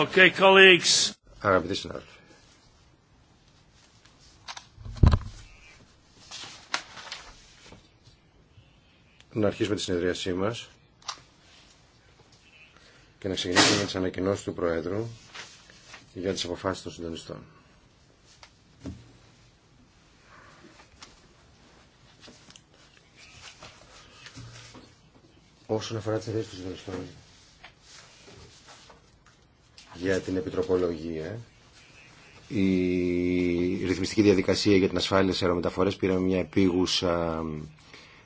Okay, Αγαπητοί συνάδελφοι. Να αρχίσουμε τη συνεδρίασή μας και να ξεκινήσουμε με τις ανακοινώσεις του Προέδρου για τις αποφάσεις των συντονιστών. Όσον αφορά τις ιδέες των συντονιστών, για την επιτροπολογία. Η ρυθμιστική διαδικασία για την ασφάλεια σε αερομεταφορές πήραμε μια επίγουσα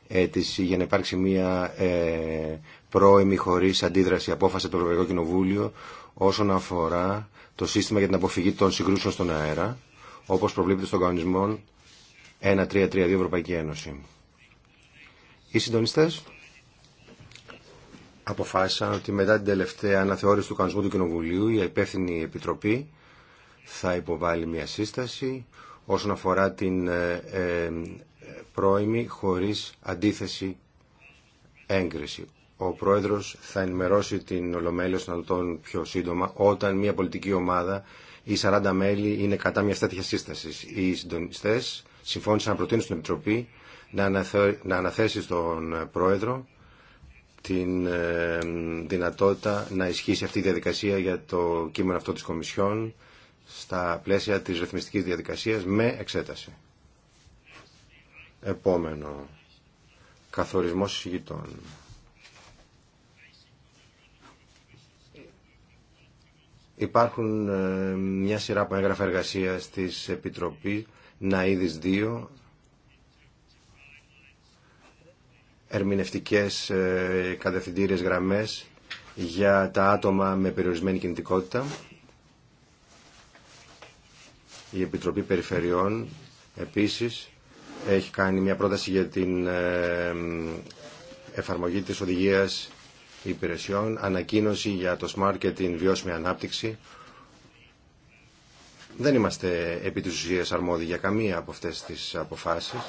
αίτηση για να υπάρξει μια ε, πρώιμη χωρίς αντίδραση απόφαση από το Ευρωπαϊκό Κοινοβούλιο όσον αφορά το σύστημα για την αποφυγή των συγκρούσεων στον αέρα όπως προβλέπεται στον κανονισμό 1332 Ευρωπαϊκή Ένωση. Οι συντονιστές αποφάσισαν ότι μετά την τελευταία αναθεώρηση του κανονισμού του Κοινοβουλίου η υπεύθυνη επιτροπή θα υποβάλει μια σύσταση όσον αφορά την ε, ε, πρώιμη χωρίς αντίθεση έγκριση. Ο πρόεδρος θα ενημερώσει την Ολομέλεια των πιο σύντομα όταν μια πολιτική ομάδα ή 40 μέλη είναι κατά μια τέτοια σύσταση. Οι συντονιστέ συμφώνησαν να προτείνουν στην Επιτροπή να αναθέσει στον πρόεδρο την ε, δυνατότητα να ισχύσει αυτή η διαδικασία για το κείμενο αυτό της Κομισιόν στα πλαίσια της ρυθμιστικής διαδικασίας με εξέταση. Επόμενο. Καθορισμός εισηγητών. Υπάρχουν ε, μια σειρά από έγγραφα εργασίας της Επιτροπής ΝΑΙΔΙΣ 2 ερμηνευτικές ε, κατευθυντήριες γραμμές για τα άτομα με περιορισμένη κινητικότητα. Η Επιτροπή Περιφερειών επίσης έχει κάνει μια πρόταση για την ε, εφαρμογή της οδηγίας υπηρεσιών, ανακοίνωση για το smart και την βιώσιμη ανάπτυξη. Δεν είμαστε επί της ουσίας αρμόδιοι για καμία από αυτές τις αποφάσεις.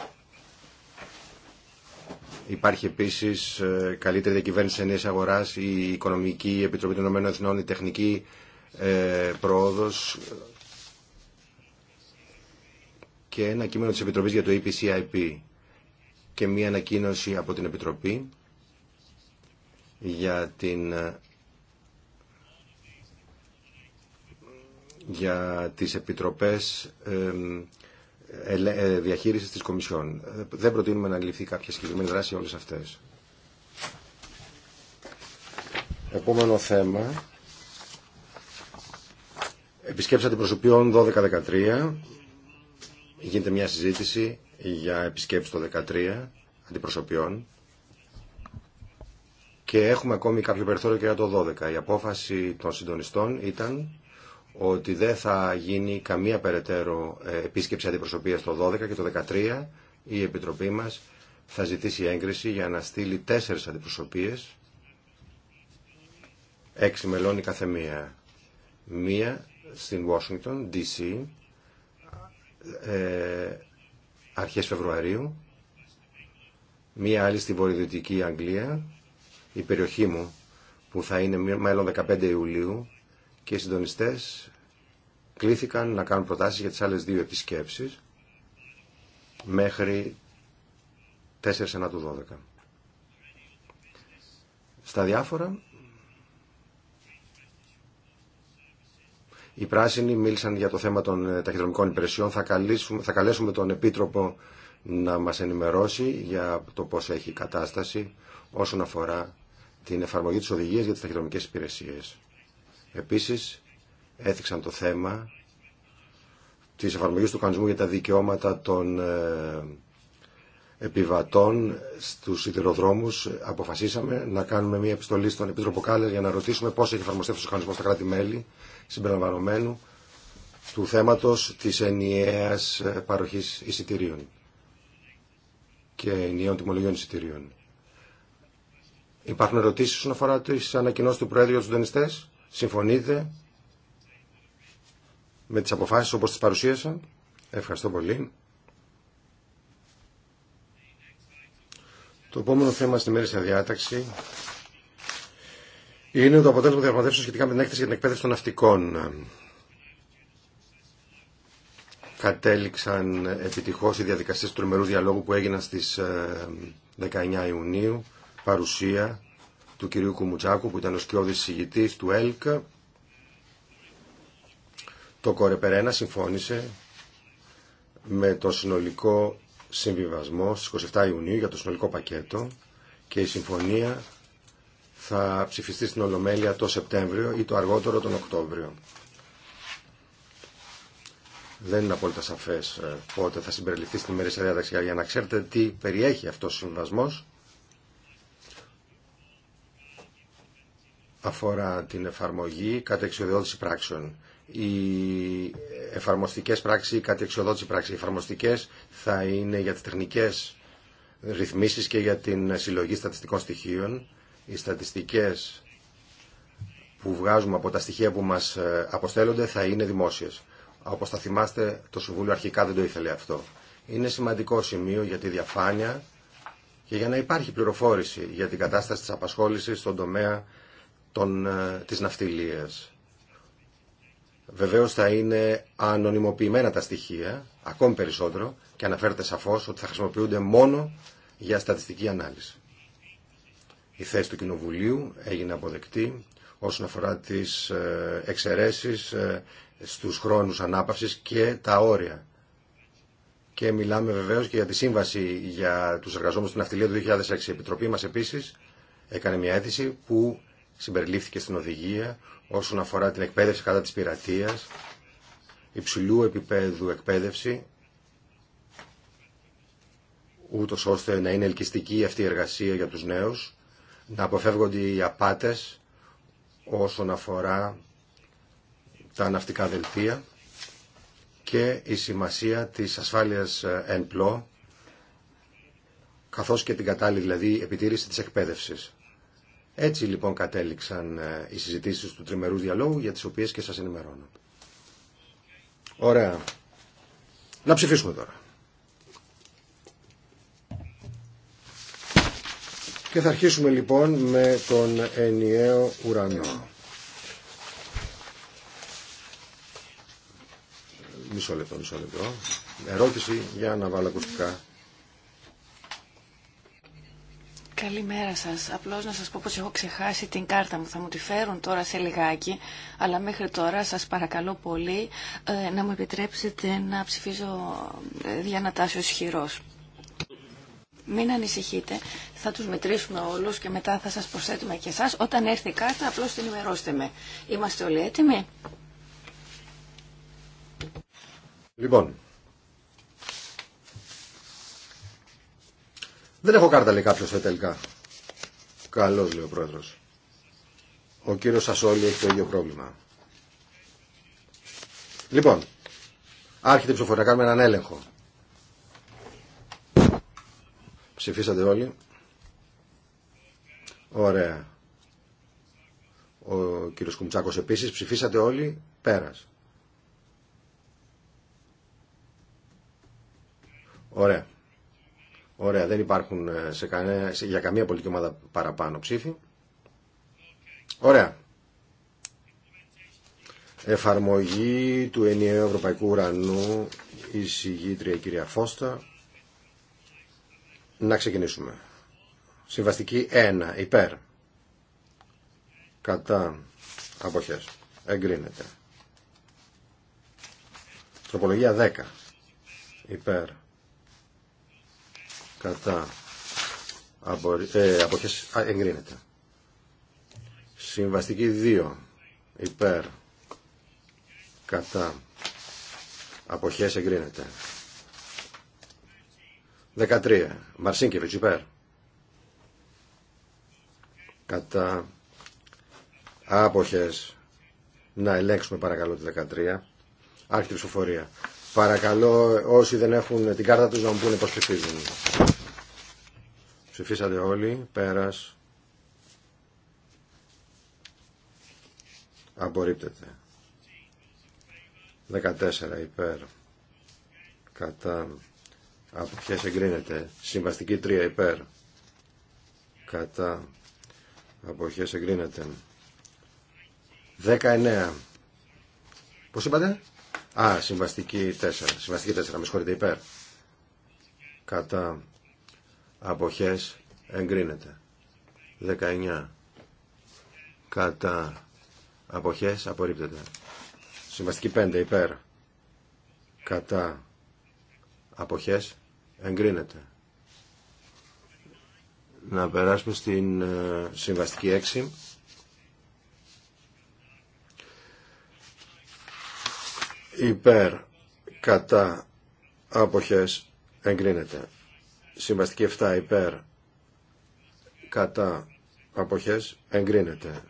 Υπάρχει επίση ε, καλύτερη διακυβέρνηση ενέργεια αγορά, η Οικονομική Επιτροπή των Ηνωμένων Εθνών, η Τεχνική ε, Πρόοδο και ένα κείμενο τη Επιτροπή για το EPCIP και μία ανακοίνωση από την Επιτροπή για την ε, για τις επιτροπές ε, ε, Διαχείριση της Κομισιόν. Ε, δεν προτείνουμε να ληφθεί κάποια συγκεκριμένη δράση όλες αυτές. Επόμενο θέμα. Επισκέψα αντιπροσωπείων 12-13. Γίνεται μια συζήτηση για επισκέψεις το 13 αντιπροσωπιών. Και έχουμε ακόμη κάποιο περιθώριο και για το 12. Η απόφαση των συντονιστών ήταν ότι δεν θα γίνει καμία περαιτέρω ε, επίσκεψη αντιπροσωπείας το 12 και το 13 η Επιτροπή μας θα ζητήσει έγκριση για να στείλει τέσσερις αντιπροσωπείες, έξι μελών η καθεμία. Μία στην Washington, D.C., ε, αρχές Φεβρουαρίου, μία άλλη στη βορειοδυτική Αγγλία, η περιοχή μου, που θα είναι μέλλον 15 Ιουλίου, και οι συντονιστέ κλήθηκαν να κάνουν προτάσεις για τι άλλε δύο επισκέψεις μέχρι 4 του 12. Στα διάφορα, οι πράσινοι μίλησαν για το θέμα των ε, ταχυδρομικών υπηρεσιών. Θα, θα καλέσουμε τον Επίτροπο να μας ενημερώσει για το πώς έχει η κατάσταση όσον αφορά την εφαρμογή της οδηγίας για τις ταχυδρομικές υπηρεσίες. Επίσης, έθιξαν το θέμα της εφαρμογής του κανονισμού για τα δικαιώματα των ε, επιβατών στους σιδηροδρόμους αποφασίσαμε να κάνουμε μια επιστολή στον Επίτροπο Κάλλερ για να ρωτήσουμε πώς έχει εφαρμοστεί ο κανονισμός στα κράτη-μέλη συμπεριλαμβανομένου του θέματος της ενιαίας παροχής εισιτηρίων και ενιαίων τιμολογιών εισιτηρίων. Υπάρχουν ερωτήσεις όσον αφορά τις ανακοινώσεις του Προέδρου για τους δανειστές. Συμφωνείτε με τις αποφάσεις όπως τις παρουσίασα. Ευχαριστώ πολύ. Το επόμενο θέμα στη μέρη διάταξη είναι το αποτέλεσμα διαπραγματεύσεων σχετικά με την έκθεση για την εκπαίδευση των ναυτικών. Κατέληξαν επιτυχώς οι διαδικασίες του τρομερού διαλόγου που έγιναν στις 19 ε, Ιουνίου, παρουσία του κυρίου Κουμουτσάκου που ήταν ο σκιώδης συγητής του ΕΛΚ το Κορεπερένα συμφώνησε με το συνολικό συμβιβασμό στις 27 Ιουνίου για το συνολικό πακέτο και η συμφωνία θα ψηφιστεί στην Ολομέλεια το Σεπτέμβριο ή το αργότερο τον Οκτώβριο. Δεν είναι απόλυτα σαφές ε, πότε θα συμπεριληφθεί στην ημερήσια διάταξη για να ξέρετε τι περιέχει αυτός ο συμβασμός. αφορά την εφαρμογή κατεξοδότηση πράξεων. Οι εφαρμοστικές πράξεις, η κατεξοδότηση πράξεων. οι εφαρμοστικές θα είναι για τις τεχνικές ρυθμίσεις και για την συλλογή στατιστικών στοιχείων. Οι στατιστικές που βγάζουμε από τα στοιχεία που μας ε, αποστέλλονται θα είναι δημόσιες. Όπως θα θυμάστε, το Συμβούλιο αρχικά δεν το ήθελε αυτό. Είναι σημαντικό σημείο για τη διαφάνεια και για να υπάρχει πληροφόρηση για την κατάσταση της απασχόλησης στον τομέα των, ε, της ναυτιλίας. Βεβαίως θα είναι ανωνυμοποιημένα τα στοιχεία, ακόμη περισσότερο, και αναφέρεται σαφώς ότι θα χρησιμοποιούνται μόνο για στατιστική ανάλυση. Η θέση του Κοινοβουλίου έγινε αποδεκτή όσον αφορά τις ε, εξαιρέσεις ε, στους χρόνους ανάπαυσης και τα όρια. Και μιλάμε βεβαίως και για τη σύμβαση για τους εργαζόμενους του Ναυτιλία του 2006. Η Επιτροπή μας επίσης έκανε μια αίτηση που συμπεριλήφθηκε στην οδηγία όσον αφορά την εκπαίδευση κατά της πειρατείας, υψηλού επίπεδου εκπαίδευση, ούτω ώστε να είναι ελκυστική αυτή η εργασία για τους νέους, να αποφεύγονται οι απάτες όσον αφορά τα ναυτικά δελτία και η σημασία της ασφάλειας εν πλώ, καθώς και την κατάλληλη δηλαδή επιτήρηση της εκπαίδευσης. Έτσι λοιπόν κατέληξαν ε, οι συζητήσεις του τριμερού διαλόγου για τις οποίες και σας ενημερώνω. Ωραία. Να ψηφίσουμε τώρα. Και θα αρχίσουμε λοιπόν με τον ενιαίο ουρανό. Μισό λεπτό, μισό λεπτό. Ερώτηση για να βάλω ακουστικά. Καλημέρα σας. Απλώς να σας πω πως έχω ξεχάσει την κάρτα μου. Θα μου τη φέρουν τώρα σε λιγάκι, αλλά μέχρι τώρα σας παρακαλώ πολύ ε, να μου επιτρέψετε να ψηφίζω ε, Νατάσιο χειρός. Μην ανησυχείτε, θα τους μετρήσουμε όλους και μετά θα σας προσθέτουμε και εσάς. Όταν έρθει η κάρτα, απλώς την ενημερώστε με. Είμαστε όλοι έτοιμοι. Λοιπόν, Δεν έχω κάρτα, λέει κάποιο ε, τελικά. Καλώ, λέει ο πρόεδρο. Ο κύριο Σασόλη έχει το ίδιο πρόβλημα. Λοιπόν, άρχεται η ψηφοφορία. Κάνουμε έναν έλεγχο. Ψηφίσατε όλοι. Ωραία. Ο κύριος Κουμτσάκος επίσης. Ψηφίσατε όλοι. Πέρας. Ωραία. Ωραία, δεν υπάρχουν ε, σε σε, για καμία πολιτική ομάδα παραπάνω ψήφοι. Ωραία. Εφαρμογή του ενιαίου ευρωπαϊκού ουρανού, η συγγήτρια κυρία Φώστα. Να ξεκινήσουμε. Συμβαστική 1, υπέρ. Κατά αποχές. Εγκρίνεται. Τροπολογία 10, υπέρ κατά ε, αποχές εγκρίνεται. Συμβαστική 2 υπέρ κατά αποχές εγκρίνεται. 13. Μαρσίνκεβιτς υπέρ. Κατά άποχες να ελέγξουμε παρακαλώ τη 13. Άρχιτη ψηφοφορία. Παρακαλώ όσοι δεν έχουν την κάρτα τους να μου πούνε πώς ψηφίζουν. Ψηφίσατε όλοι. Πέρας. Απορρίπτεται. 14 υπέρ. Κατά. Από ποιες εγκρίνεται. Συμβαστική 3 υπέρ. Κατά. Από ποιες εγκρίνεται. 19. Πώς είπατε. Α, συμβαστική 4. Συμβαστική 4. Με συγχωρείτε υπέρ. Κατά αποχές εγκρίνεται 19 κατά αποχές απορρίπτεται συμβαστική 5 υπέρ κατά αποχές εγκρίνεται να περάσουμε στην ε, συμβαστική 6 υπέρ κατά άποχες εγκρίνεται Συμβαστική 7 υπέρ κατά αποχές εγκρίνεται.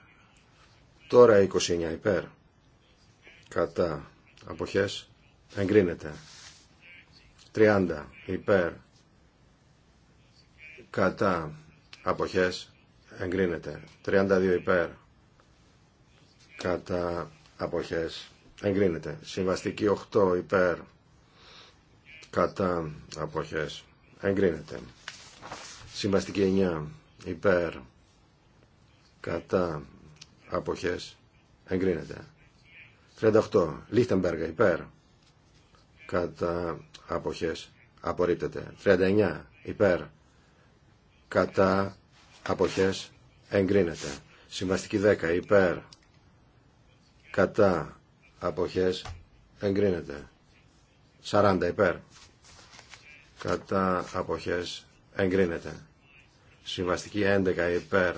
Τώρα 29 υπέρ κατά αποχές εγκρίνεται. 30 υπέρ κατά αποχές εγκρίνεται. 32 υπέρ κατά αποχές εγκρίνεται. Συμβαστική 8 υπέρ κατά αποχές εγκρίνεται. Συμβαστική 9 υπέρ κατά αποχές εγκρίνεται. 38 Λίχτεμπεργα υπέρ κατά αποχές απορρίπτεται. 39 υπέρ κατά αποχές εγκρίνεται. Συμβαστική 10 υπέρ κατά αποχές εγκρίνεται. 40 υπέρ κατά αποχές εγκρίνεται. Συμβαστική 11 υπέρ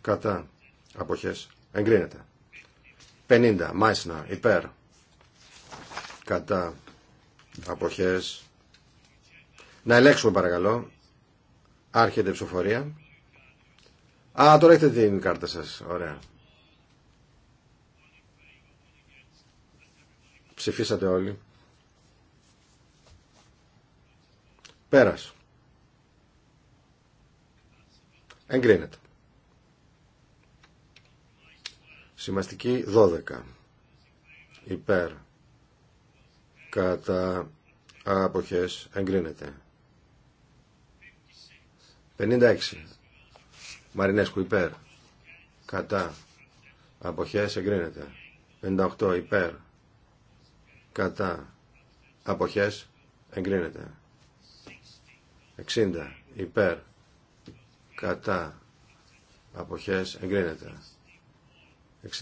κατά αποχές εγκρίνεται. 50 Μάισνα υπέρ κατά αποχές να ελέγξουμε παρακαλώ άρχεται η ψηφοφορία α τώρα έχετε την κάρτα σας ωραία Ψηφίσατε όλοι. Πέρας. Εγκρίνεται. Σημαστική 12. Υπέρ. Κατά αποχές εγκρίνεται. 56. Μαρινέσκου υπέρ. Κατά. Αποχές εγκρίνεται. 58 υπέρ κατά αποχές εγκρίνεται 60 υπέρ κατά αποχές εγκρίνεται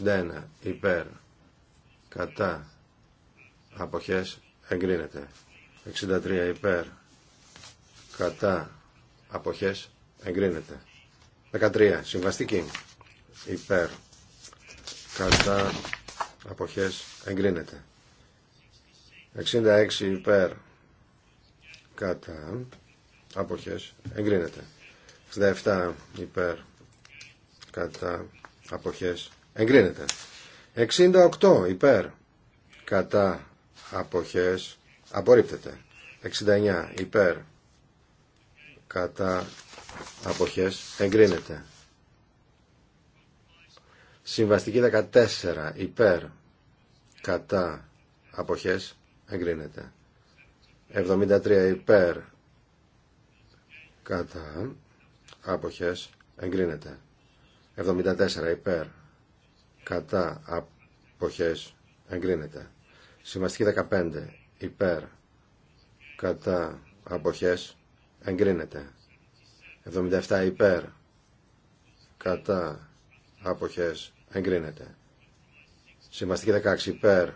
61 υπέρ κατά αποχές εγκρίνεται 63 υπέρ κατά αποχές εγκρίνεται 13 συμβαστική υπέρ κατά αποχές εγκρίνεται 66 υπέρ κατά αποχές εγκρίνεται 67 υπέρ κατά αποχές εγκρίνεται 68 υπέρ κατά αποχές απορρίπτεται 69 υπέρ κατά αποχές εγκρίνεται συμβαστική 14 υπέρ κατά αποχές εγκρίνεται. 73 υπέρ κατά άποχες εγκρίνεται. 74 υπέρ κατά άποχες εγκρίνεται. Συμβαστική 15 υπέρ κατά αποχές εγκρίνεται. 77 υπέρ κατά αποχές εγκρίνεται. Συμβαστική 16 υπέρ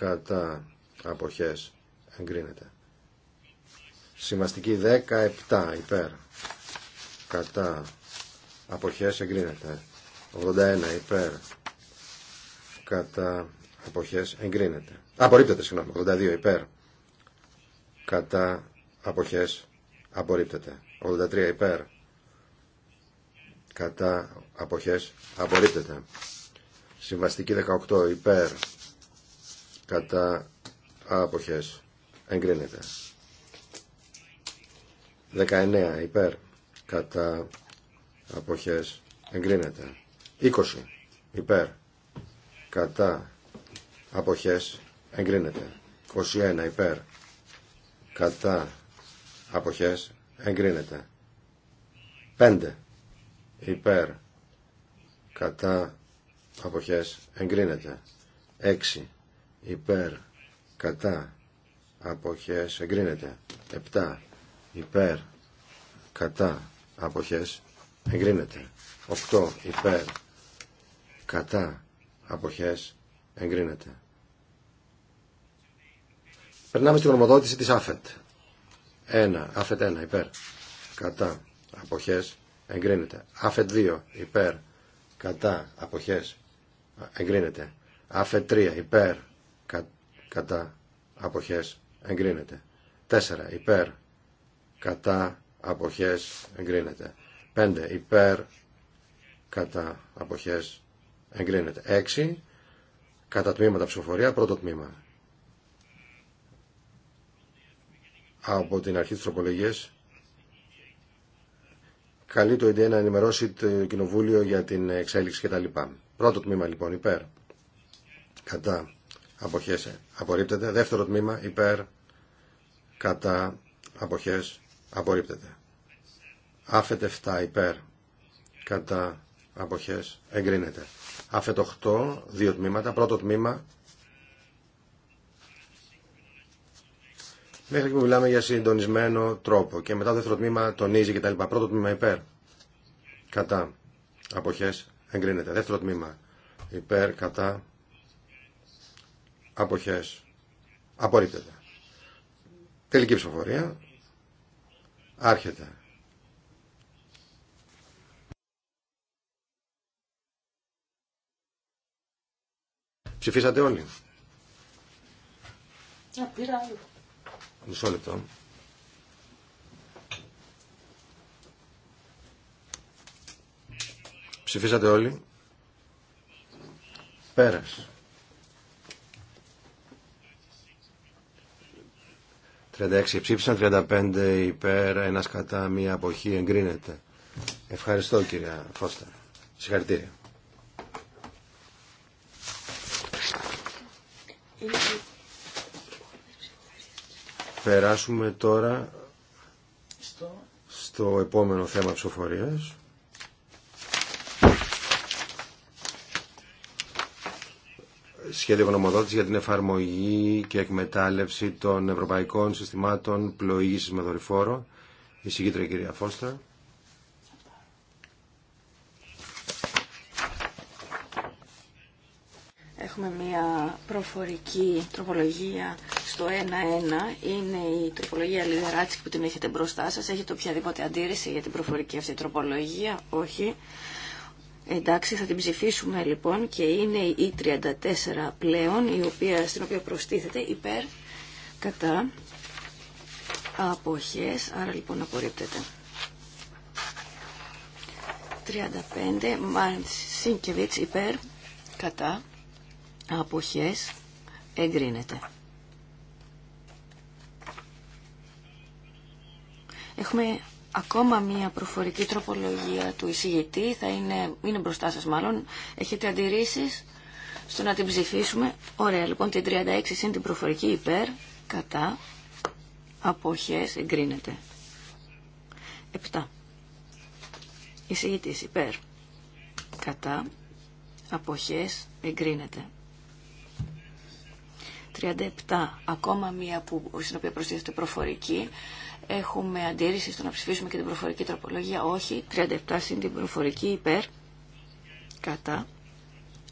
κατά αποχές εγκρίνεται. Συμβαστική 17 υπέρ κατά αποχές εγκρίνεται. 81 υπέρ κατά αποχές εγκρίνεται. Απορρίπτεται, συγγνώμη. 82 υπέρ κατά αποχές απορρίπτεται. 83 υπέρ κατά αποχές απορρίπτεται. Συμβαστική 18 υπέρ κατά αποχές εγκρίνεται 19 υπέρ κατά αποχές εγκρίνεται 20 υπέρ κατά αποχές εγκρίνεται 21 υπέρ κατά αποχές εγκρίνεται 5 υπέρ κατά αποχές εγκρίνεται 6 υπέρ κατά αποχές εγκρίνεται 7 υπέρ κατά αποχές εγκρίνεται 8 υπέρ κατά αποχές εγκρίνεται Περνάμε στην γνωμοδότηση της ΑΦΕΤ 1 ΑΦΕΤ 1 υπέρ κατά αποχές εγκρίνεται ΑΦΕΤ 2 υπέρ κατά αποχές εγκρίνεται ΑΦΕΤ 3 υπέρ κατά αποχές εγκρίνεται 4 υπέρ κατά αποχές εγκρίνεται 5 υπέρ κατά αποχές εγκρίνεται 6 κατά τμήματα ψηφοφορία πρώτο τμήμα από την αρχή της τροπολογίας καλεί το ΕΔΕ να ενημερώσει το Κοινοβούλιο για την εξέλιξη κτλ. Πρώτο τμήμα λοιπόν υπέρ κατά αποχές απορρίπτεται. Δεύτερο τμήμα υπέρ κατά αποχές απορρίπτεται. Άφετε 7 υπέρ κατά αποχές εγκρίνεται. Αφετε 8, δύο τμήματα. Πρώτο τμήμα Μέχρι που μιλάμε για συντονισμένο τρόπο και μετά το δεύτερο τμήμα τονίζει κτλ. Πρώτο τμήμα υπέρ. Κατά. Αποχές. Εγκρίνεται. Δεύτερο τμήμα υπέρ. Κατά αποχές απορρίπτεται. Τελική ψηφοφορία άρχεται. Ψηφίσατε όλοι. Μισό λεπτό. Ψηφίσατε όλοι. Πέρασε. 36 ψήφισαν, 35 υπέρ, ένας κατά, μία αποχή εγκρίνεται. Ευχαριστώ κυρία Φώστα. Συγχαρητήρια. Περάσουμε τώρα στο επόμενο θέμα ψηφοφορίας. σχέδιο γνωμοδότηση για την εφαρμογή και εκμετάλλευση των ευρωπαϊκών συστημάτων πλοήγησης με δορυφόρο. Η συγκίτρια κυρία Φώστα. Έχουμε μια προφορική τροπολογία στο 1-1. Είναι η τροπολογία Λιδεράτσικ που την έχετε μπροστά σας. Έχετε οποιαδήποτε αντίρρηση για την προφορική αυτή τροπολογία. Όχι. Εντάξει, θα την ψηφίσουμε λοιπόν και είναι η 34 πλέον, η οποία, στην οποία προστίθεται υπέρ κατά αποχές, άρα λοιπόν απορρίπτεται. 35, Μάρτιν Σίνκεβιτς υπέρ κατά αποχές εγκρίνεται. Έχουμε Ακόμα μία προφορική τροπολογία του εισηγητή θα είναι, είναι μπροστά σας μάλλον. Έχετε αντιρρήσεις στο να την ψηφίσουμε. Ωραία, λοιπόν, την 36 είναι την προφορική υπέρ, κατά, αποχές, εγκρίνεται. 7. Εισηγητής υπέρ, κατά, αποχές, εγκρίνεται. 37. Ακόμα μία που, στην οποία προσθέσετε προφορική Έχουμε αντίρρηση στο να ψηφίσουμε και την προφορική τροπολογία. Όχι. 37 συν την προφορική υπέρ. Κατά.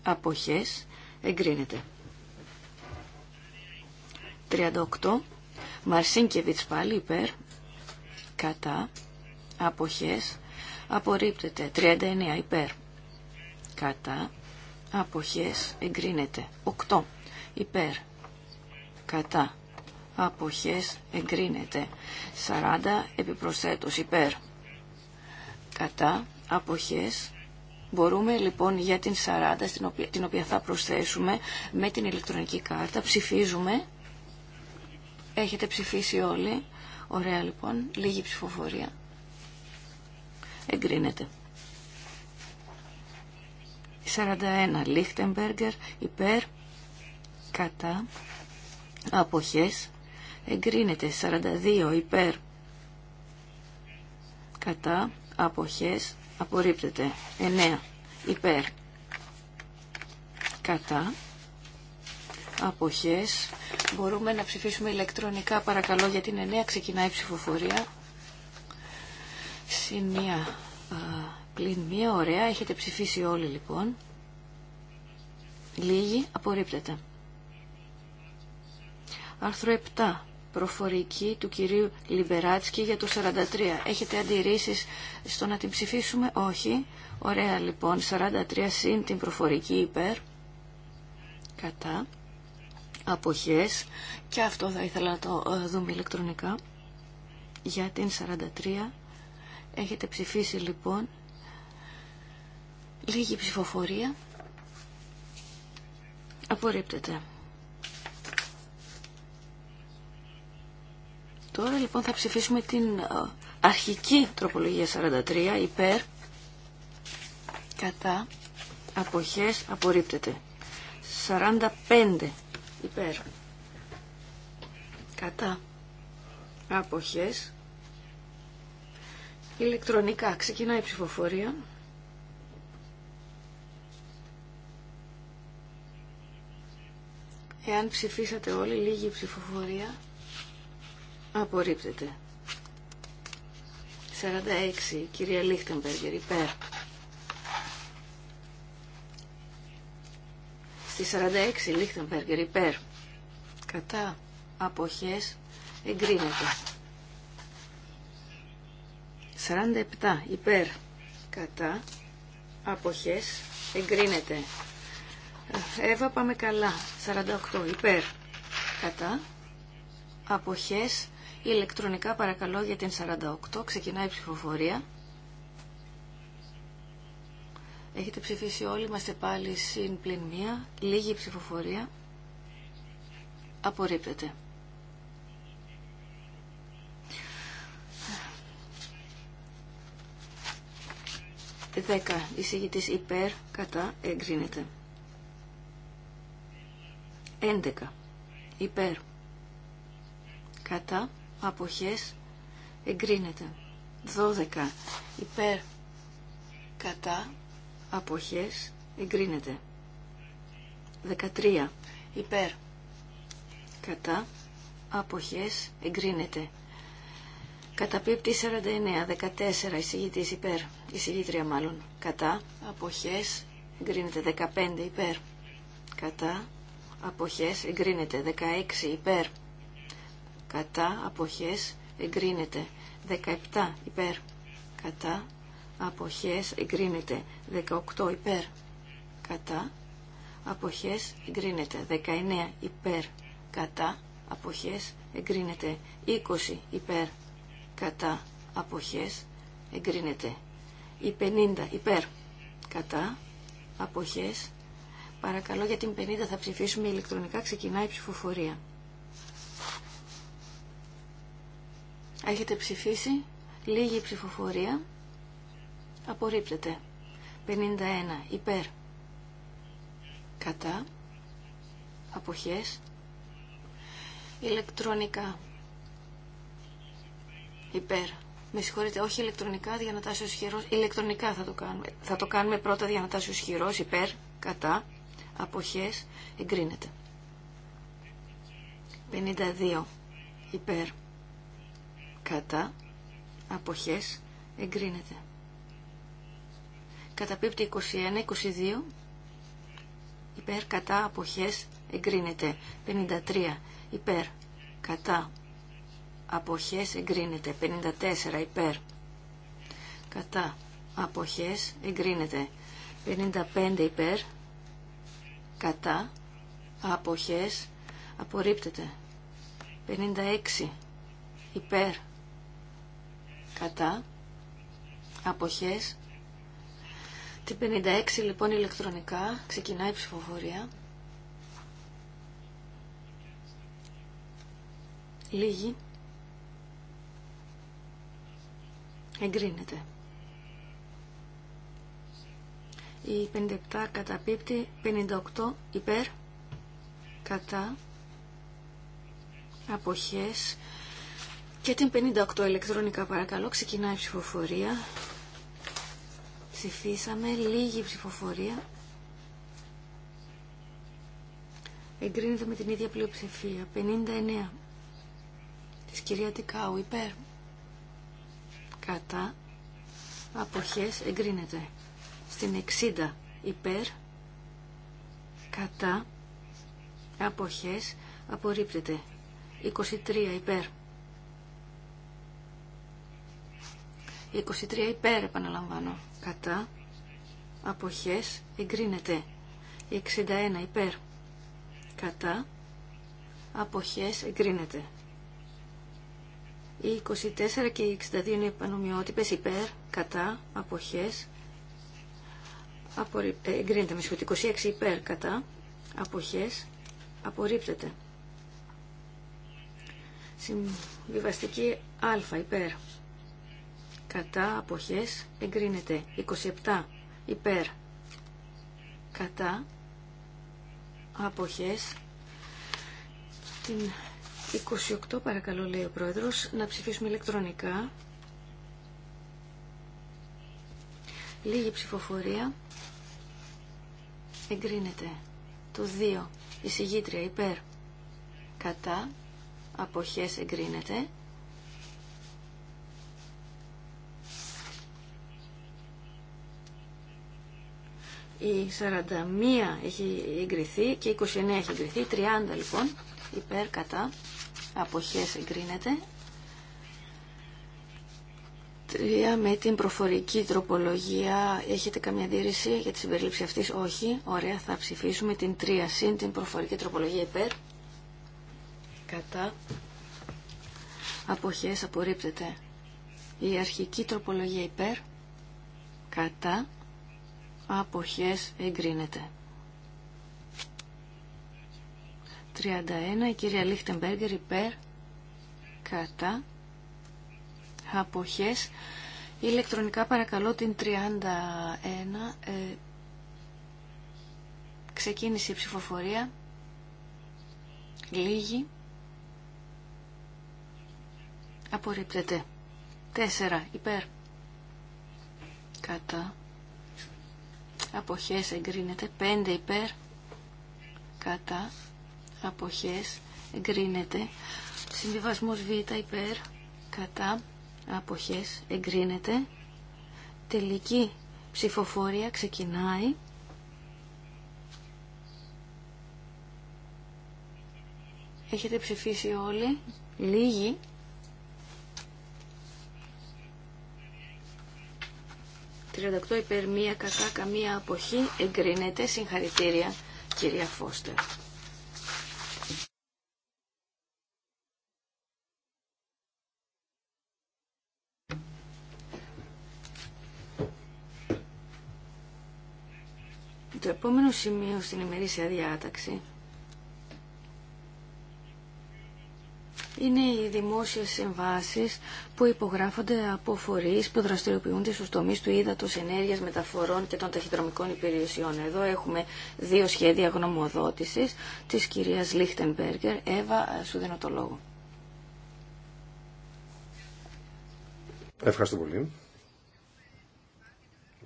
Αποχές. Εγκρίνεται. 38. Μαρσίνκεβιτς πάλι υπέρ. Κατά. Αποχές. Απορρίπτεται. 39 υπέρ. Κατά. Αποχές. Εγκρίνεται. 8. Υπέρ. Κατά αποχές εγκρίνεται. 40 επιπροσθέτως υπέρ. Κατά αποχές μπορούμε λοιπόν για την 40 στην οποία, την οποία θα προσθέσουμε με την ηλεκτρονική κάρτα. Ψηφίζουμε. Έχετε ψηφίσει όλοι. Ωραία λοιπόν. Λίγη ψηφοφορία. Εγκρίνεται. 41 Λίχτεμπεργκερ υπέρ κατά αποχές εγκρίνεται 42 υπέρ κατά αποχές απορρίπτεται 9 υπέρ κατά αποχές μπορούμε να ψηφίσουμε ηλεκτρονικά παρακαλώ για την 9 ξεκινάει η ψηφοφορία συν μία πλην μία ωραία έχετε ψηφίσει όλοι λοιπόν λίγοι απορρίπτεται άρθρο 7 προφορική του κυρίου Λιμπεράτσκι για το 43. Έχετε αντιρρήσεις στο να την ψηφίσουμε? Όχι. Ωραία λοιπόν. 43 συν την προφορική υπέρ. Κατά. Αποχές. Και αυτό θα ήθελα να το ε, δούμε ηλεκτρονικά. Για την 43. Έχετε ψηφίσει λοιπόν. Λίγη ψηφοφορία. Απορρίπτεται. Τώρα λοιπόν θα ψηφίσουμε την ε, αρχική τροπολογία 43 υπέρ κατά αποχές απορρίπτεται. 45 υπέρ κατά αποχές ηλεκτρονικά ξεκινάει η ψηφοφορία. Εάν ψηφίσατε όλοι λίγη ψηφοφορία Απορρίπτεται. 46. Κυρία Λίχτεμπεργκερ, υπέρ. Στη 46. Λίχτεμπεργκερ, υπέρ. Κατά αποχές εγκρίνεται. 47. Υπέρ. Κατά αποχές εγκρίνεται. Εύα πάμε καλά. 48. Υπέρ. Κατά αποχές Ηλεκτρονικά παρακαλώ για την 48. Ξεκινάει η ψηφοφορία. Έχετε ψηφίσει όλοι, είμαστε πάλι στην πλην μία. Λίγη ψηφοφορία. Απορρίπτεται. Δέκα. Εισηγητής υπέρ, κατά, εγκρίνεται. 11 Υπέρ. Κατά, αποχές εγκρίνεται 12 υπέρ κατά αποχές εγκρίνεται 13 υπέρ κατά αποχές εγκρίνεται Καταπίπτει 49, 14, εισηγητής υπέρ, εισηγήτρια μάλλον, κατά, αποχές, εγκρίνεται 15 υπέρ, κατά, αποχές, εγκρίνεται 16 υπέρ, κατά αποχές εγκρίνεται 17 υπέρ κατά αποχές εγκρίνεται 18 υπέρ κατά αποχές εγκρίνεται 19 υπέρ κατά αποχές εγκρίνεται 20 υπέρ κατά αποχές εγκρίνεται 50 υπέρ κατά αποχές παρακαλώ για την 50 θα ψηφίσουμε ηλεκτρονικά ξεκινάει η ψηφοφορία Έχετε ψηφίσει. Λίγη ψηφοφορία. Απορρίπτεται. 51. Υπέρ. Κατά. Αποχές. Ηλεκτρονικά. Υπέρ. Με συγχωρείτε, όχι ηλεκτρονικά, διανατάσσεω χειρό. Ηλεκτρονικά θα το κάνουμε. Θα το κάνουμε πρώτα διανατάσσεω χειρό, υπέρ, κατά, αποχέ, εγκρίνεται. 52. Υπέρ κατά αποχές εγκρίνεται. Καταπίπτει 21-22 υπέρ κατά αποχές εγκρίνεται. 53 υπέρ κατά αποχές εγκρίνεται. 54 υπέρ κατά αποχές εγκρίνεται. 55 υπέρ κατά αποχές απορρίπτεται. 56 υπέρ κατά αποχές την 56 λοιπόν ηλεκτρονικά ξεκινάει η ψηφοφορία λίγη εγκρίνεται η 57 καταπίπτει 58 υπέρ κατά αποχές και την 58 ηλεκτρονικά παρακαλώ. Ξεκινάει η ψηφοφορία. Ψηφίσαμε. Λίγη ψηφοφορία. Εγκρίνεται με την ίδια πλειοψηφία. 59 της κυρία Τικάου υπέρ. Κατά. Αποχές εγκρίνεται. Στην 60 υπέρ. Κατά. Αποχές απορρίπτεται. 23 υπέρ 23 υπέρ επαναλαμβάνω. Κατά. Αποχές εγκρίνεται. 61 υπέρ. Κατά. Αποχές εγκρίνεται. Οι 24 και οι 62 είναι επανομοιότυπες υπέρ. Κατά. Αποχές. Απορρι... Ε, εγκρίνεται. Με 26 υπέρ. Κατά. Αποχές. Απορρίπτεται. Συμβιβαστική α υπέρ κατά αποχές εγκρίνεται 27 υπέρ κατά αποχές την 28 παρακαλώ λέει ο πρόεδρος να ψηφίσουμε ηλεκτρονικά λίγη ψηφοφορία εγκρίνεται το 2 εισηγήτρια υπέρ κατά αποχές εγκρίνεται η 41 έχει εγκριθεί και η 29 έχει εγκριθεί, 30 λοιπόν υπέρ κατά αποχές εγκρίνεται. 3 με την προφορική τροπολογία έχετε καμία αντίρρηση για τη συμπερίληψη αυτής, όχι, ωραία θα ψηφίσουμε την 3 συν την προφορική τροπολογία υπέρ κατά αποχές απορρίπτεται. Η αρχική τροπολογία υπέρ κατά αποχές εγκρίνεται. 31 η κυρία Λίχτεμπεργκερ υπέρ κατά αποχές ηλεκτρονικά παρακαλώ την 31 ε, ξεκίνησε η ψηφοφορία λίγη απορρίπτεται 4 υπέρ κατά αποχές εγκρίνεται 5 υπέρ κατά αποχές εγκρίνεται συμβιβασμός β υπέρ κατά αποχές εγκρίνεται τελική ψηφοφορία ξεκινάει έχετε ψηφίσει όλοι λίγοι 38 υπέρ μία κατά καμία αποχή εγκρίνεται. Συγχαρητήρια κυρία Φώστερ. Το επόμενο σημείο στην ημερήσια διάταξη είναι οι δημόσιες συμβάσεις που υπογράφονται από φορείς που δραστηριοποιούνται στους τομείς του ύδατος, ενέργειας, μεταφορών και των ταχυδρομικών υπηρεσιών. Εδώ έχουμε δύο σχέδια γνωμοδότησης της κυρίας Λίχτενμπέργκερ. Εύα, σου δίνω το λόγο. Ευχαριστώ πολύ.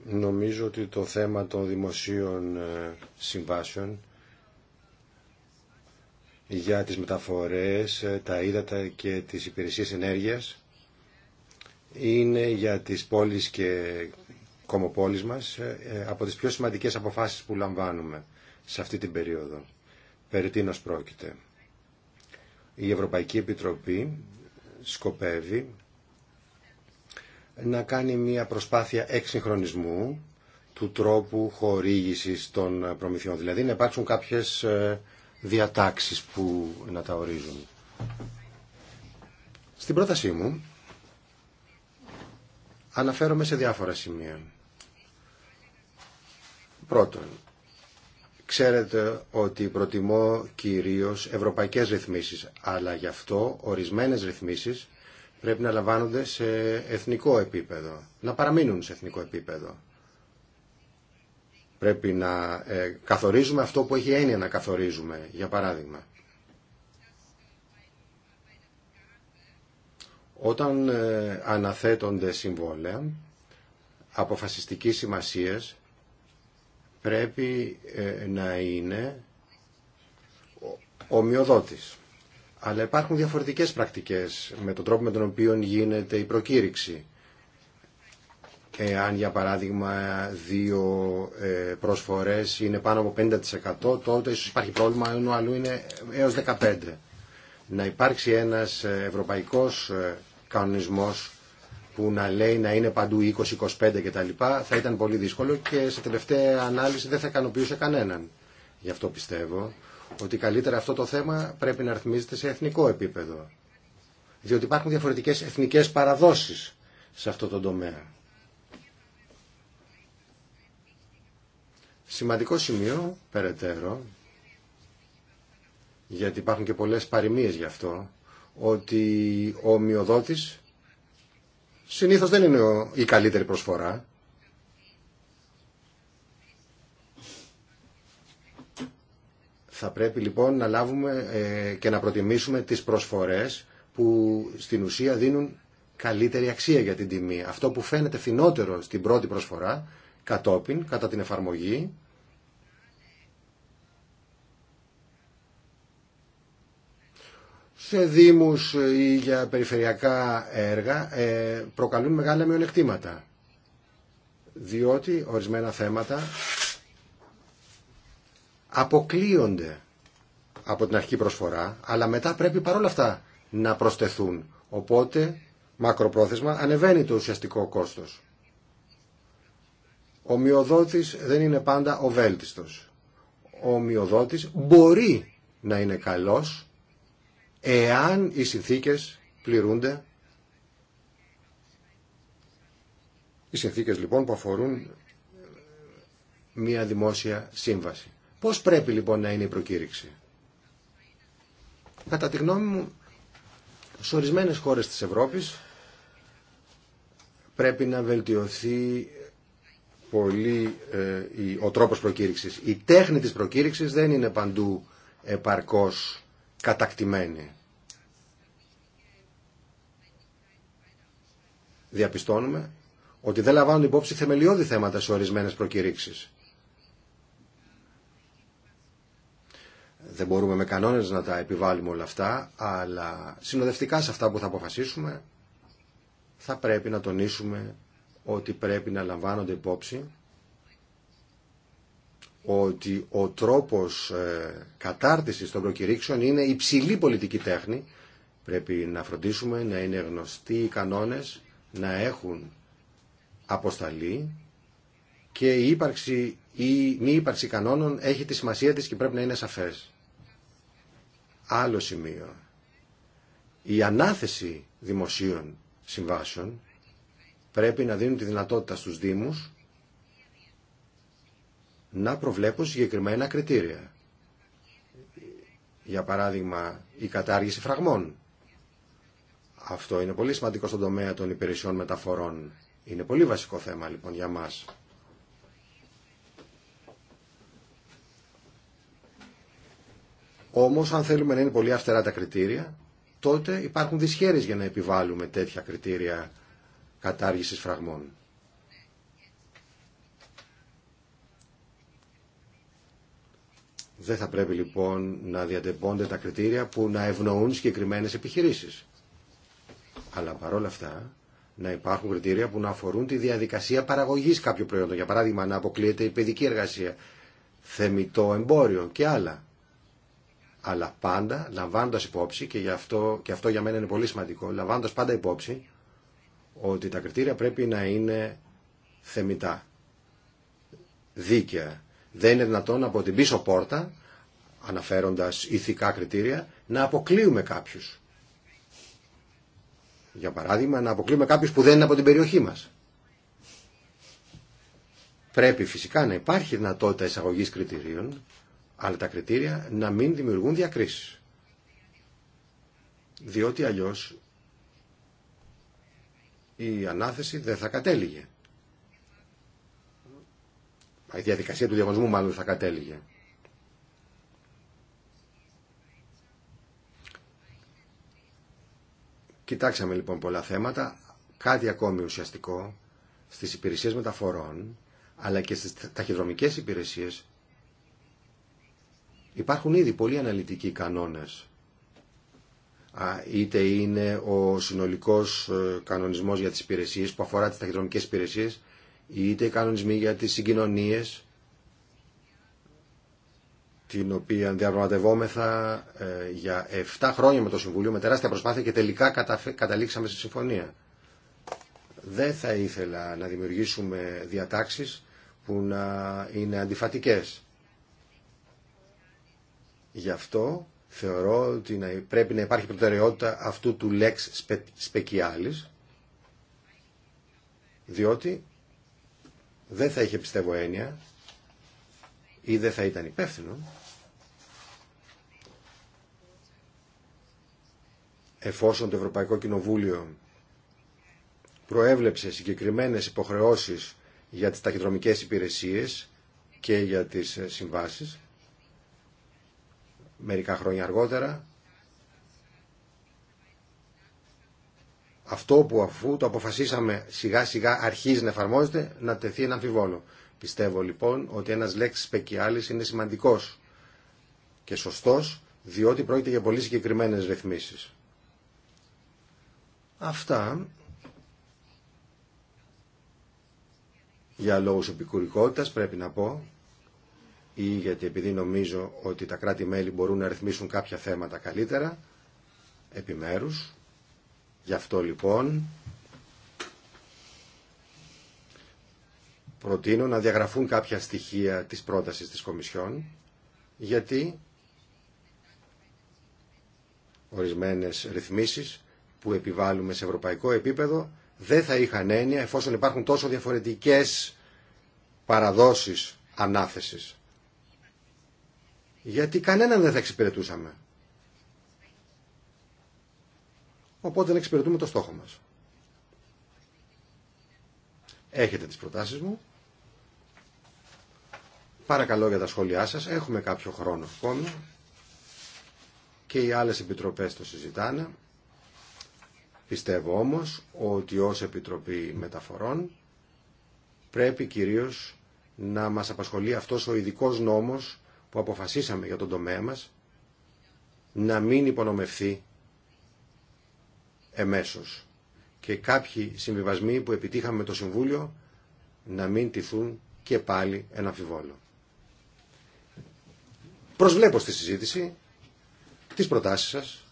Νομίζω ότι το θέμα των δημοσίων ε, συμβάσεων για τις μεταφορές, ε, τα ύδατα και τις υπηρεσίες ενέργειας είναι για τις πόλεις και κομοπόλεις μας ε, ε, από τις πιο σημαντικές αποφάσεις που λαμβάνουμε σε αυτή την περίοδο. Περί τίνος πρόκειται. Η Ευρωπαϊκή Επιτροπή σκοπεύει να κάνει μια προσπάθεια εξυγχρονισμού του τρόπου χορήγησης των προμηθειών. Δηλαδή να υπάρξουν κάποιες διατάξεις που να τα ορίζουν. Στην πρότασή μου αναφέρομαι σε διάφορα σημεία. Πρώτον, ξέρετε ότι προτιμώ κυρίως ευρωπαϊκές ρυθμίσεις, αλλά γι' αυτό ορισμένες ρυθμίσεις πρέπει να λαμβάνονται σε εθνικό επίπεδο, να παραμείνουν σε εθνικό επίπεδο. Πρέπει να ε, καθορίζουμε αυτό που έχει έννοια να καθορίζουμε, για παράδειγμα. Όταν ε, αναθέτονται συμβόλαια αποφασιστικής σημασίας πρέπει ε, να είναι ομοιοδότης. Αλλά υπάρχουν διαφορετικές πρακτικές με τον τρόπο με τον οποίο γίνεται η προκήρυξη εάν για παράδειγμα δύο ε, προσφορές είναι πάνω από 50% τότε ίσως υπάρχει πρόβλημα ενώ αλλού είναι έως 15%. Να υπάρξει ένας ε, ευρωπαϊκός ε, κανονισμός που να λέει να είναι παντού 20-25 κτλ. θα ήταν πολύ δύσκολο και σε τελευταία ανάλυση δεν θα ικανοποιούσε κανέναν. Γι' αυτό πιστεύω ότι καλύτερα αυτό το θέμα πρέπει να αριθμίζεται σε εθνικό επίπεδο. Διότι υπάρχουν διαφορετικές εθνικές παραδόσεις σε αυτό το τομέα. Σημαντικό σημείο, περαιτέρω, γιατί υπάρχουν και πολλές παροιμίες γι' αυτό, ότι ο ομοιοδότης συνήθως δεν είναι η καλύτερη προσφορά. Θα πρέπει λοιπόν να λάβουμε ε, και να προτιμήσουμε τις προσφορές που στην ουσία δίνουν καλύτερη αξία για την τιμή. Αυτό που φαίνεται φθηνότερο στην πρώτη προσφορά κατόπιν, κατά την εφαρμογή, σε δήμους ή για περιφερειακά έργα ε, προκαλούν μεγάλα μειονεκτήματα. Διότι ορισμένα θέματα αποκλείονται από την αρχική προσφορά, αλλά μετά πρέπει παρόλα αυτά να προσθεθούν. Οπότε, μακροπρόθεσμα, ανεβαίνει το ουσιαστικό κόστος. Ο μειοδότης δεν είναι πάντα ο βέλτιστος. Ο μειοδότης μπορεί να είναι καλός εάν οι συνθήκες πληρούνται. Οι συνθήκες λοιπόν που αφορούν μια δημόσια σύμβαση. Πώς πρέπει λοιπόν να είναι η προκήρυξη. Κατά τη γνώμη μου, σε ορισμένες χώρες της Ευρώπης πρέπει να βελτιωθεί πολύ ε, ο τρόπος προκήρυξης. Η τέχνη της προκήρυξης δεν είναι παντού επαρκώς κατακτημένη. Διαπιστώνουμε ότι δεν λαμβάνουν υπόψη θεμελιώδη θέματα σε ορισμένες προκήρυξεις. Δεν μπορούμε με κανόνες να τα επιβάλλουμε όλα αυτά, αλλά συνοδευτικά σε αυτά που θα αποφασίσουμε θα πρέπει να τονίσουμε ότι πρέπει να λαμβάνονται υπόψη ότι ο τρόπος ε, κατάρτισης των προκηρύξεων είναι υψηλή πολιτική τέχνη. Πρέπει να φροντίσουμε να είναι γνωστοί οι κανόνες, να έχουν αποσταλεί και η ύπαρξη ή μη ύπαρξη κανόνων έχει τη σημασία της και πρέπει να είναι σαφές. Άλλο σημείο. Η ανάθεση δημοσίων συμβάσεων πρέπει να δίνουν τη δυνατότητα στους Δήμους να προβλέπουν συγκεκριμένα κριτήρια. Για παράδειγμα, η κατάργηση φραγμών. Αυτό είναι πολύ σημαντικό στον τομέα των υπηρεσιών μεταφορών. Είναι πολύ βασικό θέμα λοιπόν για μας. Όμως αν θέλουμε να είναι πολύ αυτερά τα κριτήρια, τότε υπάρχουν δυσχέρειες για να επιβάλλουμε τέτοια κριτήρια κατάργησης φραγμών. Δεν θα πρέπει λοιπόν να διατεμπώνται τα κριτήρια που να ευνοούν συγκεκριμένε επιχειρήσεις. Αλλά παρόλα αυτά να υπάρχουν κριτήρια που να αφορούν τη διαδικασία παραγωγής κάποιου προϊόντος. Για παράδειγμα να αποκλείεται η παιδική εργασία, θεμητό εμπόριο και άλλα. Αλλά πάντα λαμβάνοντα υπόψη, και, αυτό, και αυτό για μένα είναι πολύ σημαντικό, λαμβάνοντα πάντα υπόψη ότι τα κριτήρια πρέπει να είναι θεμητά, δίκαια. Δεν είναι δυνατόν από την πίσω πόρτα, αναφέροντας ηθικά κριτήρια, να αποκλείουμε κάποιους. Για παράδειγμα, να αποκλείουμε κάποιους που δεν είναι από την περιοχή μας. Πρέπει φυσικά να υπάρχει δυνατότητα εισαγωγής κριτηρίων, αλλά τα κριτήρια να μην δημιουργούν διακρίσεις. Διότι αλλιώς η ανάθεση δεν θα κατέληγε. Η διαδικασία του διαγωνισμού μάλλον θα κατέληγε. Κοιτάξαμε λοιπόν πολλά θέματα, κάτι ακόμη ουσιαστικό στις υπηρεσίες μεταφορών, αλλά και στις ταχυδρομικές υπηρεσίες υπάρχουν ήδη πολλοί αναλυτικοί κανόνες είτε είναι ο συνολικός ε, κανονισμός για τις υπηρεσίε που αφορά τις ταχυδρομικές υπηρεσίε, είτε οι κανονισμοί για τις συγκοινωνίες, την οποία διαπραγματευόμεθα ε, για 7 χρόνια με το Συμβούλιο, με τεράστια προσπάθεια και τελικά καταλήξαμε στη συμφωνία. Δεν θα ήθελα να δημιουργήσουμε διατάξεις που να είναι αντιφατικές. Γι' αυτό Θεωρώ ότι πρέπει να υπάρχει προτεραιότητα αυτού του λεξ σπεκιάλης διότι δεν θα είχε πιστεύω έννοια ή δεν θα ήταν υπεύθυνο εφόσον το Ευρωπαϊκό Κοινοβούλιο προέβλεψε συγκεκριμένες υποχρεώσεις για τις ταχυδρομικές υπηρεσίες και για τις συμβάσεις μερικά χρόνια αργότερα αυτό που αφού το αποφασίσαμε σιγά σιγά αρχίζει να εφαρμόζεται να τεθεί ένα αμφιβόλο. Πιστεύω λοιπόν ότι ένας λέξης πεκιάλης είναι σημαντικός και σωστός διότι πρόκειται για πολύ συγκεκριμένες ρυθμίσεις. Αυτά για λόγους επικουρικότητας πρέπει να πω ή γιατί επειδή νομίζω ότι τα κράτη-μέλη μπορούν να ρυθμίσουν κάποια θέματα καλύτερα, επιμέρους. Γι' αυτό λοιπόν προτείνω να διαγραφούν κάποια στοιχεία της πρότασης της Κομισιόν, γιατί ορισμένες ρυθμίσεις που επιβάλλουμε σε ευρωπαϊκό επίπεδο δεν θα είχαν έννοια εφόσον υπάρχουν τόσο διαφορετικές παραδόσεις ανάθεσης γιατί κανέναν δεν θα εξυπηρετούσαμε. Οπότε δεν εξυπηρετούμε το στόχο μας. Έχετε τις προτάσεις μου. Παρακαλώ για τα σχόλιά σας. Έχουμε κάποιο χρόνο ακόμη. Και οι άλλες επιτροπές το συζητάνε. Πιστεύω όμως ότι ως Επιτροπή Μεταφορών πρέπει κυρίως να μας απασχολεί αυτός ο ειδικό νόμος που αποφασίσαμε για τον τομέα μας να μην υπονομευθεί εμέσως και κάποιοι συμβιβασμοί που επιτύχαμε με το Συμβούλιο να μην τηθούν και πάλι ένα αμφιβόλο. Προσβλέπω στη συζήτηση τις προτάσεις σας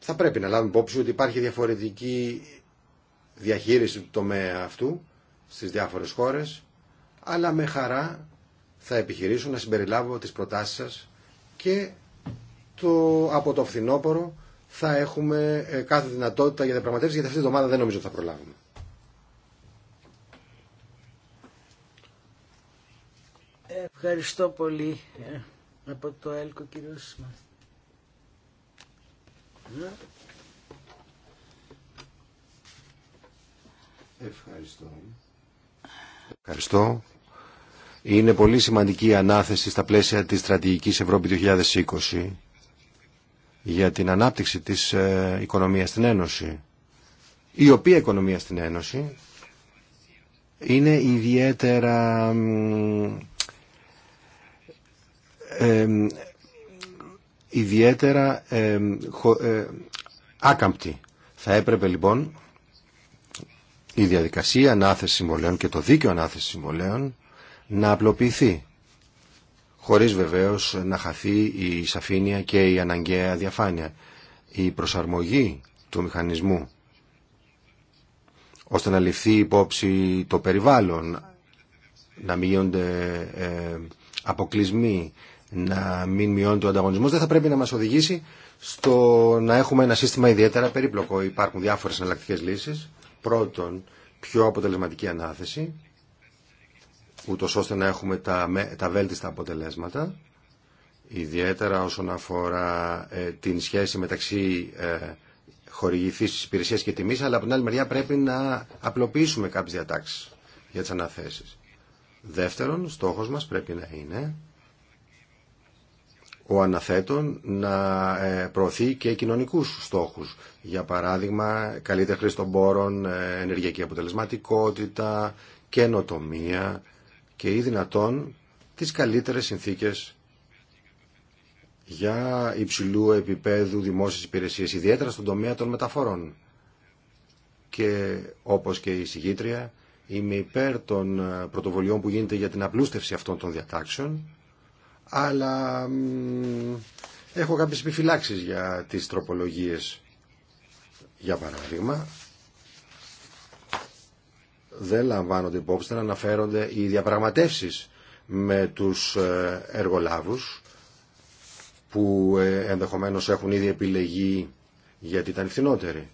θα πρέπει να λάβουμε υπόψη ότι υπάρχει διαφορετική διαχείριση του τομέα αυτού στις διάφορες χώρες, αλλά με χαρά θα επιχειρήσω να συμπεριλάβω τις προτάσεις σας και το, από το φθινόπωρο θα έχουμε ε, κάθε δυνατότητα για διαπραγματεύσει γιατί αυτή την εβδομάδα δεν νομίζω ότι θα προλάβουμε. Ευχαριστώ πολύ ε, από το ΕΛΚΟ Yeah. Ευχαριστώ. Είναι πολύ σημαντική η ανάθεση στα πλαίσια της στρατηγικής Ευρώπη 2020 για την ανάπτυξη της ε, οικονομίας στην Ένωση. Η οποία οικονομία στην Ένωση είναι ιδιαίτερα ε, ιδιαίτερα ε, άκαμπτη. Θα έπρεπε λοιπόν η διαδικασία ανάθεση συμβολέων και το δίκαιο ανάθεση συμβολέων να απλοποιηθεί χωρίς βεβαίως να χαθεί η σαφήνεια και η αναγκαία διαφάνεια. Η προσαρμογή του μηχανισμού ώστε να ληφθεί υπόψη το περιβάλλον, να μην γίνονται ε, αποκλεισμοί, να μην μειώνεται ο ανταγωνισμός, δεν θα πρέπει να μας οδηγήσει στο να έχουμε ένα σύστημα ιδιαίτερα περίπλοκο. Υπάρχουν διάφορες εναλλακτικέ λύσεις Πρώτον, πιο αποτελεσματική ανάθεση, ούτω ώστε να έχουμε τα, τα βέλτιστα αποτελέσματα, ιδιαίτερα όσον αφορά ε, την σχέση μεταξύ ε, τη υπηρεσίας και τιμής, αλλά από την άλλη μεριά πρέπει να απλοποιήσουμε κάποιες διατάξεις για τις αναθέσεις. Δεύτερον, στόχος μας πρέπει να είναι ο αναθέτων να ε, προωθεί και κοινωνικούς στόχους. Για παράδειγμα, καλύτερη χρήση των πόρων, ε, ενεργειακή αποτελεσματικότητα, καινοτομία και ή δυνατόν τις καλύτερες συνθήκες για υψηλού επίπεδου δημόσιες υπηρεσίες, ιδιαίτερα στον τομέα των μεταφορών. Και όπως και η συγγήτρια, είμαι υπέρ των ε, πρωτοβολιών που γίνεται για την απλούστευση αυτών των διατάξεων αλλά έχω κάποιες επιφυλάξεις για τις τροπολογίες. Για παράδειγμα, δεν λαμβάνονται υπόψη να αναφέρονται οι διαπραγματεύσεις με τους ε, εργολάβους που ε, ενδεχομένως έχουν ήδη επιλεγεί γιατί ήταν φθηνότεροι.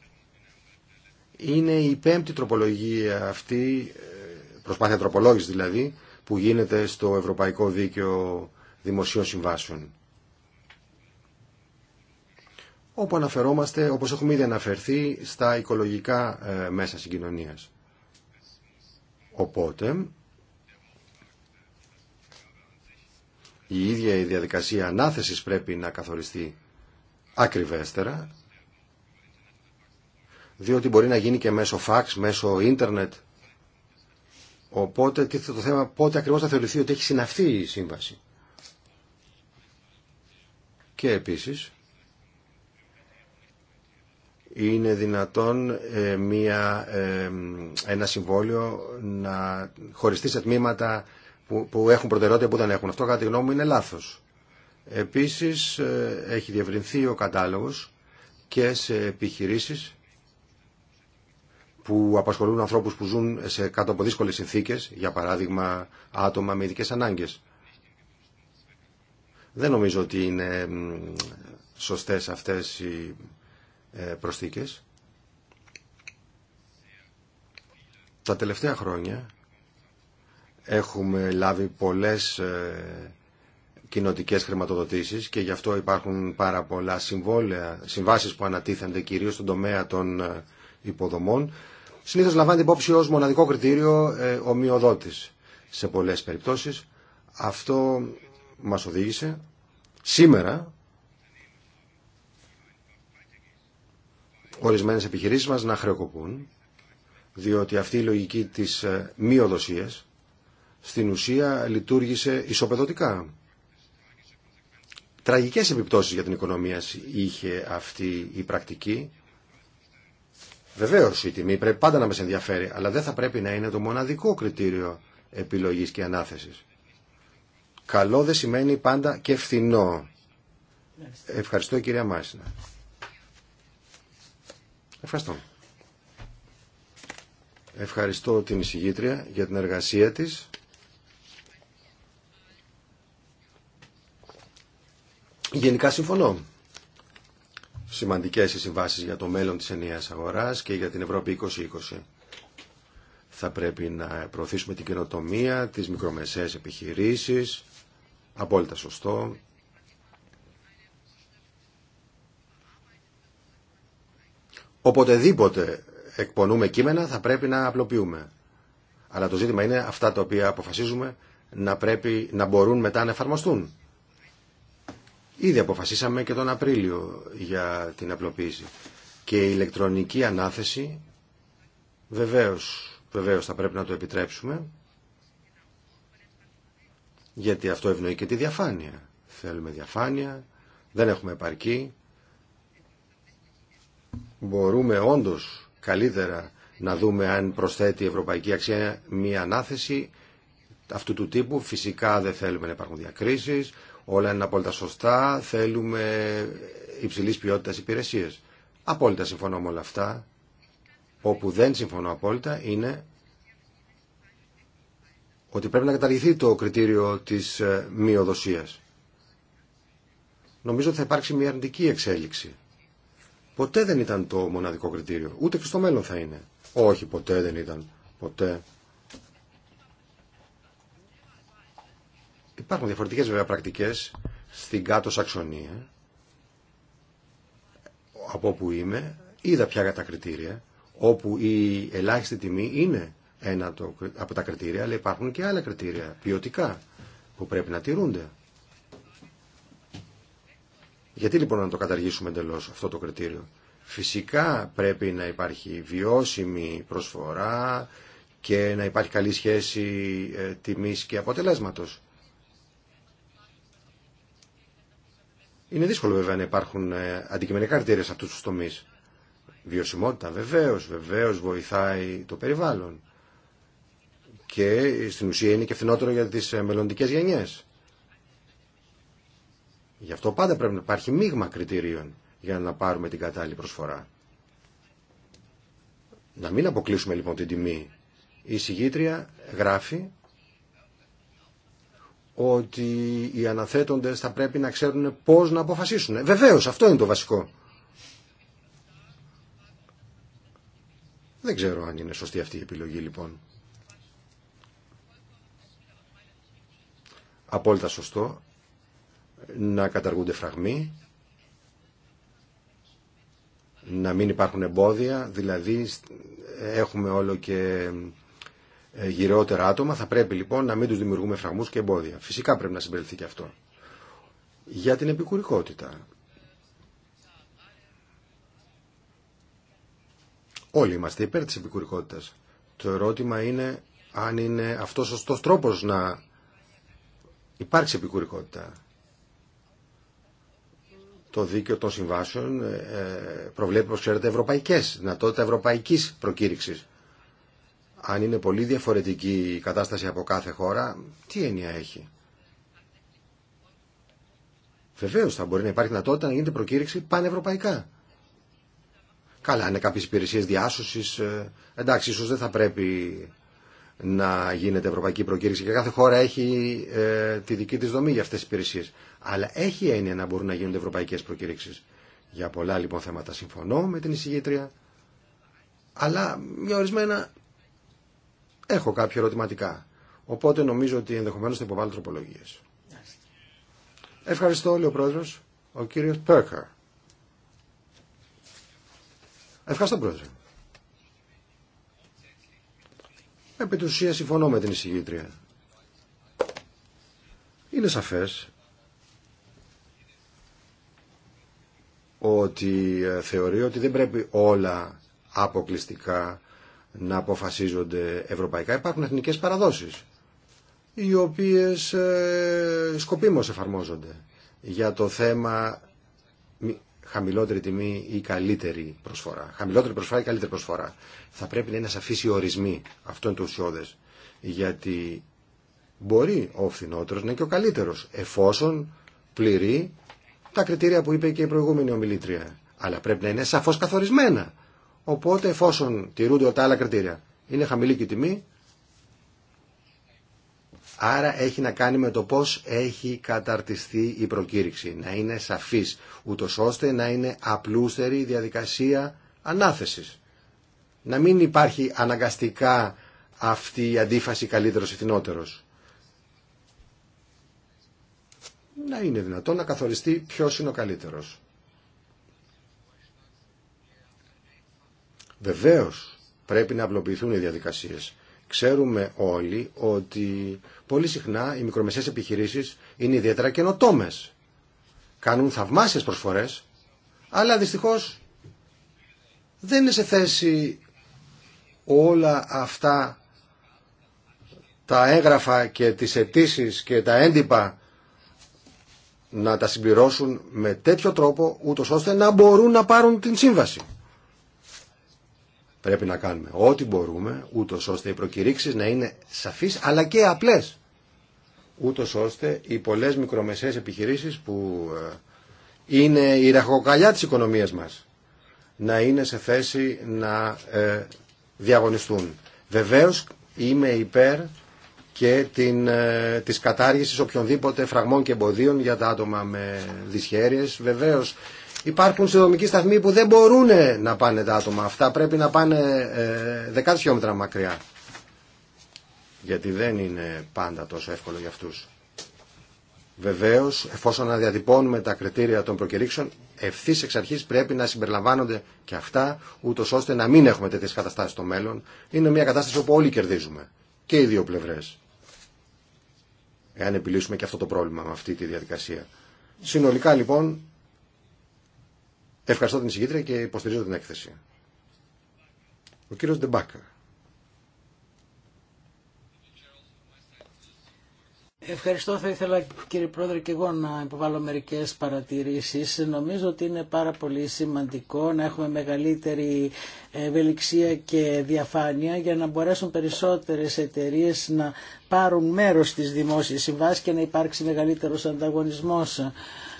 Είναι η πέμπτη τροπολογία αυτή, ε, προσπάθεια τροπολόγηση δηλαδή, που γίνεται στο Ευρωπαϊκό Δίκαιο δημοσίων συμβάσεων. Όπου αναφερόμαστε, όπως έχουμε ήδη αναφερθεί, στα οικολογικά ε, μέσα συγκοινωνίας. Οπότε, η ίδια η διαδικασία ανάθεσης πρέπει να καθοριστεί ακριβέστερα, διότι μπορεί να γίνει και μέσω fax, μέσω ίντερνετ. Οπότε τίθεται το θέμα πότε ακριβώς θα θεωρηθεί ότι έχει συναυθεί η σύμβαση και επίσης είναι δυνατόν ε, μια, ε, ένα συμβόλιο να χωριστεί σε τμήματα που, που έχουν προτεραιότητα που δεν έχουν. Αυτό κατά τη γνώμη μου είναι λάθος. Επίσης ε, έχει διευρυνθεί ο κατάλογος και σε επιχειρήσεις που απασχολούν ανθρώπους που ζουν σε κάτω από δύσκολες συνθήκες, για παράδειγμα άτομα με ειδικές ανάγκες. Δεν νομίζω ότι είναι σωστές αυτές οι ε, προσθήκες. Τα τελευταία χρόνια έχουμε λάβει πολλές ε, κοινοτικές χρηματοδοτήσεις και γι' αυτό υπάρχουν πάρα πολλά συμβόλαια, συμβάσεις που ανατίθενται κυρίως στον τομέα των ε, υποδομών. Συνήθως λαμβάνεται υπόψη ως μοναδικό κριτήριο ομοιοδότης σε πολλές περιπτώσεις. Αυτό μας οδήγησε σήμερα ορισμένες επιχειρήσεις μας να χρεοκοπούν διότι αυτή η λογική της ε, μειοδοσίας στην ουσία λειτουργήσε ισοπεδωτικά. Τραγικές επιπτώσεις για την οικονομία είχε αυτή η πρακτική. Βεβαίως η τιμή πρέπει πάντα να μας ενδιαφέρει, αλλά δεν θα πρέπει να είναι το μοναδικό κριτήριο επιλογής και ανάθεσης. Καλό δεν σημαίνει πάντα και φθηνό. Ευχαριστώ κυρία Μάσινα. Ευχαριστώ. Ευχαριστώ την εισηγήτρια για την εργασία της. Γενικά συμφωνώ. Σημαντικές οι συμβάσεις για το μέλλον της ενιαίας αγοράς και για την Ευρώπη 2020. Θα πρέπει να προωθήσουμε την καινοτομία, τις μικρομεσαίες επιχειρήσεις, Απόλυτα σωστό. Οποτεδήποτε εκπονούμε κείμενα θα πρέπει να απλοποιούμε. Αλλά το ζήτημα είναι αυτά τα οποία αποφασίζουμε να πρέπει να μπορούν μετά να εφαρμοστούν. Ήδη αποφασίσαμε και τον Απρίλιο για την απλοποίηση. Και η ηλεκτρονική ανάθεση βεβαίως, βεβαίως θα πρέπει να το επιτρέψουμε γιατί αυτό ευνοεί και τη διαφάνεια. Θέλουμε διαφάνεια, δεν έχουμε επαρκή. Μπορούμε όντως καλύτερα να δούμε αν προσθέτει η ευρωπαϊκή αξία μία ανάθεση αυτού του τύπου. Φυσικά δεν θέλουμε να υπάρχουν διακρίσεις, όλα είναι απόλυτα σωστά, θέλουμε υψηλής ποιότητας υπηρεσίες. Απόλυτα συμφωνώ με όλα αυτά. Όπου δεν συμφωνώ απόλυτα είναι ότι πρέπει να καταργηθεί το κριτήριο της ε, μειοδοσίας. Νομίζω ότι θα υπάρξει μια αρνητική εξέλιξη. Ποτέ δεν ήταν το μοναδικό κριτήριο. Ούτε και στο μέλλον θα είναι. Όχι, ποτέ δεν ήταν. Ποτέ. Υπάρχουν διαφορετικές βέβαια πρακτικές στην κάτω Σαξονία από όπου είμαι είδα πια τα κριτήρια όπου η ελάχιστη τιμή είναι ένα από τα κριτήρια, αλλά υπάρχουν και άλλα κριτήρια ποιοτικά που πρέπει να τηρούνται. Γιατί λοιπόν να το καταργήσουμε εντελώ αυτό το κριτήριο. Φυσικά πρέπει να υπάρχει βιώσιμη προσφορά και να υπάρχει καλή σχέση ε, τιμής και αποτελέσματος. Είναι δύσκολο βέβαια να υπάρχουν ε, αντικειμενικά κριτήρια σε αυτούς τους τομείς. Βιωσιμότητα βεβαίως, βεβαίως βοηθάει το περιβάλλον και στην ουσία είναι και φθηνότερο για τις ε, μελλοντικέ γενιές. Γι' αυτό πάντα πρέπει να υπάρχει μείγμα κριτηρίων για να πάρουμε την κατάλληλη προσφορά. Να μην αποκλείσουμε λοιπόν την τιμή. Η συγγήτρια γράφει ότι οι αναθέτοντες θα πρέπει να ξέρουν πώς να αποφασίσουν. Ε, βεβαίως, αυτό είναι το βασικό. Δεν ξέρω αν είναι σωστή αυτή η επιλογή λοιπόν. απόλυτα σωστό να καταργούνται φραγμοί, να μην υπάρχουν εμπόδια, δηλαδή έχουμε όλο και ε, γυρεότερα άτομα, θα πρέπει λοιπόν να μην τους δημιουργούμε φραγμούς και εμπόδια. Φυσικά πρέπει να συμπεριληφθεί και αυτό. Για την επικουρικότητα. Όλοι είμαστε υπέρ της επικουρικότητας. Το ερώτημα είναι αν είναι αυτός ο σωστός τρόπος να Υπάρχει επικουρικότητα. Το δίκαιο των συμβάσεων ε, ε, προβλέπει, όπως ξέρετε, ευρωπαϊκές, δυνατότητα ευρωπαϊκής προκήρυξης. Αν είναι πολύ διαφορετική η κατάσταση από κάθε χώρα, τι έννοια έχει. Βεβαίω θα μπορεί να υπάρχει δυνατότητα να γίνεται προκήρυξη πανευρωπαϊκά. Καλά, είναι κάποιε υπηρεσίε διάσωση. Ε, εντάξει, ίσω δεν θα πρέπει να γίνεται ευρωπαϊκή προκήρυξη και κάθε χώρα έχει ε, τη δική της δομή για αυτές τις υπηρεσίες. Αλλά έχει έννοια να μπορούν να γίνονται ευρωπαϊκές προκήρυξεις. Για πολλά λοιπόν θέματα συμφωνώ με την εισηγήτρια, αλλά για ορισμένα έχω κάποια ερωτηματικά. Οπότε νομίζω ότι ενδεχομένως θα υποβάλω τροπολογίες. Ευχαριστώ όλοι ο πρόεδρος, ο κύριος Πέρκαρ. Ευχαριστώ πρόεδρε. Επί του ουσία συμφωνώ με την εισηγήτρια. Είναι σαφές ότι ε, θεωρεί ότι δεν πρέπει όλα αποκλειστικά να αποφασίζονται ευρωπαϊκά. Υπάρχουν εθνικές παραδόσεις, οι οποίες ε, σκοπίμως εφαρμόζονται. Για το θέμα χαμηλότερη τιμή ή καλύτερη προσφορά. Χαμηλότερη προσφορά ή καλύτερη προσφορά. Θα πρέπει να είναι σαφείς οι ορισμοί. Αυτό είναι το ουσιώδες. Γιατί μπορεί ο φθηνότερος να είναι και ο καλύτερος εφόσον πληρεί τα κριτήρια που είπε και η προηγούμενη ομιλήτρια. Αλλά πρέπει να είναι σαφώς καθορισμένα. Οπότε εφόσον τηρούνται τα άλλα κριτήρια, είναι χαμηλή και η τιμή, Άρα έχει να κάνει με το πώς έχει καταρτιστεί η προκήρυξη, να είναι σαφής, ούτως ώστε να είναι απλούστερη η διαδικασία ανάθεσης. Να μην υπάρχει αναγκαστικά αυτή η αντίφαση καλύτερος ή φθηνότερος. Να είναι δυνατόν να καθοριστεί ποιος είναι ο καλύτερος. Βεβαίως πρέπει να απλοποιηθούν οι διαδικασίες Ξέρουμε όλοι ότι πολύ συχνά οι μικρομεσαίες επιχειρήσεις είναι ιδιαίτερα καινοτόμε. Κάνουν θαυμάσιες προσφορές, αλλά δυστυχώς δεν είναι σε θέση όλα αυτά τα έγγραφα και τις αιτήσει και τα έντυπα να τα συμπληρώσουν με τέτοιο τρόπο ούτως ώστε να μπορούν να πάρουν την σύμβαση. Πρέπει να κάνουμε ό,τι μπορούμε, ούτω ώστε οι προκηρύξεις να είναι σαφείς αλλά και απλές. Ούτω ώστε οι πολλές μικρομεσαίες επιχειρήσεις που ε, είναι η ραχοκαλιά της οικονομίας μας να είναι σε θέση να ε, διαγωνιστούν. Βεβαίως είμαι υπέρ και την, ε, της κατάργησης οποιονδήποτε φραγμών και εμποδίων για τα άτομα με δυσχέρειες. Βεβαίως Υπάρχουν συνδρομικοί σταθμοί που δεν μπορούν να πάνε τα άτομα. Αυτά πρέπει να πάνε ε, δεκάδες χιλιόμετρα μακριά. Γιατί δεν είναι πάντα τόσο εύκολο για αυτούς. Βεβαίω, εφόσον αναδιατυπώνουμε τα κριτήρια των προκηρύξεων, ευθύ εξ αρχή πρέπει να συμπεριλαμβάνονται και αυτά, ούτω ώστε να μην έχουμε τέτοιε καταστάσει στο μέλλον. Είναι μια κατάσταση όπου όλοι κερδίζουμε. Και οι δύο πλευρέ. Εάν επιλύσουμε και αυτό το πρόβλημα με αυτή τη διαδικασία. Συνολικά λοιπόν, Ευχαριστώ την εισηγήτρια και υποστηρίζω την έκθεση. Ο κύριος Ντεμπάκα. Ευχαριστώ. Θα ήθελα κύριε Πρόεδρε και εγώ να υποβάλω μερικές παρατηρήσεις. Νομίζω ότι είναι πάρα πολύ σημαντικό να έχουμε μεγαλύτερη ευελιξία και διαφάνεια για να μπορέσουν περισσότερες εταιρείες να πάρουν μέρος στις δημόσιες συμβάσεις και να υπάρξει μεγαλύτερος ανταγωνισμός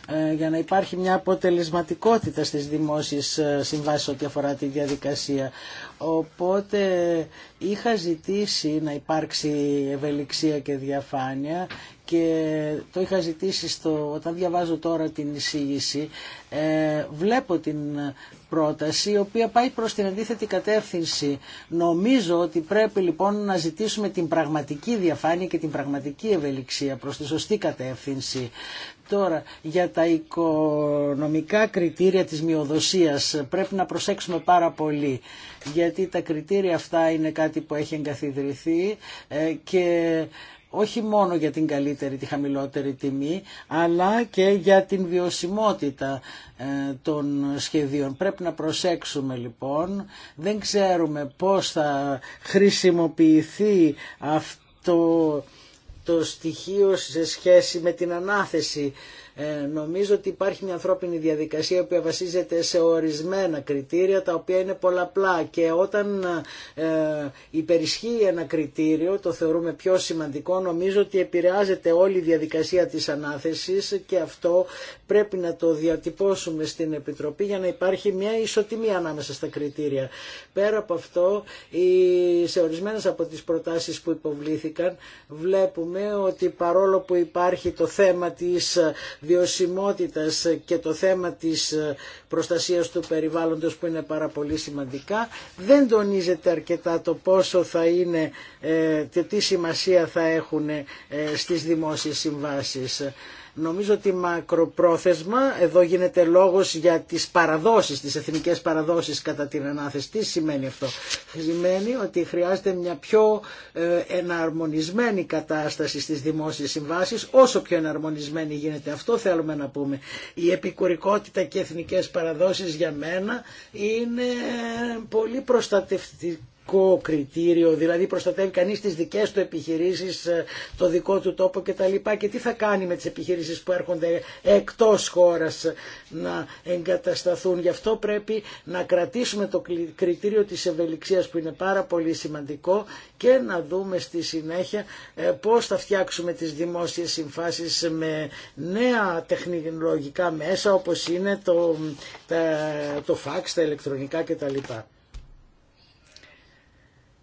ε, για να υπάρχει μια αποτελεσματικότητα στις δημόσιες ε, συμβάσεις ό,τι αφορά τη διαδικασία. Οπότε είχα ζητήσει να υπάρξει ευελιξία και διαφάνεια και το είχα ζητήσει στο, όταν διαβάζω τώρα την εισήγηση ε, βλέπω την πρόταση η οποία πάει προς την αντίθετη κατεύθυνση. Νομίζω ότι πρέπει λοιπόν να ζητήσουμε την πραγματική διαφάνεια και την πραγματική ευελιξία προς τη σωστή κατεύθυνση. Τώρα, για τα οικονομικά κριτήρια της μειοδοσίας πρέπει να προσέξουμε πάρα πολύ γιατί τα κριτήρια αυτά είναι κάτι που έχει εγκαθιδρυθεί ε, και όχι μόνο για την καλύτερη, τη χαμηλότερη τιμή, αλλά και για την βιωσιμότητα ε, των σχεδίων. Πρέπει να προσέξουμε λοιπόν, δεν ξέρουμε πώς θα χρησιμοποιηθεί αυτό το στοιχείο σε σχέση με την ανάθεση ε, νομίζω ότι υπάρχει μια ανθρώπινη διαδικασία που βασίζεται σε ορισμένα κριτήρια τα οποία είναι πολλαπλά και όταν ε, υπερισχύει ένα κριτήριο, το θεωρούμε πιο σημαντικό, νομίζω ότι επηρεάζεται όλη η διαδικασία της ανάθεσης και αυτό πρέπει να το διατυπώσουμε στην Επιτροπή για να υπάρχει μια ισοτιμία ανάμεσα στα κριτήρια. Πέρα από αυτό, σε ορισμένες από τις προτάσεις που υποβλήθηκαν βλέπουμε ότι παρόλο που υπάρχει το θέμα της βιωσιμότητας και το θέμα της προστασίας του περιβάλλοντος που είναι πάρα πολύ σημαντικά. Δεν τονίζεται αρκετά το πόσο θα είναι ε, και τι σημασία θα έχουν ε, στις δημόσιες συμβάσεις. Νομίζω ότι μακροπρόθεσμα, εδώ γίνεται λόγος για τις παραδόσεις, τις εθνικές παραδόσεις κατά την ανάθεση. Τι σημαίνει αυτό. Σημαίνει ότι χρειάζεται μια πιο ε, εναρμονισμένη κατάσταση στις δημόσιες συμβάσεις. Όσο πιο εναρμονισμένη γίνεται αυτό θέλουμε να πούμε. Η επικουρικότητα και οι εθνικές παραδόσεις για μένα είναι πολύ προστατευτική ηθικό κριτήριο, δηλαδή προστατεύει κανείς τις δικές του επιχειρήσεις, ε, το δικό του τόπο κτλ. Και τι θα κάνει με τις επιχειρήσεις που έρχονται εκτός χώρας να εγκατασταθούν. Γι' αυτό πρέπει να κρατήσουμε το κριτήριο της ευελιξίας που είναι πάρα πολύ σημαντικό και να δούμε στη συνέχεια ε, πώς θα φτιάξουμε τις δημόσιες συμφάσεις με νέα τεχνολογικά μέσα όπως είναι το, το fax, τα ηλεκτρονικά κτλ.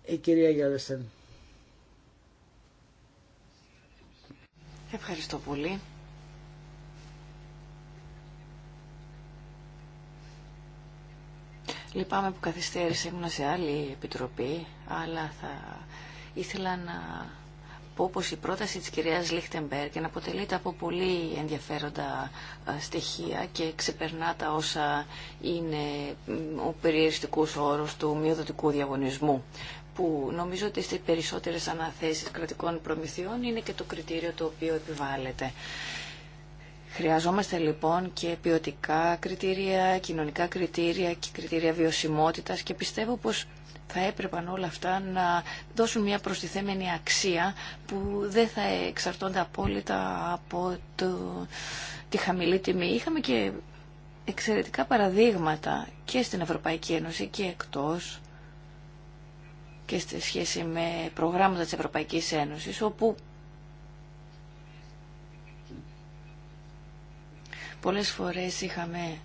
Η κυρία Ευχαριστώ πολύ. Λυπάμαι που καθυστέρησα, ήμουν σε άλλη επιτροπή, αλλά θα ήθελα να πω πως η πρόταση της κυρίας να αποτελείται από πολύ ενδιαφέροντα στοιχεία και ξεπερνά τα όσα είναι ο περιεριστικός όρος του μειοδοτικού διαγωνισμού που νομίζω ότι στις περισσότερες αναθέσεις κρατικών προμηθειών είναι και το κριτήριο το οποίο επιβάλλεται. Χρειαζόμαστε λοιπόν και ποιοτικά κριτήρια, κοινωνικά κριτήρια και κριτήρια βιωσιμότητας και πιστεύω πως θα έπρεπαν όλα αυτά να δώσουν μια προστιθέμενη αξία που δεν θα εξαρτώνται απόλυτα από τη χαμηλή τιμή. Είχαμε και εξαιρετικά παραδείγματα και στην Ευρωπαϊκή Ένωση και εκτός και σε σχέση με προγράμματα της Ευρωπαϊκής Ένωσης, όπου πολλές φορές είχαμε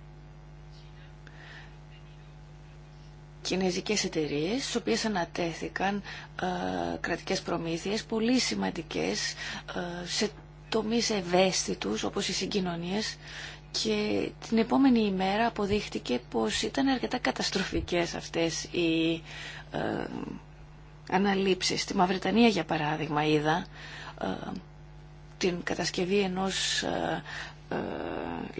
κινέζικες εταιρείες, στις οποίες ανατέθηκαν ε, κρατικές προμήθειες πολύ σημαντικές ε, σε τομείς ευαίσθητους όπως οι συγκοινωνίες και την επόμενη ημέρα αποδείχτηκε πως ήταν αρκετά καταστροφικές αυτές οι ε, αναλήψεις. Στη Μαυρετανία, για παράδειγμα, είδα ε, την κατασκευή ενός ε, ε,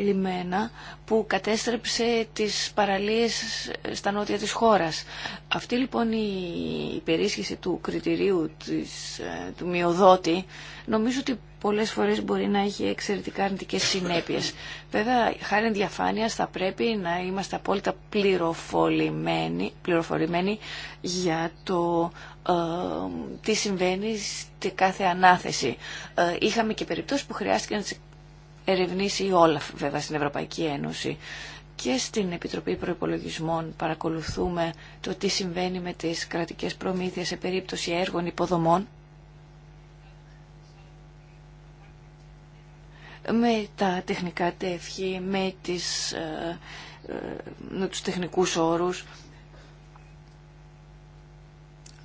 λιμένα που κατέστρεψε τις παραλίες στα νότια της χώρας. Αυτή λοιπόν η υπερίσχυση του κριτηρίου της, ε, του μειοδότη νομίζω ότι πολλές φορές μπορεί να έχει εξαιρετικά αρνητικέ συνέπειες. Βέβαια, χάρη διαφάνεια θα πρέπει να είμαστε απόλυτα πληροφορημένοι, πληροφορημένοι για το ε, τι συμβαίνει σε κάθε ανάθεση. είχαμε και περιπτώσεις που χρειάστηκε να ερευνήσει η βέβαια στην Ευρωπαϊκή Ένωση και στην Επιτροπή Προϋπολογισμών παρακολουθούμε το τι συμβαίνει με τις κρατικές προμήθειες σε περίπτωση έργων υποδομών με τα τεχνικά τεύχη, με, τις, ε, ε, με τους τεχνικούς όρους.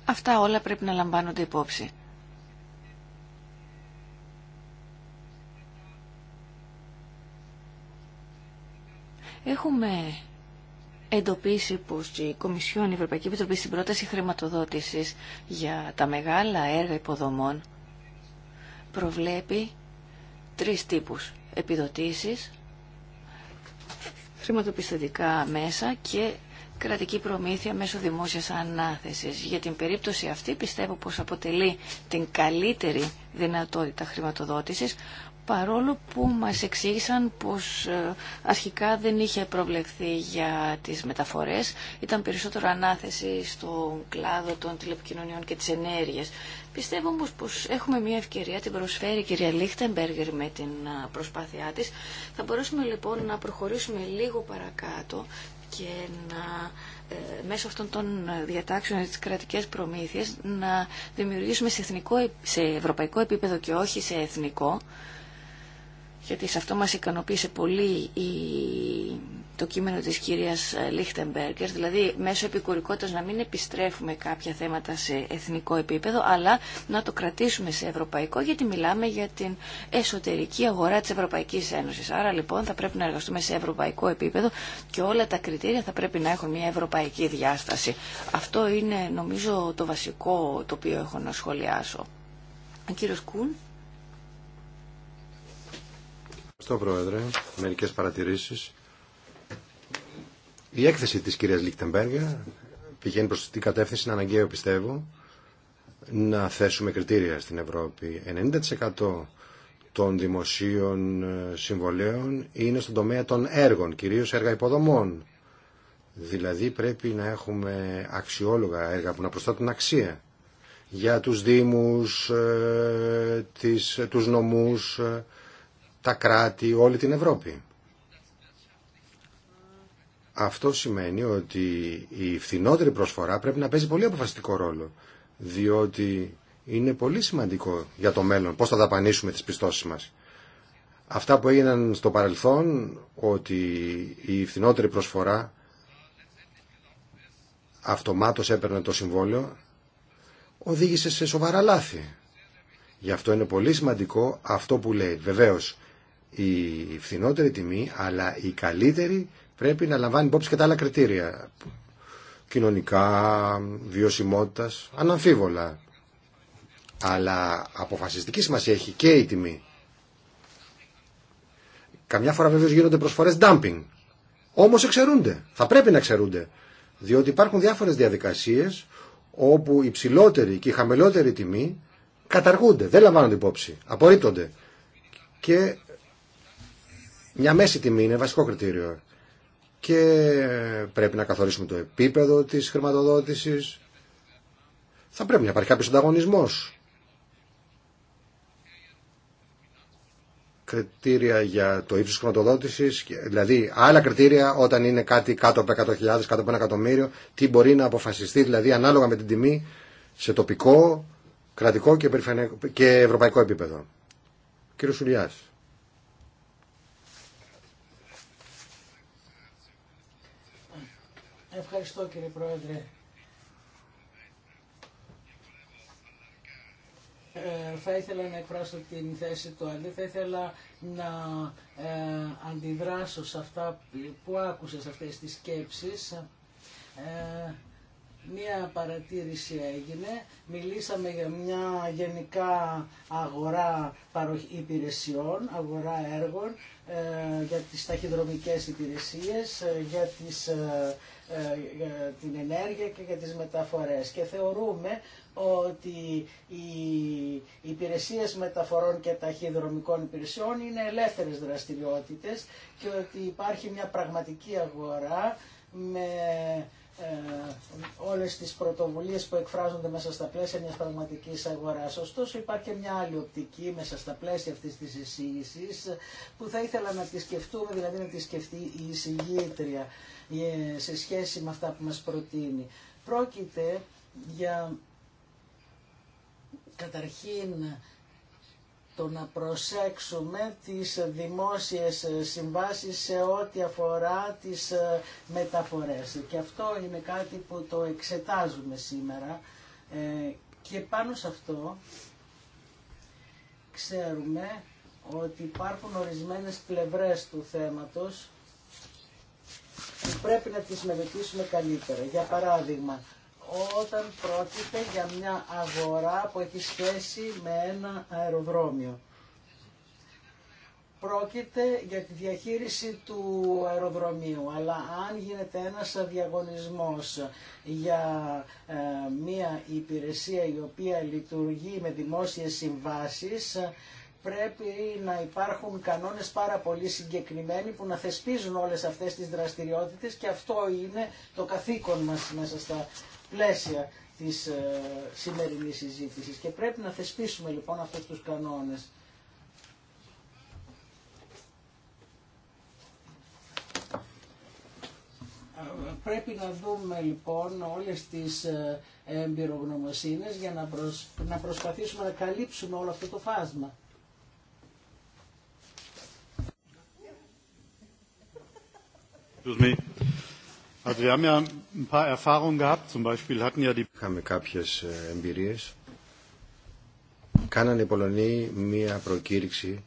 Αυτά όλα πρέπει να λαμβάνονται υπόψη. Έχουμε εντοπίσει πως η Κομισιόν, Ευρωπαϊκή Επιτροπή στην πρόταση χρηματοδότησης για τα μεγάλα έργα υποδομών προβλέπει τρεις τύπους επιδοτήσεις, χρηματοπιστωτικά μέσα και κρατική προμήθεια μέσω δημόσιας ανάθεσης. Για την περίπτωση αυτή πιστεύω πως αποτελεί την καλύτερη δυνατότητα χρηματοδότησης παρόλο που μας εξήγησαν πως ε, αρχικά δεν είχε προβλεφθεί για τις μεταφορές, ήταν περισσότερο ανάθεση στον κλάδο των τηλεπικοινωνιών και της ενέργειας. Πιστεύω όμως πως έχουμε μια ευκαιρία, την προσφέρει η κυρία Λίχτεμπεργκερ με την ε, προσπάθειά της. Θα μπορέσουμε λοιπόν να προχωρήσουμε λίγο παρακάτω και να ε, μέσω αυτών των διατάξεων της κρατικές προμήθειας να δημιουργήσουμε σε, εθνικό, σε ευρωπαϊκό επίπεδο και όχι σε εθνικό γιατί σε αυτό μας ικανοποίησε πολύ η... το κείμενο της κυρίας Λίχτεμπεργκερ, δηλαδή μέσω επικουρικότητας να μην επιστρέφουμε κάποια θέματα σε εθνικό επίπεδο, αλλά να το κρατήσουμε σε ευρωπαϊκό, γιατί μιλάμε για την εσωτερική αγορά της Ευρωπαϊκής Ένωσης. Άρα λοιπόν θα πρέπει να εργαστούμε σε ευρωπαϊκό επίπεδο και όλα τα κριτήρια θα πρέπει να έχουν μια ευρωπαϊκή διάσταση. Αυτό είναι νομίζω το βασικό το οποίο έχω να σχολιάσω. Κούν. Ευχαριστώ, Πρόεδρε. Μερικές παρατηρήσεις. Η έκθεση της κυρίας Λίκτεμπέργα πηγαίνει προς την κατεύθυνση, να αναγκαίο πιστεύω, να θέσουμε κριτήρια στην Ευρώπη. 90% των δημοσίων ε, συμβολέων είναι στον τομέα των έργων, κυρίως έργα υποδομών. Δηλαδή πρέπει να έχουμε αξιόλογα έργα που να προστάτουν αξία για τους δήμους, ε, τις, ε, τους νομούς, τα κράτη, όλη την Ευρώπη. Αυτό σημαίνει ότι η φθηνότερη προσφορά πρέπει να παίζει πολύ αποφασιστικό ρόλο, διότι είναι πολύ σημαντικό για το μέλλον πώς θα δαπανίσουμε τις πιστώσεις μας. Αυτά που έγιναν στο παρελθόν, ότι η φθηνότερη προσφορά αυτομάτως έπαιρνε το συμβόλαιο, οδήγησε σε σοβαρά λάθη. Γι' αυτό είναι πολύ σημαντικό αυτό που λέει. Βεβαίως, η φθηνότερη τιμή αλλά η καλύτερη πρέπει να λαμβάνει υπόψη και τα άλλα κριτήρια κοινωνικά, βιωσιμότητα, αναμφίβολα. Αλλά αποφασιστική σημασία έχει και η τιμή. Καμιά φορά βεβαίω γίνονται προσφορέ dumping. Όμως εξαιρούνται. Θα πρέπει να εξαιρούνται. Διότι υπάρχουν διάφορες διαδικασίες όπου η ψηλότερη και η χαμηλότερη τιμή καταργούνται. Δεν λαμβάνονται υπόψη. Απορρίπτονται. Και μια μέση τιμή είναι βασικό κριτήριο και πρέπει να καθορίσουμε το επίπεδο της χρηματοδότησης. Θα πρέπει να υπάρχει κάποιος ανταγωνισμός. Κριτήρια για το ύψος χρηματοδότησης, δηλαδή άλλα κριτήρια όταν είναι κάτι κάτω από 100.000, κάτω από ένα εκατομμύριο, τι μπορεί να αποφασιστεί, δηλαδή ανάλογα με την τιμή σε τοπικό, κρατικό και ευρωπαϊκό επίπεδο. Κύριο Σουλιάς. Ευχαριστώ κύριε Πρόεδρε. Ε, θα ήθελα να εκφράσω την θέση του Αντί, θα ήθελα να ε, αντιδράσω σε αυτά που άκουσα σε αυτές τις σκέψεις. Ε, μία παρατήρηση έγινε, μιλήσαμε για μια γενικά αγορά υπηρεσιών, αγορά έργων, ε, για τις ταχυδρομικές υπηρεσίες, για τις ε, για την ενέργεια και για τις μεταφορές. Και θεωρούμε ότι οι υπηρεσίες μεταφορών και ταχυδρομικών υπηρεσιών είναι ελεύθερες δραστηριότητες και ότι υπάρχει μια πραγματική αγορά με ε, όλες τις πρωτοβουλίες που εκφράζονται μέσα στα πλαίσια μιας πραγματικής αγοράς. Ωστόσο υπάρχει μια άλλη οπτική μέσα στα πλαίσια αυτής της εισήγησης που θα ήθελα να τη σκεφτούμε, δηλαδή να τη σκεφτεί η εισηγήτρια. Ε, σε σχέση με αυτά που μας προτείνει. Πρόκειται για καταρχήν το να προσέξουμε τις δημόσιες συμβάσεις σε ό,τι αφορά τις ε, μεταφορές. Και αυτό είναι κάτι που το εξετάζουμε σήμερα ε, και πάνω σε αυτό ξέρουμε ότι υπάρχουν ορισμένες πλευρές του θέματος πρέπει να τις μελετήσουμε καλύτερα. Για παράδειγμα, όταν πρόκειται για μια αγορά που έχει σχέση με ένα αεροδρόμιο. Πρόκειται για τη διαχείριση του αεροδρομίου, αλλά αν γίνεται ένας διαγωνισμός για ε, μια υπηρεσία η οποία λειτουργεί με δημόσιες συμβάσεις, πρέπει να υπάρχουν κανόνες πάρα πολύ συγκεκριμένοι που να θεσπίζουν όλες αυτές τις δραστηριότητες και αυτό είναι το καθήκον μας μέσα στα πλαίσια της ε, σημερινής συζήτησης και πρέπει να θεσπίσουμε λοιπόν αυτούς τους κανόνες. Πρέπει να δούμε λοιπόν όλες τις ε, εμπειρογνωμοσύνες για να, να προσπαθήσουμε να καλύψουμε όλο αυτό το φάσμα. Είχαμε κάποιες ε, εμπειρίες. Κάνανε οι Πολωνοί μία προκήρυξη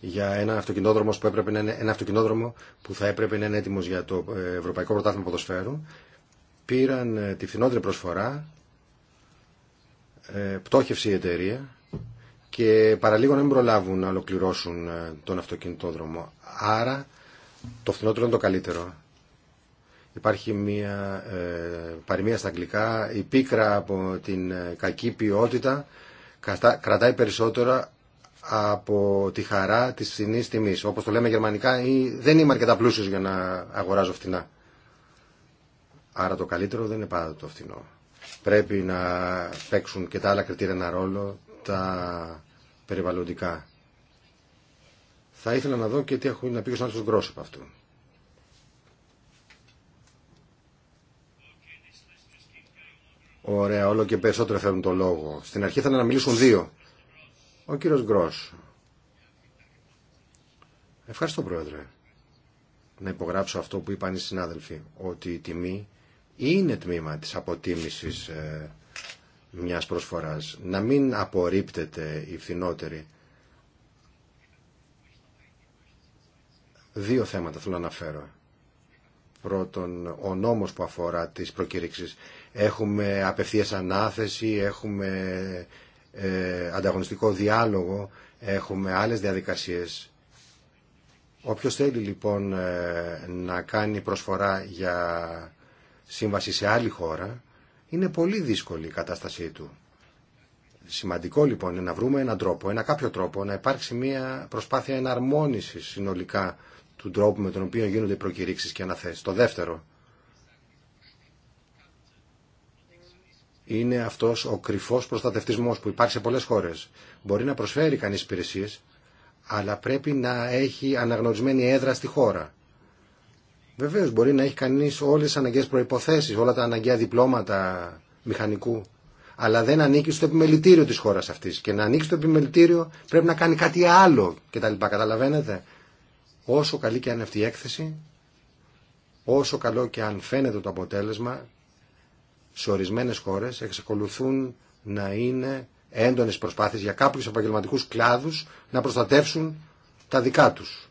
για ένα αυτοκινόδρομο που έπρεπε να είναι ένα αυτοκινόδρομο που θα έπρεπε να είναι έτοιμος για το ε, Ευρωπαϊκό Πρωτάθλημα Ποδοσφαίρου. Πήραν ε, τη φθηνότερη προσφορά, πτώχευσε η εταιρεία και παραλίγο να μην προλάβουν να ολοκληρώσουν τον αυτοκινητόδρομο. Άρα το φθηνότερο είναι το καλύτερο. Υπάρχει μια ε, παροιμία στα αγγλικά, η πίκρα από την ε, κακή ποιότητα κρατάει περισσότερα από τη χαρά τη φθηνή τιμή. Όπως το λέμε γερμανικά, ή, δεν είμαι αρκετά πλούσιο για να αγοράζω φθηνά. Άρα το καλύτερο δεν είναι πάντα το φθηνό. Πρέπει να παίξουν και τα άλλα κριτήρια ένα ρόλο, τα περιβαλλοντικά. Θα ήθελα να δω και τι έχω να πει ο συνάδελφος Γκρός από αυτού. Ωραία, όλο και περισσότερο φέρνουν το λόγο. Στην αρχή ήθελα να μιλήσουν δύο. Ο κύριος Γκρός. Ευχαριστώ πρόεδρε. Να υπογράψω αυτό που είπαν οι συνάδελφοι, ότι η τιμή είναι τμήμα της αποτίμησης ε, μιας προσφοράς. Να μην απορρίπτεται η φθηνότερη Δύο θέματα θέλω να αναφέρω. Πρώτον, ο νόμος που αφορά τις προκήρυξεις. Έχουμε απευθείας ανάθεση, έχουμε ε, ανταγωνιστικό διάλογο, έχουμε άλλες διαδικασίες. Όποιος θέλει λοιπόν ε, να κάνει προσφορά για σύμβαση σε άλλη χώρα, είναι πολύ δύσκολη η κατάστασή του. Σημαντικό λοιπόν είναι να βρούμε έναν τρόπο, ένα κάποιο τρόπο, να υπάρξει μια προσπάθεια εναρμόνισης συνολικά του τρόπου με τον οποίο γίνονται οι προκηρύξεις και αναθέσεις. Το δεύτερο είναι αυτός ο κρυφός προστατευτισμός που υπάρχει σε πολλές χώρες. Μπορεί να προσφέρει κανείς υπηρεσίες, αλλά πρέπει να έχει αναγνωρισμένη έδρα στη χώρα. Βεβαίω, μπορεί να έχει κανείς όλες τις αναγκαίες προϋποθέσεις, όλα τα αναγκαία διπλώματα μηχανικού, αλλά δεν ανήκει στο επιμελητήριο της χώρας αυτής. Και να ανήκει στο επιμελητήριο πρέπει να κάνει κάτι άλλο κτλ. Καταλαβαίνετε. Όσο καλή και αν αυτή η έκθεση, όσο καλό και αν φαίνεται το αποτέλεσμα, σε ορισμένε χώρε εξακολουθούν να είναι έντονε προσπάθειε για κάποιου επαγγελματικού κλάδους να προστατεύσουν τα δικά τους.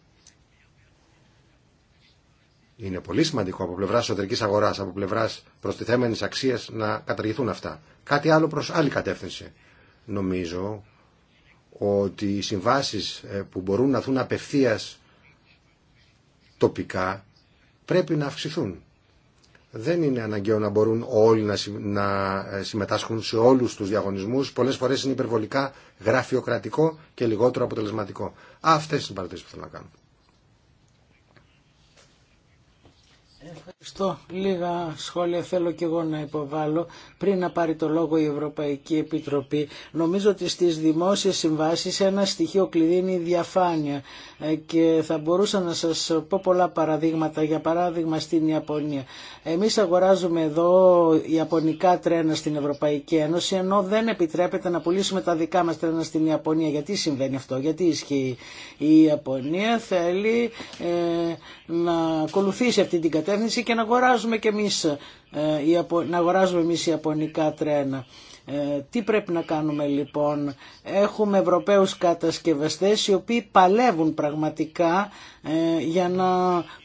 Είναι πολύ σημαντικό από πλευρά εσωτερική αγορά, από πλευρά προστιθέμενη αξία να καταργηθούν αυτά. Κάτι άλλο προ άλλη κατεύθυνση. Νομίζω ότι οι συμβάσει ε, που μπορούν να δουν απευθεία τοπικά πρέπει να αυξηθούν. Δεν είναι αναγκαίο να μπορούν όλοι να, ε, συμμετάσχουν σε όλους τους διαγωνισμούς. Πολλές φορές είναι υπερβολικά γραφειοκρατικό και λιγότερο αποτελεσματικό. Αυτές είναι οι παρατηρήσεις που θέλω να κάνω. Ευχαριστώ. Λίγα σχόλια θέλω και εγώ να υποβάλω πριν να πάρει το λόγο η Ευρωπαϊκή Επιτροπή. Νομίζω ότι στις δημόσιες συμβάσεις ένα στοιχείο κλειδί είναι η διαφάνεια ε, και θα μπορούσα να σας πω πολλά παραδείγματα, για παράδειγμα στην Ιαπωνία. Εμείς αγοράζουμε εδώ ιαπωνικά τρένα στην Ευρωπαϊκή Ένωση ενώ δεν επιτρέπεται να πουλήσουμε τα δικά μας τρένα στην Ιαπωνία. Γιατί συμβαίνει αυτό, γιατί ισχύει. Η Ιαπωνία θέλει ε, να ακολουθήσει αυτή την κατάσταση κατεύθυνση και να αγοράζουμε και εμείς, ε, να αγοράζουμε εμείς ιαπωνικά τρένα. Ε, τι πρέπει να κάνουμε λοιπόν. Έχουμε Ευρωπαίους κατασκευαστές οι οποίοι παλεύουν πραγματικά ε, για να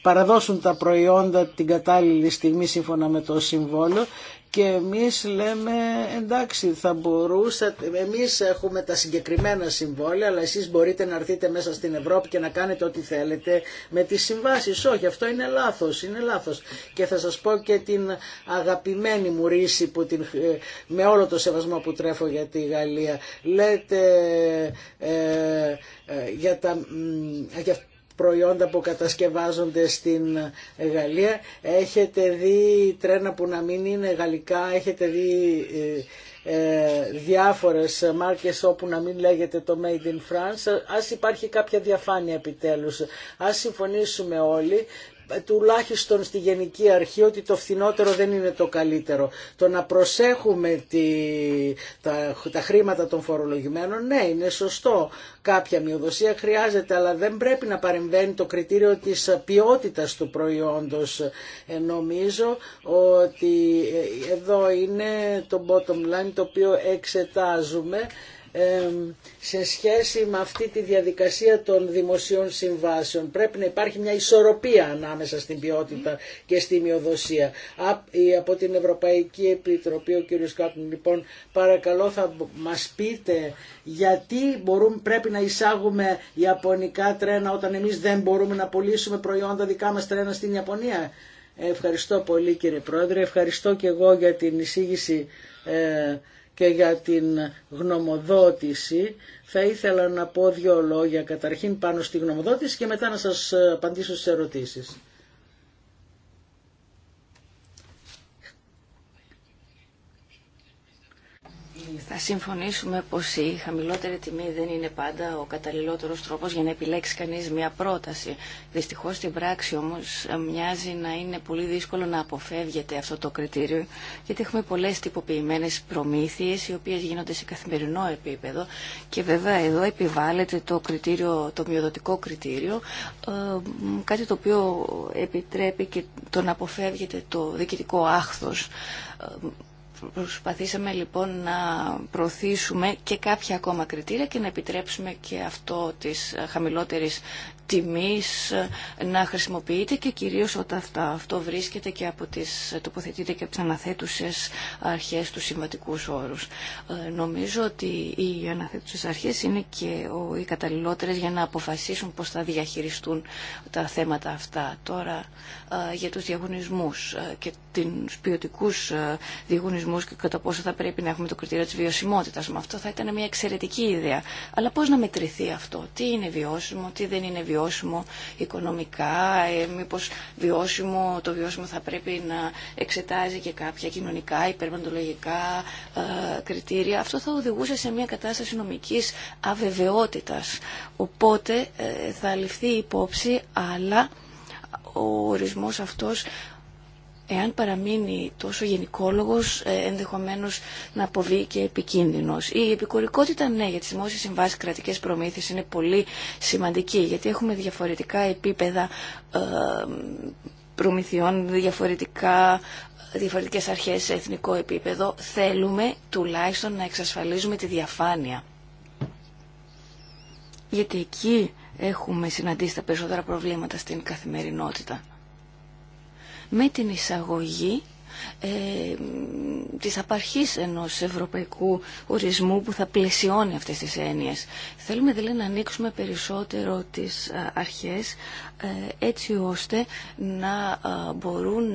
παραδώσουν τα προϊόντα την κατάλληλη στιγμή σύμφωνα με το συμβόλαιο και εμείς λέμε εντάξει θα μπορούσατε, εμείς έχουμε τα συγκεκριμένα συμβόλαια αλλά εσείς μπορείτε να έρθετε μέσα στην Ευρώπη και να κάνετε ό,τι θέλετε με τις συμβάσεις. Όχι αυτό είναι λάθος, είναι λάθος. Και θα σας πω και την αγαπημένη μου ρίση που την, ε, με όλο το σεβασμό που τρέφω για τη Γαλλία. Λέτε ε, ε για τα... Για προϊόντα που κατασκευάζονται στην Γαλλία. Έχετε δει τρένα που να μην είναι γαλλικά, έχετε δει ε, ε, διάφορες μάρκες όπου να μην λέγεται το Made in France. Ας υπάρχει κάποια διαφάνεια επιτέλους. Ας συμφωνήσουμε όλοι ε, τουλάχιστον στη Γενική Αρχή ότι το φθηνότερο δεν είναι το καλύτερο. Το να προσέχουμε τη, τα, χρήματα των φορολογημένων, ναι είναι σωστό. Κάποια μειοδοσία χρειάζεται αλλά δεν πρέπει να παρεμβαίνει το κριτήριο της ποιότητας του προϊόντος. Ε, νομίζω ότι ε, εδώ είναι το bottom line το οποίο εξετάζουμε σε σχέση με αυτή τη διαδικασία των δημοσίων συμβάσεων. Πρέπει να υπάρχει μια ισορροπία ανάμεσα στην ποιότητα και στη μειοδοσία. Από την Ευρωπαϊκή Επιτροπή, ο κύριος κάπου λοιπόν, παρακαλώ θα μας πείτε γιατί μπορούμε, πρέπει να εισάγουμε ιαπωνικά τρένα όταν εμείς δεν μπορούμε να πουλήσουμε προϊόντα δικά μας τρένα στην Ιαπωνία. Ευχαριστώ πολύ κύριε Πρόεδρε, ευχαριστώ και εγώ για την εισήγηση ε, και για την γνωμοδότηση. Θα ήθελα να πω δύο λόγια καταρχήν πάνω στη γνωμοδότηση και μετά να σας απαντήσω στις ερωτήσεις. Θα συμφωνήσουμε πως η χαμηλότερη τιμή δεν είναι πάντα ο καταλληλότερος τρόπος για να επιλέξει κανείς μια πρόταση. Δυστυχώς στην πράξη όμως μοιάζει να είναι πολύ δύσκολο να αποφεύγεται αυτό το κριτήριο γιατί έχουμε πολλές τυποποιημένες προμήθειες οι οποίες γίνονται σε καθημερινό επίπεδο και βέβαια εδώ επιβάλλεται το, κριτήριο, το μειοδοτικό κριτήριο ε, κάτι το οποίο επιτρέπει και να αποφεύγεται το διοικητικό άχθος ε, Προσπαθήσαμε λοιπόν να προωθήσουμε και κάποια ακόμα κριτήρια και να επιτρέψουμε και αυτό της χαμηλότερης τιμής να χρησιμοποιείται και κυρίως όταν αυτό βρίσκεται και από τις, τοποθετείται και από τις αναθέτουσες αρχές του σημαντικού όρους. Ε, νομίζω ότι οι αναθέτουσες αρχές είναι και οι καταλληλότερες για να αποφασίσουν πώς θα διαχειριστούν τα θέματα αυτά. Τώρα ε, για τους διαγωνισμούς ε, τους ποιοτικούς ε, διαγωνισμούς και κατά πόσο θα πρέπει να έχουμε το κριτήριο της βιωσιμότητας. Με αυτό θα ήταν μια εξαιρετική ιδέα. Αλλά πώς να μετρηθεί αυτό, τι είναι βιώσιμο, τι δεν είναι βιώσιμο οικονομικά, ε, μήπως το βιώσιμο θα πρέπει να εξετάζει και κάποια κοινωνικά, υπερβαντολογικά ε, κριτήρια. Αυτό θα οδηγούσε σε μια κατάσταση νομικής αβεβαιότητας. Οπότε ε, θα ληφθεί υπόψη, αλλά ο ορισμός αυτός εάν παραμείνει τόσο γενικόλογος ε, ενδεχομένως να αποβεί και επικίνδυνος. Η επικορικότητα, ναι για τις δημόσιες συμβάσεις κρατικές προμήθειες είναι πολύ σημαντική γιατί έχουμε διαφορετικά επίπεδα ε, προμηθειών, διαφορετικά διαφορετικές αρχές σε εθνικό επίπεδο, θέλουμε τουλάχιστον να εξασφαλίζουμε τη διαφάνεια. Γιατί εκεί έχουμε συναντήσει τα περισσότερα προβλήματα στην καθημερινότητα με την εισαγωγή ε, της απαρχής ενός ευρωπαϊκού ορισμού που θα πλαισιώνει αυτές τις έννοιες. Θέλουμε δηλαδή να ανοίξουμε περισσότερο τις ε, αρχές ε, έτσι ώστε να ε, μπορούν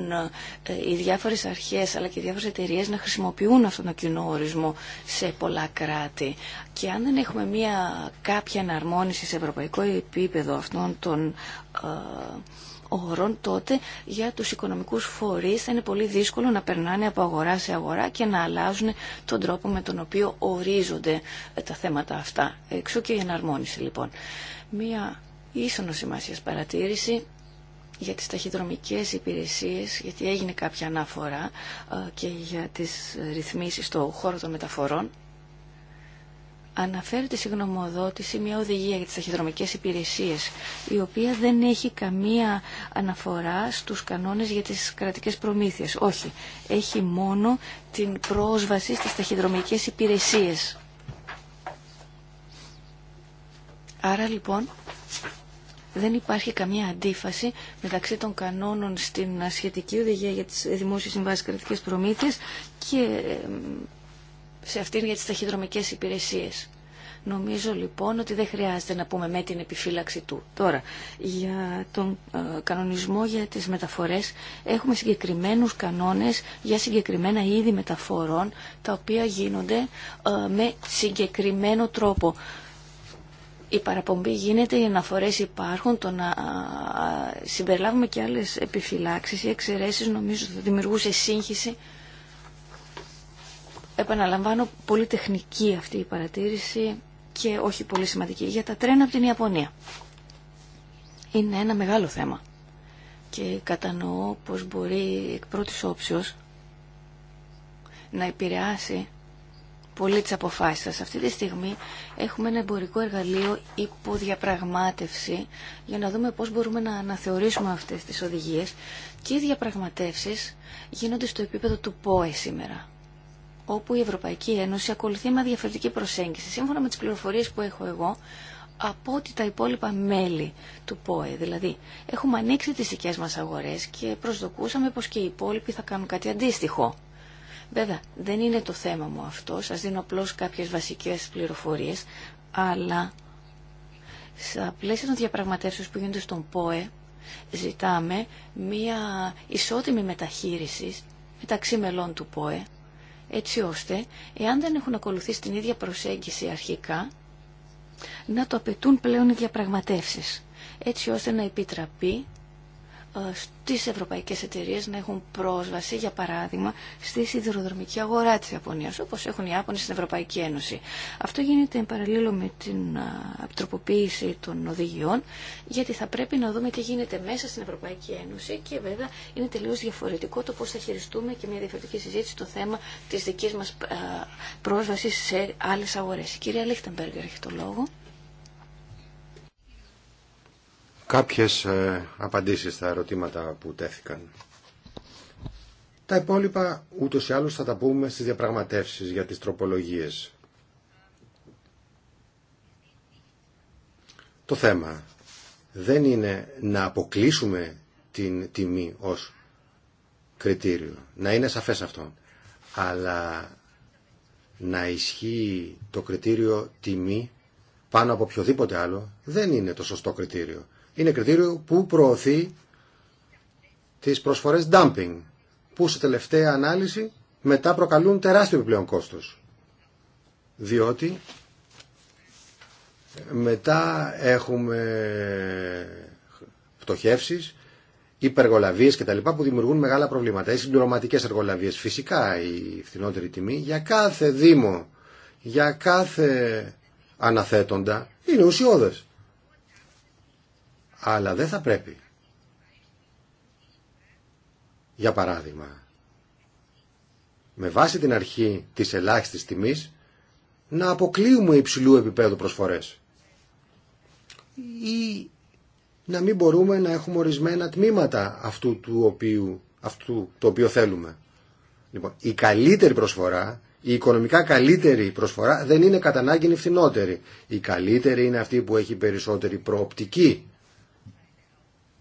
οι διάφορες αρχές αλλά και οι διάφορες εταιρείες να χρησιμοποιούν αυτόν τον κοινό ορισμό σε πολλά κράτη. Και αν δεν έχουμε μια κάποια εναρμόνιση σε ευρωπαϊκό επίπεδο αυτών των όρων, τότε για τους οικονομικούς φορείς θα είναι πολύ δύσκολο να περνάνε από αγορά σε αγορά και να αλλάζουν τον τρόπο με τον οποίο ορίζονται ε, τα θέματα αυτά. Εξού και η εναρμόνιση λοιπόν. Μία ίσονο σημασία παρατήρηση για τις ταχυδρομικές υπηρεσίες, γιατί έγινε κάποια ανάφορα ε, και για τις ρυθμίσεις στο χώρο των μεταφορών αναφέρεται στη γνωμοδότηση μια οδηγία για τις ταχυδρομικές υπηρεσίες, η οποία δεν έχει καμία αναφορά στους κανόνες για τις κρατικές προμήθειες. Όχι, έχει μόνο την πρόσβαση στις ταχυδρομικές υπηρεσίες. Άρα λοιπόν δεν υπάρχει καμία αντίφαση μεταξύ των κανόνων στην σχετική οδηγία για τις δημόσιες συμβάσεις κρατικές προμήθειες και σε αυτήν για τις ταχυδρομικές υπηρεσίες. Νομίζω λοιπόν ότι δεν χρειάζεται να πούμε με την επιφύλαξη του. Τώρα, για τον ε, κανονισμό για τις μεταφορές έχουμε συγκεκριμένους κανόνες για συγκεκριμένα είδη μεταφορών τα οποία γίνονται ε, με συγκεκριμένο τρόπο. Η παραπομπή γίνεται, οι αναφορές υπάρχουν, το να συμπεριλάβουμε και άλλες επιφυλάξεις ή εξαιρέσεις νομίζω θα δημιουργούσε σύγχυση Επαναλαμβάνω, πολύ τεχνική αυτή η παρατήρηση και όχι πολύ σημαντική για τα τρένα από την Ιαπωνία. Είναι ένα μεγάλο θέμα και κατανοώ πως μπορεί εκ πρώτης όψεως να επηρεάσει πολύ τις αποφάσεις σας. Αυτή τη στιγμή έχουμε ένα εμπορικό εργαλείο υποδιαπραγμάτευση για να δούμε πώς μπορούμε να αναθεωρήσουμε αυτές τις οδηγίες και οι διαπραγματεύσεις γίνονται στο επίπεδο του ΠΟΕ σήμερα όπου η Ευρωπαϊκή Ένωση ακολουθεί με διαφορετική προσέγγιση. Σύμφωνα με τις πληροφορίες που έχω εγώ, από ότι τα υπόλοιπα μέλη του ΠΟΕ. Δηλαδή, έχουμε ανοίξει τις δικέ μας αγορές και προσδοκούσαμε πως και οι υπόλοιποι θα κάνουν κάτι αντίστοιχο. Βέβαια, δεν είναι το θέμα μου αυτό, σας δίνω απλώς κάποιες βασικές πληροφορίες, αλλά στα πλαίσια των διαπραγματεύσεων που γίνονται στον ΠΟΕ, ζητάμε μία ισότιμη μεταχείριση μεταξύ μελών του ΠΟΕ, έτσι ώστε, εάν δεν έχουν ακολουθήσει την ίδια προσέγγιση αρχικά, να το απαιτούν πλέον οι διαπραγματεύσεις, έτσι ώστε να επιτραπεί ε, στις ευρωπαϊκές εταιρείες να έχουν πρόσβαση, για παράδειγμα, στη σιδηροδρομική αγορά της Ιαπωνίας, όπως έχουν οι Ιάπωνες στην Ευρωπαϊκή Ένωση. Αυτό γίνεται παραλίλω παραλλήλω με την ε, τροποποίηση των οδηγιών, γιατί θα πρέπει να δούμε τι γίνεται μέσα στην Ευρωπαϊκή Ένωση και βέβαια είναι τελείως διαφορετικό το πώς θα χειριστούμε και μια διαφορετική συζήτηση στο θέμα της δικής μας ε, πρόσβασης σε άλλες αγορές. Η κυρία Λίχτεμπεργκερ έχει το λόγο. κάποιες ε, απαντήσεις στα ερωτήματα που τέθηκαν. Τα υπόλοιπα ούτως ή άλλως θα τα πούμε στις διαπραγματεύσεις για τις τροπολογίες. Το θέμα δεν είναι να αποκλείσουμε την τιμή ως κριτήριο. Να είναι σαφές αυτό. Αλλά να ισχύει το κριτήριο τιμή πάνω από οποιοδήποτε άλλο δεν είναι το σωστό κριτήριο είναι κριτήριο που προωθεί τις προσφορές dumping, που σε τελευταία ανάλυση μετά προκαλούν τεράστιο επιπλέον κόστος. Διότι μετά έχουμε πτωχεύσεις, υπεργολαβίες κτλ. που δημιουργούν μεγάλα προβλήματα. Οι συμπληρωματικές εργολαβίες φυσικά η φθηνότερη τιμή για κάθε δήμο, για κάθε αναθέτοντα είναι ουσιώδες. Αλλά δεν θα πρέπει. Για παράδειγμα, με βάση την αρχή της ελάχιστης τιμής, να αποκλείουμε υψηλού επίπεδου προσφορές. Ή να μην μπορούμε να έχουμε ορισμένα τμήματα αυτού, του οποίου, αυτού το οποίο θέλουμε. Λοιπόν, η καλύτερη προσφορά, η οικονομικά καλύτερη προσφορά δεν είναι κατά ανάγκη φθηνότερη. Η καλύτερη είναι αυτή που έχει περισσότερη προοπτική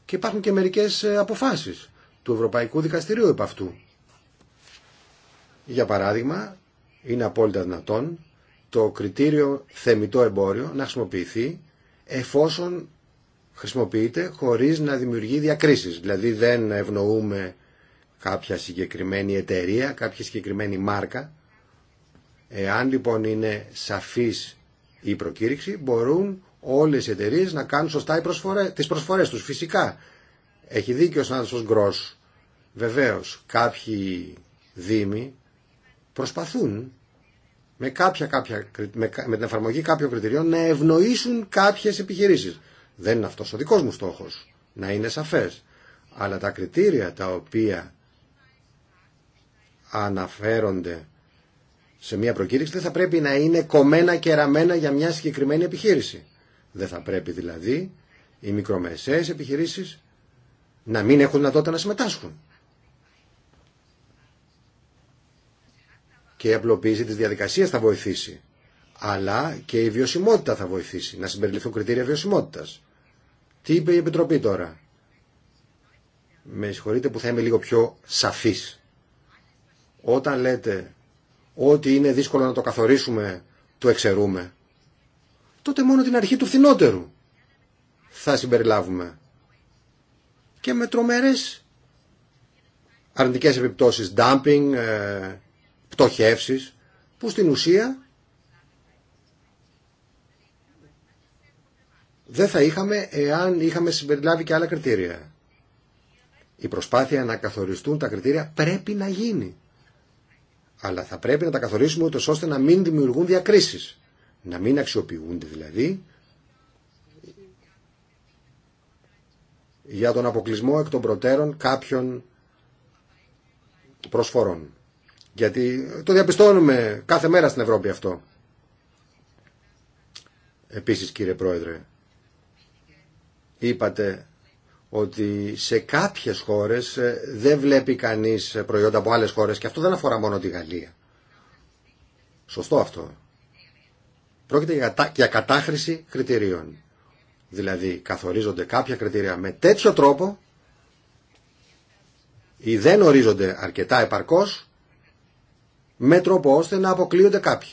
και υπάρχουν και μερικές ε, αποφάσεις του Ευρωπαϊκού Δικαστηρίου επ' αυτού. Για παράδειγμα, είναι απόλυτα δυνατόν το κριτήριο θεμητό εμπόριο να χρησιμοποιηθεί εφόσον χρησιμοποιείται χωρίς να δημιουργεί διακρίσεις. Δηλαδή δεν ευνοούμε κάποια συγκεκριμένη εταιρεία, κάποια συγκεκριμένη μάρκα. Εάν λοιπόν είναι σαφής η προκήρυξη, μπορούν όλες οι εταιρείε να κάνουν σωστά προσφορέ, τις προσφορές τους. Φυσικά, έχει δίκιο ο συνάδελφος Γκρός. Βεβαίως, κάποιοι δήμοι προσπαθούν με, κάποια, κάποια, με, με την εφαρμογή κάποιων κριτηρίων να ευνοήσουν κάποιες επιχειρήσεις. Δεν είναι αυτός ο δικός μου στόχος, να είναι σαφές. Αλλά τα κριτήρια τα οποία αναφέρονται σε μια προκήρυξη δεν θα πρέπει να είναι κομμένα και ραμμένα για μια συγκεκριμένη επιχείρηση. Δεν θα πρέπει δηλαδή οι μικρομεσαίες επιχειρήσεις να μην έχουν δυνατότητα να συμμετάσχουν. Και η απλοποίηση της διαδικασίας θα βοηθήσει. Αλλά και η βιωσιμότητα θα βοηθήσει. Να συμπεριληφθούν κριτήρια βιωσιμότητας. Τι είπε η Επιτροπή τώρα. Με συγχωρείτε που θα είμαι λίγο πιο σαφής. Όταν λέτε ότι είναι δύσκολο να το καθορίσουμε, το εξαιρούμε τότε μόνο την αρχή του φθηνότερου θα συμπεριλάβουμε. Και με τρομερές αρνητικές επιπτώσεις, dumping, ε, πτωχεύσεις, που στην ουσία δεν θα είχαμε εάν είχαμε συμπεριλάβει και άλλα κριτήρια. Η προσπάθεια να καθοριστούν τα κριτήρια πρέπει να γίνει. Αλλά θα πρέπει να τα καθορίσουμε ούτως ώστε να μην δημιουργούν διακρίσεις να μην αξιοποιούνται δηλαδή για τον αποκλεισμό εκ των προτέρων κάποιων προσφορών. Γιατί το διαπιστώνουμε κάθε μέρα στην Ευρώπη αυτό. Επίσης κύριε Πρόεδρε, είπατε ότι σε κάποιες χώρες ε, δεν βλέπει κανείς προϊόντα από άλλες χώρες και αυτό δεν αφορά μόνο τη Γαλλία. Σωστό αυτό. Πρόκειται για, κατάχρηση κριτηρίων. Δηλαδή καθορίζονται κάποια κριτήρια με τέτοιο τρόπο ή δεν ορίζονται αρκετά επαρκώς με τρόπο ώστε να αποκλείονται κάποιοι.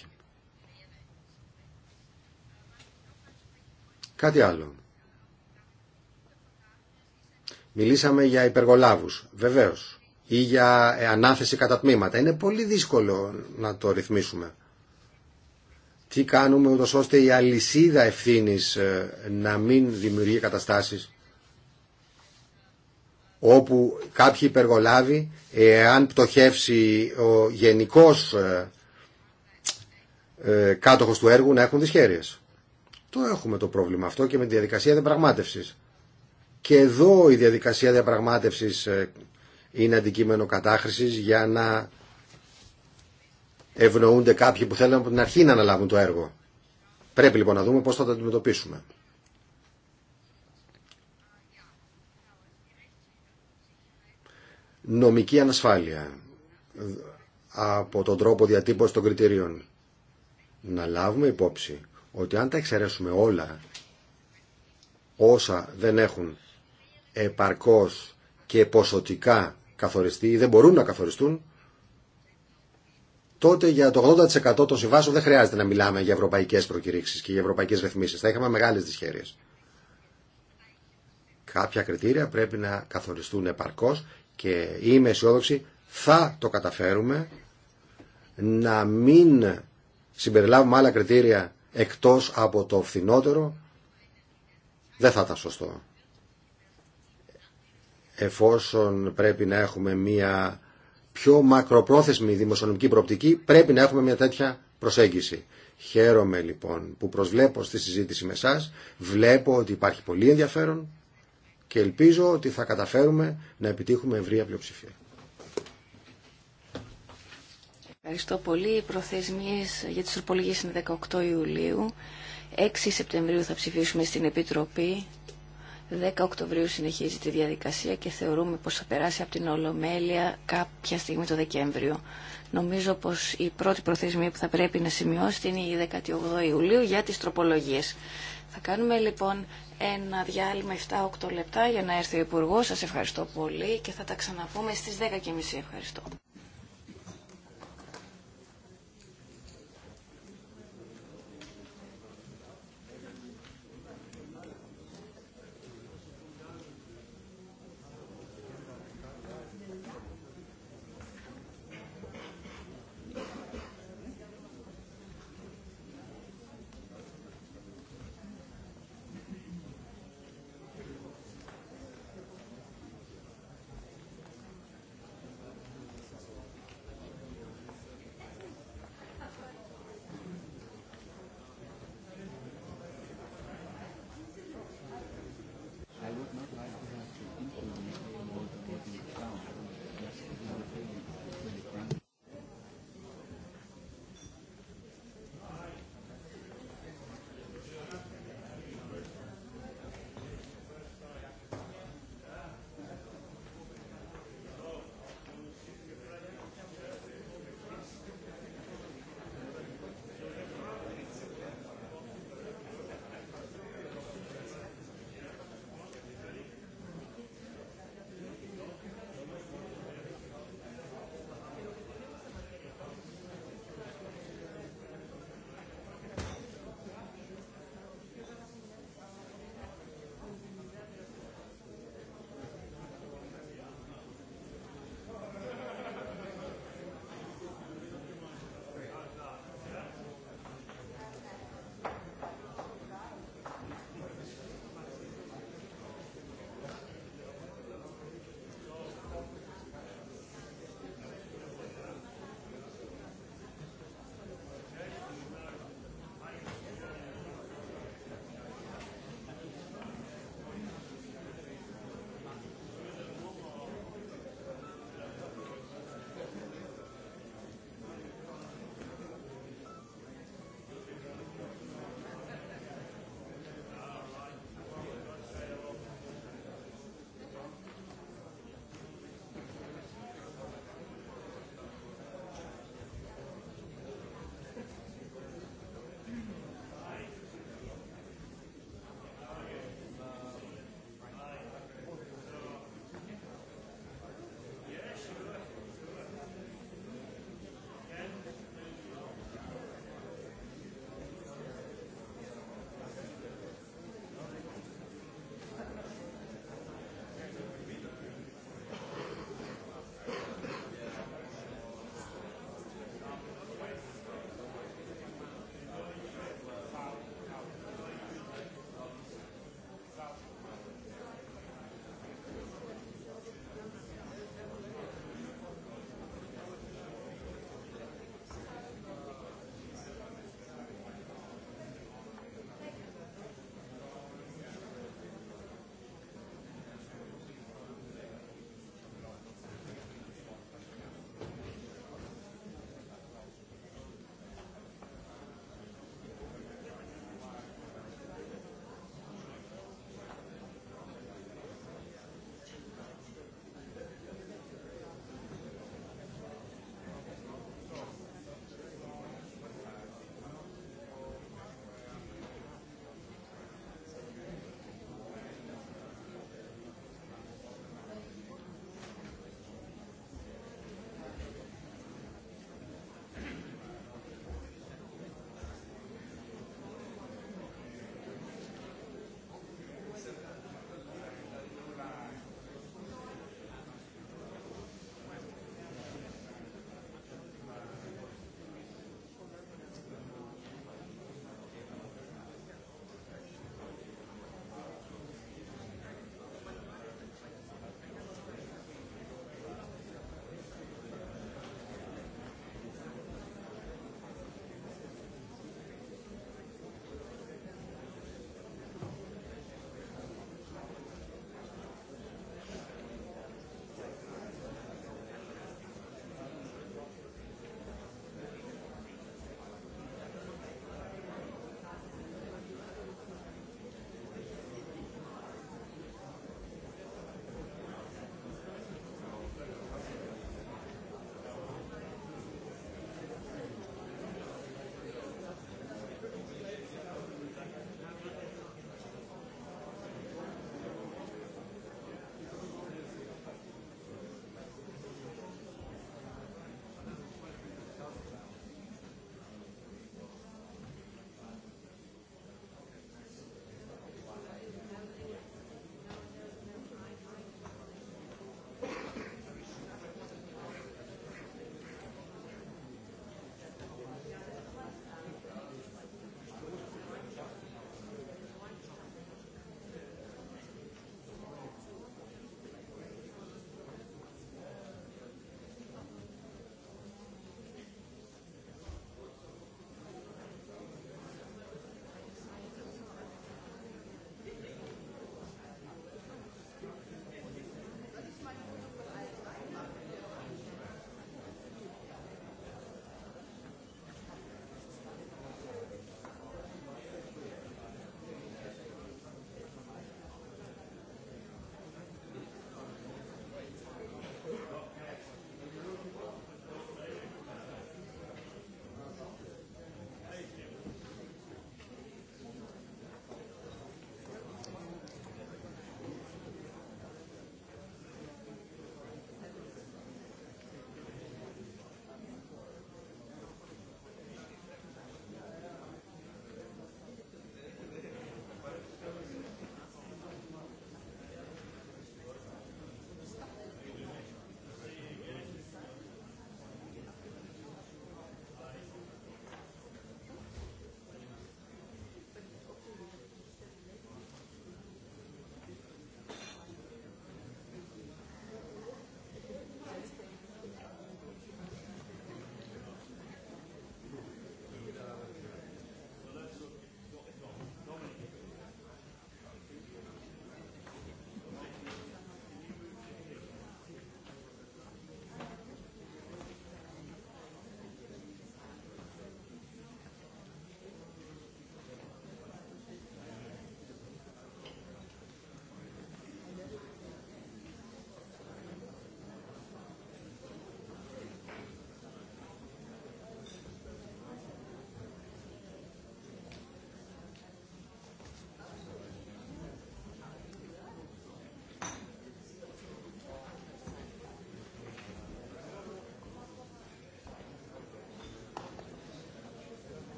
Κάτι άλλο. Μιλήσαμε για υπεργολάβους, βεβαίως, ή για ανάθεση κατά τμήματα. Είναι πολύ δύσκολο να το ρυθμίσουμε τι κάνουμε ούτως ώστε η αλυσίδα ευθύνης ε, να μην δημιουργεί καταστάσεις όπου κάποιοι υπεργολάβοι εάν πτωχεύσει ο γενικός ε, ε, κάτοχος του έργου να έχουν δυσχέρειες. Το έχουμε το πρόβλημα αυτό και με τη διαδικασία διαπραγμάτευσης. Και εδώ η διαδικασία διαπραγμάτευσης είναι αντικείμενο κατάχρησης για να ευνοούνται κάποιοι που θέλουν από την αρχή να αναλάβουν το έργο. Πρέπει λοιπόν να δούμε πώς θα το αντιμετωπίσουμε. Νομική ανασφάλεια από τον τρόπο διατύπωση των κριτηρίων. Να λάβουμε υπόψη ότι αν τα εξαιρέσουμε όλα όσα δεν έχουν επαρκώς και ποσοτικά καθοριστεί ή δεν μπορούν να καθοριστούν, τότε για το 80% των συμβάσεων δεν χρειάζεται να μιλάμε για ευρωπαϊκέ προκηρύξει και για ευρωπαϊκέ ρυθμίσει. Θα είχαμε μεγάλε δυσχέρειε. Κάποια κριτήρια πρέπει να καθοριστούν επαρκώ και είμαι αισιόδοξη θα το καταφέρουμε να μην συμπεριλάβουμε άλλα κριτήρια εκτός από το φθηνότερο δεν θα ήταν σωστό εφόσον πρέπει να έχουμε μία πιο μακροπρόθεσμη δημοσιονομική προοπτική, πρέπει να έχουμε μια τέτοια προσέγγιση. Χαίρομαι λοιπόν που προσβλέπω στη συζήτηση με εσά. Βλέπω ότι υπάρχει πολύ ενδιαφέρον και ελπίζω ότι θα καταφέρουμε να επιτύχουμε ευρεία πλειοψηφία. Ευχαριστώ πολύ. Οι προθεσμίες για τις ορπολογίε είναι 18 Ιουλίου. 6 Σεπτεμβρίου θα ψηφίσουμε στην Επιτροπή 10 Οκτωβρίου συνεχίζει τη διαδικασία και θεωρούμε πως θα περάσει από την Ολομέλεια κάποια στιγμή το Δεκέμβριο. Νομίζω πως η πρώτη προθεσμία που θα πρέπει να σημειώσει είναι η 18 Ιουλίου για τις τροπολογίες. Θα κάνουμε λοιπόν ένα διάλειμμα 7-8 λεπτά για να έρθει ο Υπουργός. Σας ευχαριστώ πολύ και θα τα ξαναπούμε στις 10.30. Ευχαριστώ.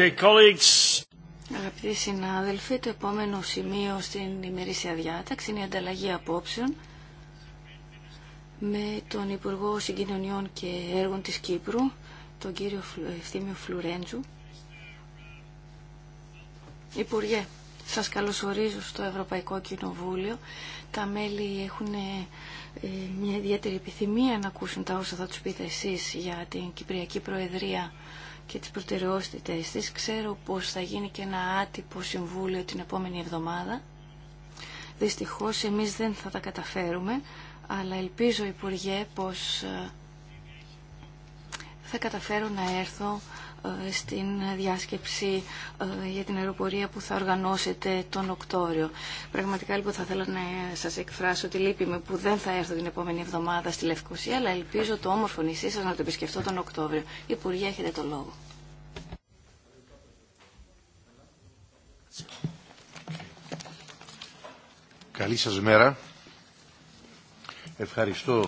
Αγαπητοί συνάδελφοι, το επόμενο σημείο στην ημερήσια διάταξη είναι η ανταλλαγή απόψεων με τον Υπουργό Συγκοινωνιών και Έργων της Κύπρου, τον κύριο Ευθύμιο Φλουρέντζου. Υπουργέ, σας καλωσορίζω στο Ευρωπαϊκό Κοινοβούλιο. Τα μέλη έχουν ε, μια ιδιαίτερη επιθυμία να ακούσουν τα όσα θα τους πείτε εσείς για την Κυπριακή Προεδρία και τις προτεραιότητες της. Ξέρω πως θα γίνει και ένα άτυπο συμβούλιο την επόμενη εβδομάδα. Δυστυχώς εμείς δεν θα τα καταφέρουμε, αλλά ελπίζω Υπουργέ πως ε, θα καταφέρω να έρθω ε, στην διάσκεψη ε, για την αεροπορία που θα οργανώσετε τον Οκτώβριο. Πραγματικά λοιπόν θα θέλω να σας εκφράσω τη λύπη μου που δεν θα έρθω την επόμενη εβδομάδα στη Λευκοσία, αλλά ελπίζω το όμορφο νησί σας να το επισκεφτώ τον Οκτώβριο. Υπουργέ, έχετε το λόγο. Καλή σας μέρα. Ευχαριστώ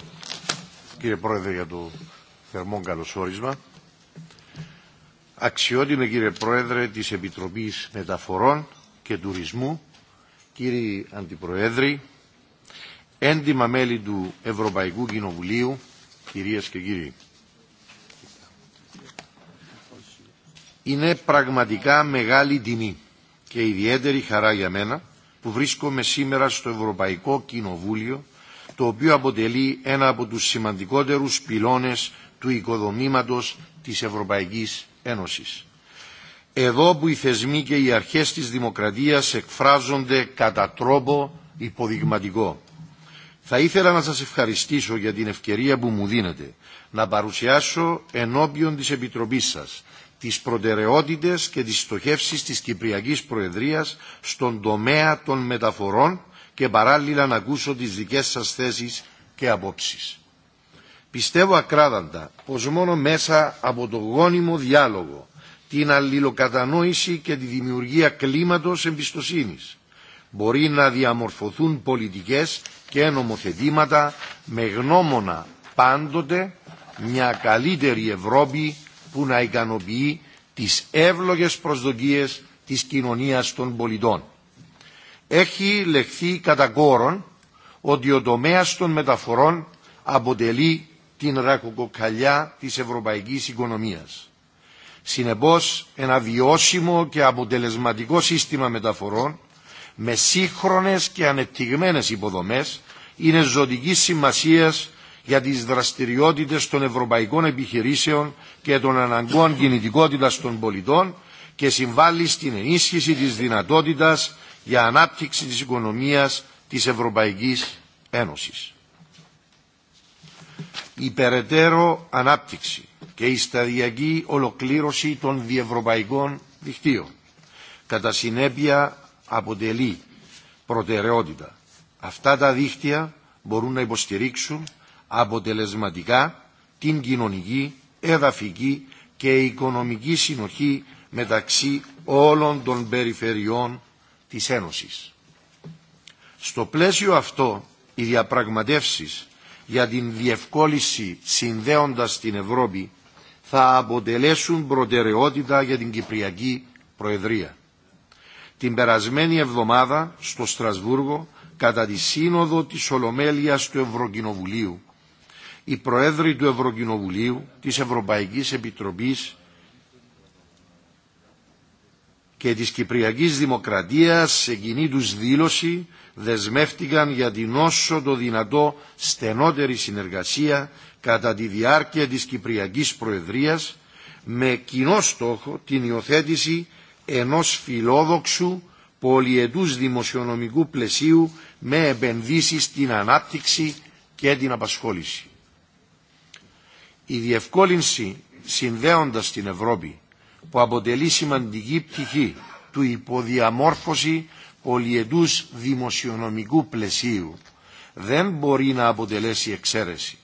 κύριε Πρόεδρε για το θερμό καλωσόρισμα. Αξιότιμε κύριε Πρόεδρε της Επιτροπής Μεταφορών και Τουρισμού, κύριοι Αντιπροέδροι, έντιμα μέλη του Ευρωπαϊκού Κοινοβουλίου, κυρίες και κύριοι. Είναι πραγματικά μεγάλη τιμή και ιδιαίτερη χαρά για μένα που βρίσκομαι σήμερα στο Ευρωπαϊκό Κοινοβούλιο το οποίο αποτελεί ένα από τους σημαντικότερους πυλώνες του οικοδομήματος της Ευρωπαϊκής Ένωσης. Εδώ που οι θεσμοί και οι αρχές της δημοκρατίας εκφράζονται κατά τρόπο υποδειγματικό. Θα ήθελα να σας ευχαριστήσω για την ευκαιρία που μου δίνετε να παρουσιάσω ενώπιον της Επιτροπής σας τις προτεραιότητες και τις στοχεύσεις της Κυπριακής Προεδρίας στον τομέα των μεταφορών και παράλληλα να ακούσω τις δικές σας θέσεις και απόψεις. Πιστεύω ακράδαντα πως μόνο μέσα από το γόνιμο διάλογο, την αλληλοκατανόηση και τη δημιουργία κλίματος εμπιστοσύνης μπορεί να διαμορφωθούν πολιτικές και νομοθετήματα με γνώμονα πάντοτε μια καλύτερη Ευρώπη που να ικανοποιεί τις εύλογες προσδοκίες της κοινωνίας των πολιτών. Έχει λεχθεί κατά κόρον ότι ο τομέας των μεταφορών αποτελεί την ρακοκοκαλιά της ευρωπαϊκής οικονομίας. Συνεπώς, ένα βιώσιμο και αποτελεσματικό σύστημα μεταφορών με σύγχρονες και ανεπτυγμένες υποδομές είναι ζωτικής σημασίας για τις δραστηριότητες των ευρωπαϊκών επιχειρήσεων και των αναγκών κινητικότητας των πολιτών και συμβάλλει στην ενίσχυση της δυνατότητας για ανάπτυξη της οικονομίας της Ευρωπαϊκής Ένωσης η περαιτέρω ανάπτυξη και η σταδιακή ολοκλήρωση των διευρωπαϊκών δικτύων. Κατά συνέπεια αποτελεί προτεραιότητα. Αυτά τα δίκτυα μπορούν να υποστηρίξουν αποτελεσματικά την κοινωνική, εδαφική και οικονομική συνοχή μεταξύ όλων των περιφερειών της Ένωσης. Στο πλαίσιο αυτό, οι διαπραγματεύσεις για την διευκόλυση συνδέοντας την Ευρώπη θα αποτελέσουν προτεραιότητα για την Κυπριακή Προεδρία. Την περασμένη εβδομάδα στο Στρασβούργο κατά τη Σύνοδο της Ολομέλειας του Ευρωκοινοβουλίου οι Προέδροι του Ευρωκοινοβουλίου, της Ευρωπαϊκής Επιτροπής και της Κυπριακής Δημοκρατίας σε κοινή τους δήλωση δεσμεύτηκαν για την όσο το δυνατό στενότερη συνεργασία κατά τη διάρκεια της Κυπριακής Προεδρίας με κοινό στόχο την υιοθέτηση ενός φιλόδοξου πολιετούς δημοσιονομικού πλαισίου με επενδύσεις στην ανάπτυξη και την απασχόληση. Η διευκόλυνση συνδέοντας την Ευρώπη που αποτελεί σημαντική πτυχή του υποδιαμόρφωση πολιετούς δημοσιονομικού πλαισίου δεν μπορεί να αποτελέσει εξαίρεση.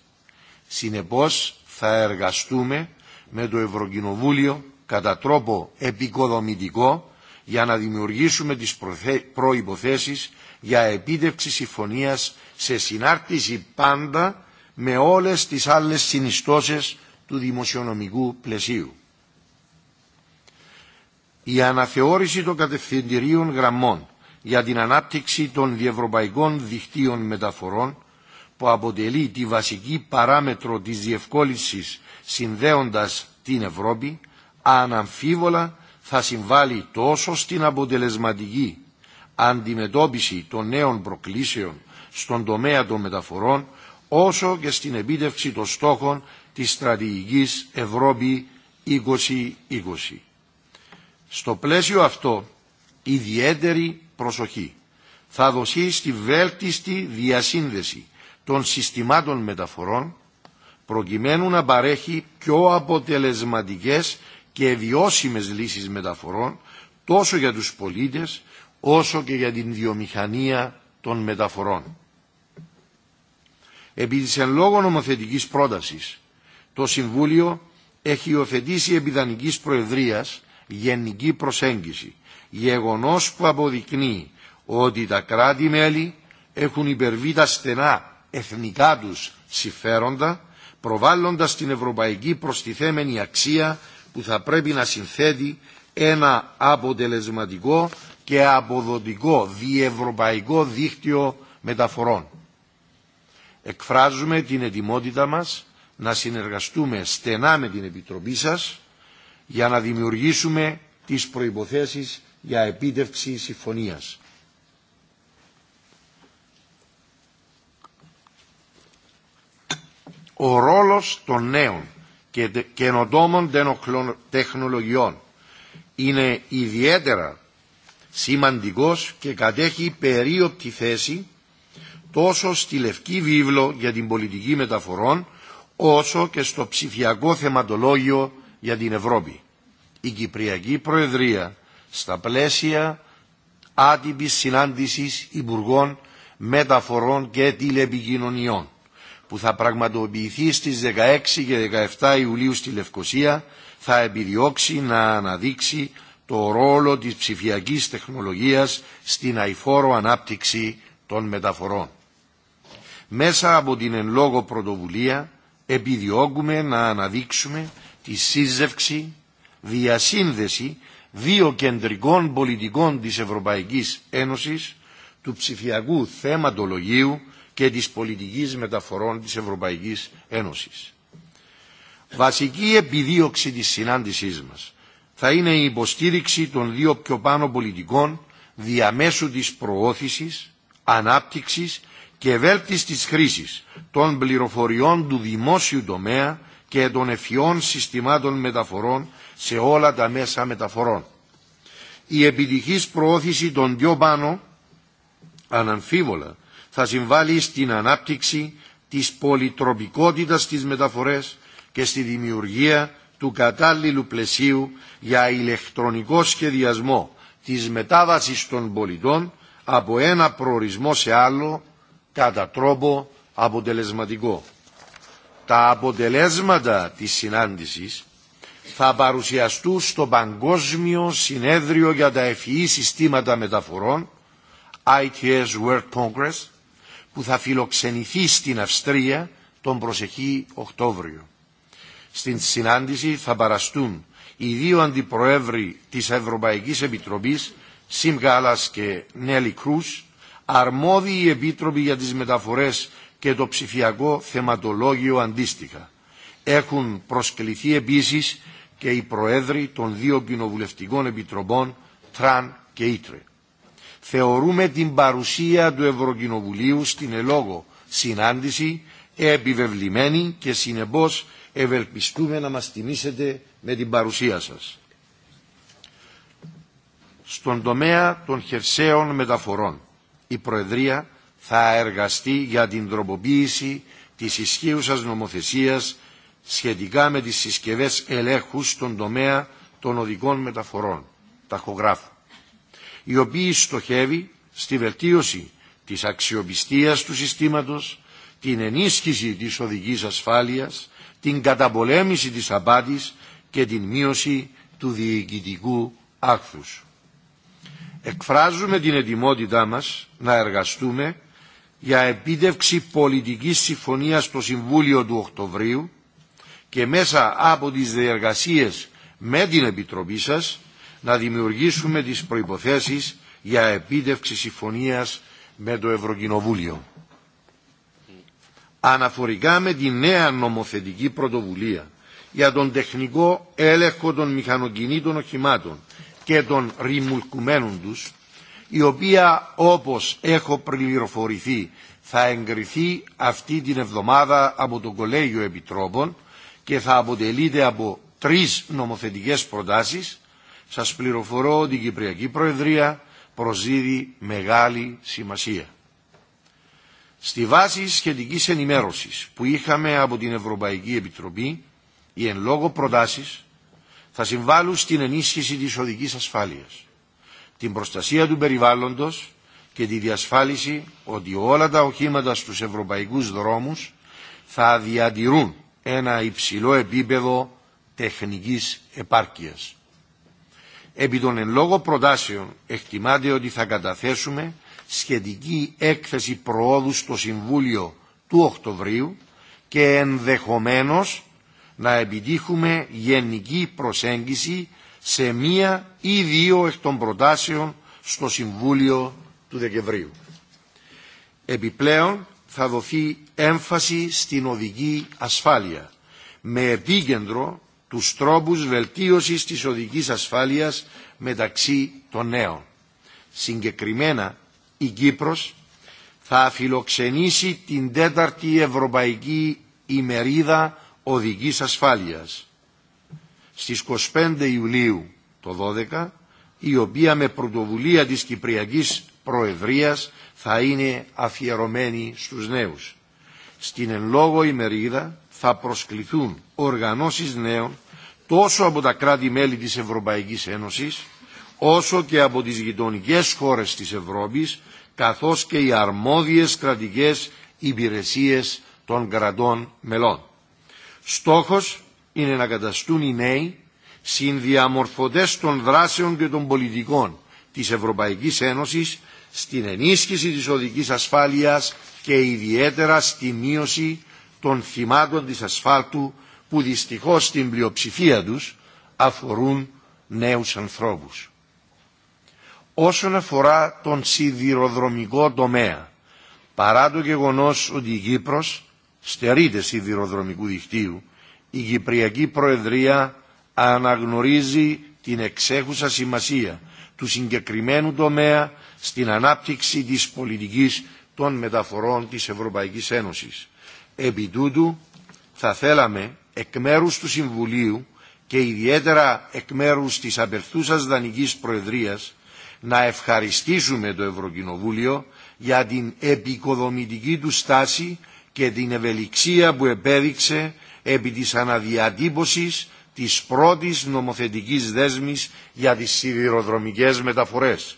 Συνεπώς θα εργαστούμε με το Ευρωκοινοβούλιο κατά τρόπο επικοδομητικό για να δημιουργήσουμε τις προϋποθέσεις για επίτευξη συμφωνίας σε συνάρτηση πάντα με όλες τις άλλες συνιστώσεις του δημοσιονομικού πλαισίου. Η αναθεώρηση των κατευθυντηρίων γραμμών για την ανάπτυξη των διευρωπαϊκών δικτύων μεταφορών που αποτελεί τη βασική παράμετρο της διευκόλυνσης συνδέοντας την Ευρώπη, αναμφίβολα θα συμβάλλει τόσο στην αποτελεσματική αντιμετώπιση των νέων προκλήσεων στον τομέα των μεταφορών, όσο και στην επίτευξη των στόχων της στρατηγικής Ευρώπη 2020. Στο πλαίσιο αυτό, ιδιαίτερη προσοχή θα δοθεί στη βέλτιστη διασύνδεση των συστημάτων μεταφορών προκειμένου να παρέχει πιο αποτελεσματικές και βιώσιμες λύσεις μεταφορών τόσο για τους πολίτες όσο και για την βιομηχανία των μεταφορών. Επί της εν λόγω νομοθετικής πρότασης, το Συμβούλιο έχει υιοθετήσει επιδανικής προεδρίας γενική προσέγγιση γεγονός που αποδεικνύει ότι τα κράτη-μέλη έχουν υπερβεί τα στενά εθνικά τους συμφέροντα, προβάλλοντας την ευρωπαϊκή προστιθέμενη αξία που θα πρέπει να συνθέτει ένα αποτελεσματικό και αποδοτικό διευρωπαϊκό δίκτυο μεταφορών. Εκφράζουμε την ετοιμότητα μας να συνεργαστούμε στενά με την Επιτροπή σας για να δημιουργήσουμε τις προϋποθέσεις για επίτευξη συμφωνίας. Ο ρόλος των νέων και καινοτόμων τεχνολογιών είναι ιδιαίτερα σημαντικός και κατέχει περίοπτη θέση τόσο στη Λευκή Βίβλο για την πολιτική μεταφορών όσο και στο ψηφιακό θεματολόγιο για την Ευρώπη. Η Κυπριακή Προεδρία στα πλαίσια άτυπης συνάντησης Υπουργών Μεταφορών και Τηλεπικοινωνιών που θα πραγματοποιηθεί στις 16 και 17 Ιουλίου στη Λευκοσία θα επιδιώξει να αναδείξει το ρόλο της ψηφιακής τεχνολογίας στην αηφόρο ανάπτυξη των μεταφορών. Μέσα από την εν λόγω πρωτοβουλία επιδιώκουμε να αναδείξουμε τη σύζευξη, διασύνδεση δύο κεντρικών πολιτικών της Ευρωπαϊκής Ένωσης, του ψηφιακού θέματολογίου και της πολιτικής μεταφορών της Ευρωπαϊκής Ένωσης. Βασική επιδίωξη της συνάντησής μας θα είναι η υποστήριξη των δύο πιο πάνω πολιτικών διαμέσου της προώθησης, ανάπτυξης και της χρήσης των πληροφοριών του δημόσιου τομέα και των ευφυών συστημάτων μεταφορών σε όλα τα μέσα μεταφορών. Η επιτυχής προώθηση των δυο πάνω, αναμφίβολα, θα συμβάλλει στην ανάπτυξη της πολυτροπικότητας στις μεταφορές και στη δημιουργία του κατάλληλου πλαισίου για ηλεκτρονικό σχεδιασμό της μετάβασης των πολιτών από ένα προορισμό σε άλλο κατά τρόπο αποτελεσματικό. Τα αποτελέσματα της συνάντησης θα παρουσιαστούν στο Παγκόσμιο Συνέδριο για τα Ευφυή Συστήματα Μεταφορών, ITS World Congress, που θα φιλοξενηθεί στην Αυστρία τον προσεχή Οκτώβριο. Στην συνάντηση θα παραστούν οι δύο αντιπροεύροι της Ευρωπαϊκής Επιτροπής, Σιμ Γάλλας και Νέλη Κρούς, αρμόδιοι επίτροποι για τις μεταφορές και το ψηφιακό θεματολόγιο αντίστοιχα. Έχουν προσκληθεί επίσης και οι Προέδροι των δύο κοινοβουλευτικών επιτροπών Τραν και Ήτρε. Θεωρούμε την παρουσία του Ευρωκοινοβουλίου στην ελόγω συνάντηση επιβεβλημένη και συνεπώς ευελπιστούμε να μας τιμήσετε με την παρουσία σας. Στον τομέα των χερσαίων μεταφορών, η Προεδρία θα εργαστεί για την τροποποίηση της ισχύουσας νομοθεσίας σχετικά με τις συσκευές ελέγχου στον τομέα των οδικών μεταφορών, ταχογράφου, η οποία στοχεύει στη βελτίωση της αξιοπιστίας του συστήματος, την ενίσχυση της οδικής ασφάλειας, την καταπολέμηση της απάτης και την μείωση του διοικητικού άχθους. Εκφράζουμε την ετοιμότητά μας να εργαστούμε για επίτευξη πολιτικής συμφωνίας στο Συμβούλιο του Οκτωβρίου και μέσα από τις διεργασίες με την Επιτροπή σας να δημιουργήσουμε τις προϋποθέσεις για επίτευξη συμφωνίας με το Ευρωκοινοβούλιο. Αναφορικά με τη νέα νομοθετική πρωτοβουλία για τον τεχνικό έλεγχο των μηχανοκινήτων οχημάτων και των ρημουλκουμένων τους, η οποία όπως έχω πληροφορηθεί θα εγκριθεί αυτή την εβδομάδα από το Κολέγιο Επιτρόπων και θα αποτελείται από τρεις νομοθετικές προτάσεις, σας πληροφορώ ότι η Κυπριακή Προεδρία προσδίδει μεγάλη σημασία. Στη βάση σχετικής ενημέρωσης που είχαμε από την Ευρωπαϊκή Επιτροπή, οι εν λόγω προτάσεις θα συμβάλλουν στην ενίσχυση της οδικής ασφάλειας, την προστασία του περιβάλλοντος και τη διασφάλιση ότι όλα τα οχήματα στους ευρωπαϊκούς δρόμους θα διατηρούν ένα υψηλό επίπεδο τεχνικής επάρκειας. Επί των εν λόγω προτάσεων εκτιμάται ότι θα καταθέσουμε σχετική έκθεση προόδου στο Συμβούλιο του Οκτωβρίου και ενδεχομένως να επιτύχουμε γενική προσέγγιση σε μία ή δύο εκ των προτάσεων στο Συμβούλιο του Δεκεμβρίου. Επιπλέον, θα δοθεί έμφαση στην οδική ασφάλεια με επίκεντρο τους τρόπους βελτίωσης της οδικής ασφάλειας μεταξύ των νέων. Συγκεκριμένα η Κύπρος θα φιλοξενήσει την τέταρτη Ευρωπαϊκή ημερίδα οδικής ασφάλειας στις 25 Ιουλίου το 12 η οποία με πρωτοβουλία της Κυπριακής Προεδρίας θα είναι αφιερωμένη στους νέους. Στην εν λόγω ημερίδα θα προσκληθούν οργανώσεις νέων τόσο από τα κράτη-μέλη της Ευρωπαϊκής Ένωσης όσο και από τις γειτονικές χώρες της Ευρώπης καθώς και οι αρμόδιες κρατικές υπηρεσίες των κρατών μελών. Στόχος είναι να καταστούν οι νέοι συνδιαμορφωτές των δράσεων και των πολιτικών της Ευρωπαϊκής Ένωσης στην ενίσχυση της οδικής ασφάλειας και ιδιαίτερα στη μείωση των θυμάτων της ασφάλτου που δυστυχώς στην πλειοψηφία τους αφορούν νέους ανθρώπους. Όσον αφορά τον σιδηροδρομικό τομέα, παρά το γεγονός ότι η Κύπρος στερείται σιδηροδρομικού δικτύου, η Κυπριακή Προεδρία αναγνωρίζει την εξέχουσα σημασία του συγκεκριμένου τομέα στην ανάπτυξη της πολιτικής των μεταφορών της Ευρωπαϊκής Ένωσης. Επί θα θέλαμε εκ μέρου του Συμβουλίου και ιδιαίτερα εκ μέρου της απερθούσας δανεικής προεδρίας να ευχαριστήσουμε το Ευρωκοινοβούλιο για την επικοδομητική του στάση και την ευελιξία που επέδειξε επί της αναδιατύπωσης της πρώτης νομοθετικής δέσμης για τις σιδηροδρομικές μεταφορές.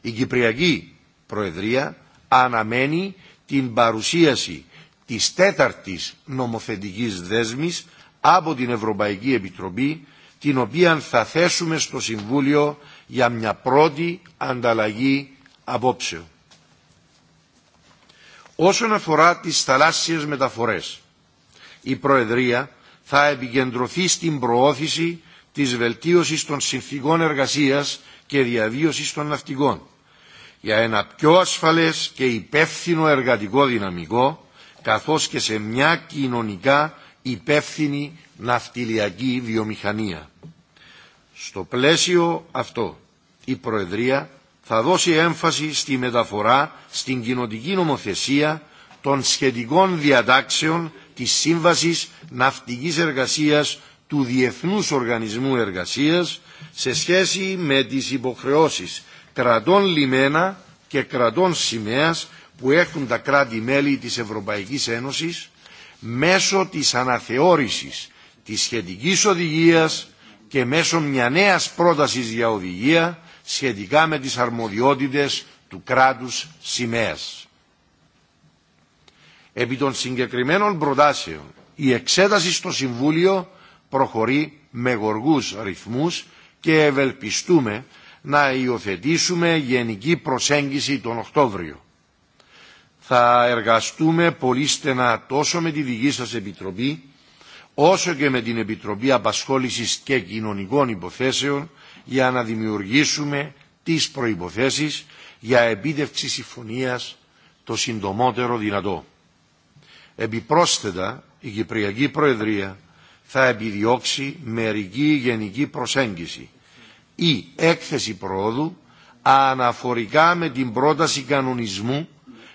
Η Κυπριακή Προεδρία αναμένει την παρουσίαση της τέταρτης νομοθετικής δέσμης από την Ευρωπαϊκή Επιτροπή, την οποία θα θέσουμε στο Συμβούλιο για μια πρώτη ανταλλαγή απόψεων. Όσον αφορά τις θαλάσσιες μεταφορές, η Προεδρία θα επικεντρωθεί στην προώθηση της βελτίωσης των συνθήκων εργασίας και διαβίωσης των ναυτικών για ένα πιο ασφαλές και υπεύθυνο εργατικό δυναμικό καθώς και σε μια κοινωνικά υπεύθυνη ναυτιλιακή βιομηχανία. Στο πλαίσιο αυτό η Προεδρία θα δώσει έμφαση στη μεταφορά στην κοινοτική νομοθεσία των σχετικών διατάξεων της Σύμβασης Ναυτικής Εργασίας του Διεθνούς Οργανισμού Εργασίας σε σχέση με τις υποχρεώσεις κρατών λιμένα και κρατών σημαία που έχουν τα κράτη-μέλη της Ευρωπαϊκής Ένωσης μέσω της αναθεώρησης της σχετικής οδηγίας και μέσω μια νέας πρότασης για οδηγία σχετικά με τις αρμοδιότητες του κράτους σημαίας. Επί των συγκεκριμένων προτάσεων η εξέταση στο Συμβούλιο προχωρεί με γοργούς ρυθμούς και ευελπιστούμε να υιοθετήσουμε γενική προσέγγιση τον Οκτώβριο. Θα εργαστούμε πολύ στενά τόσο με τη δική σας Επιτροπή όσο και με την Επιτροπή Απασχόλησης και Κοινωνικών Υποθέσεων για να δημιουργήσουμε τις προϋποθέσεις για επίτευξη συμφωνίας το συντομότερο δυνατό. Επιπρόσθετα, η Κυπριακή Προεδρία θα επιδιώξει μερική γενική προσέγγιση ή έκθεση προόδου αναφορικά με την πρόταση κανονισμού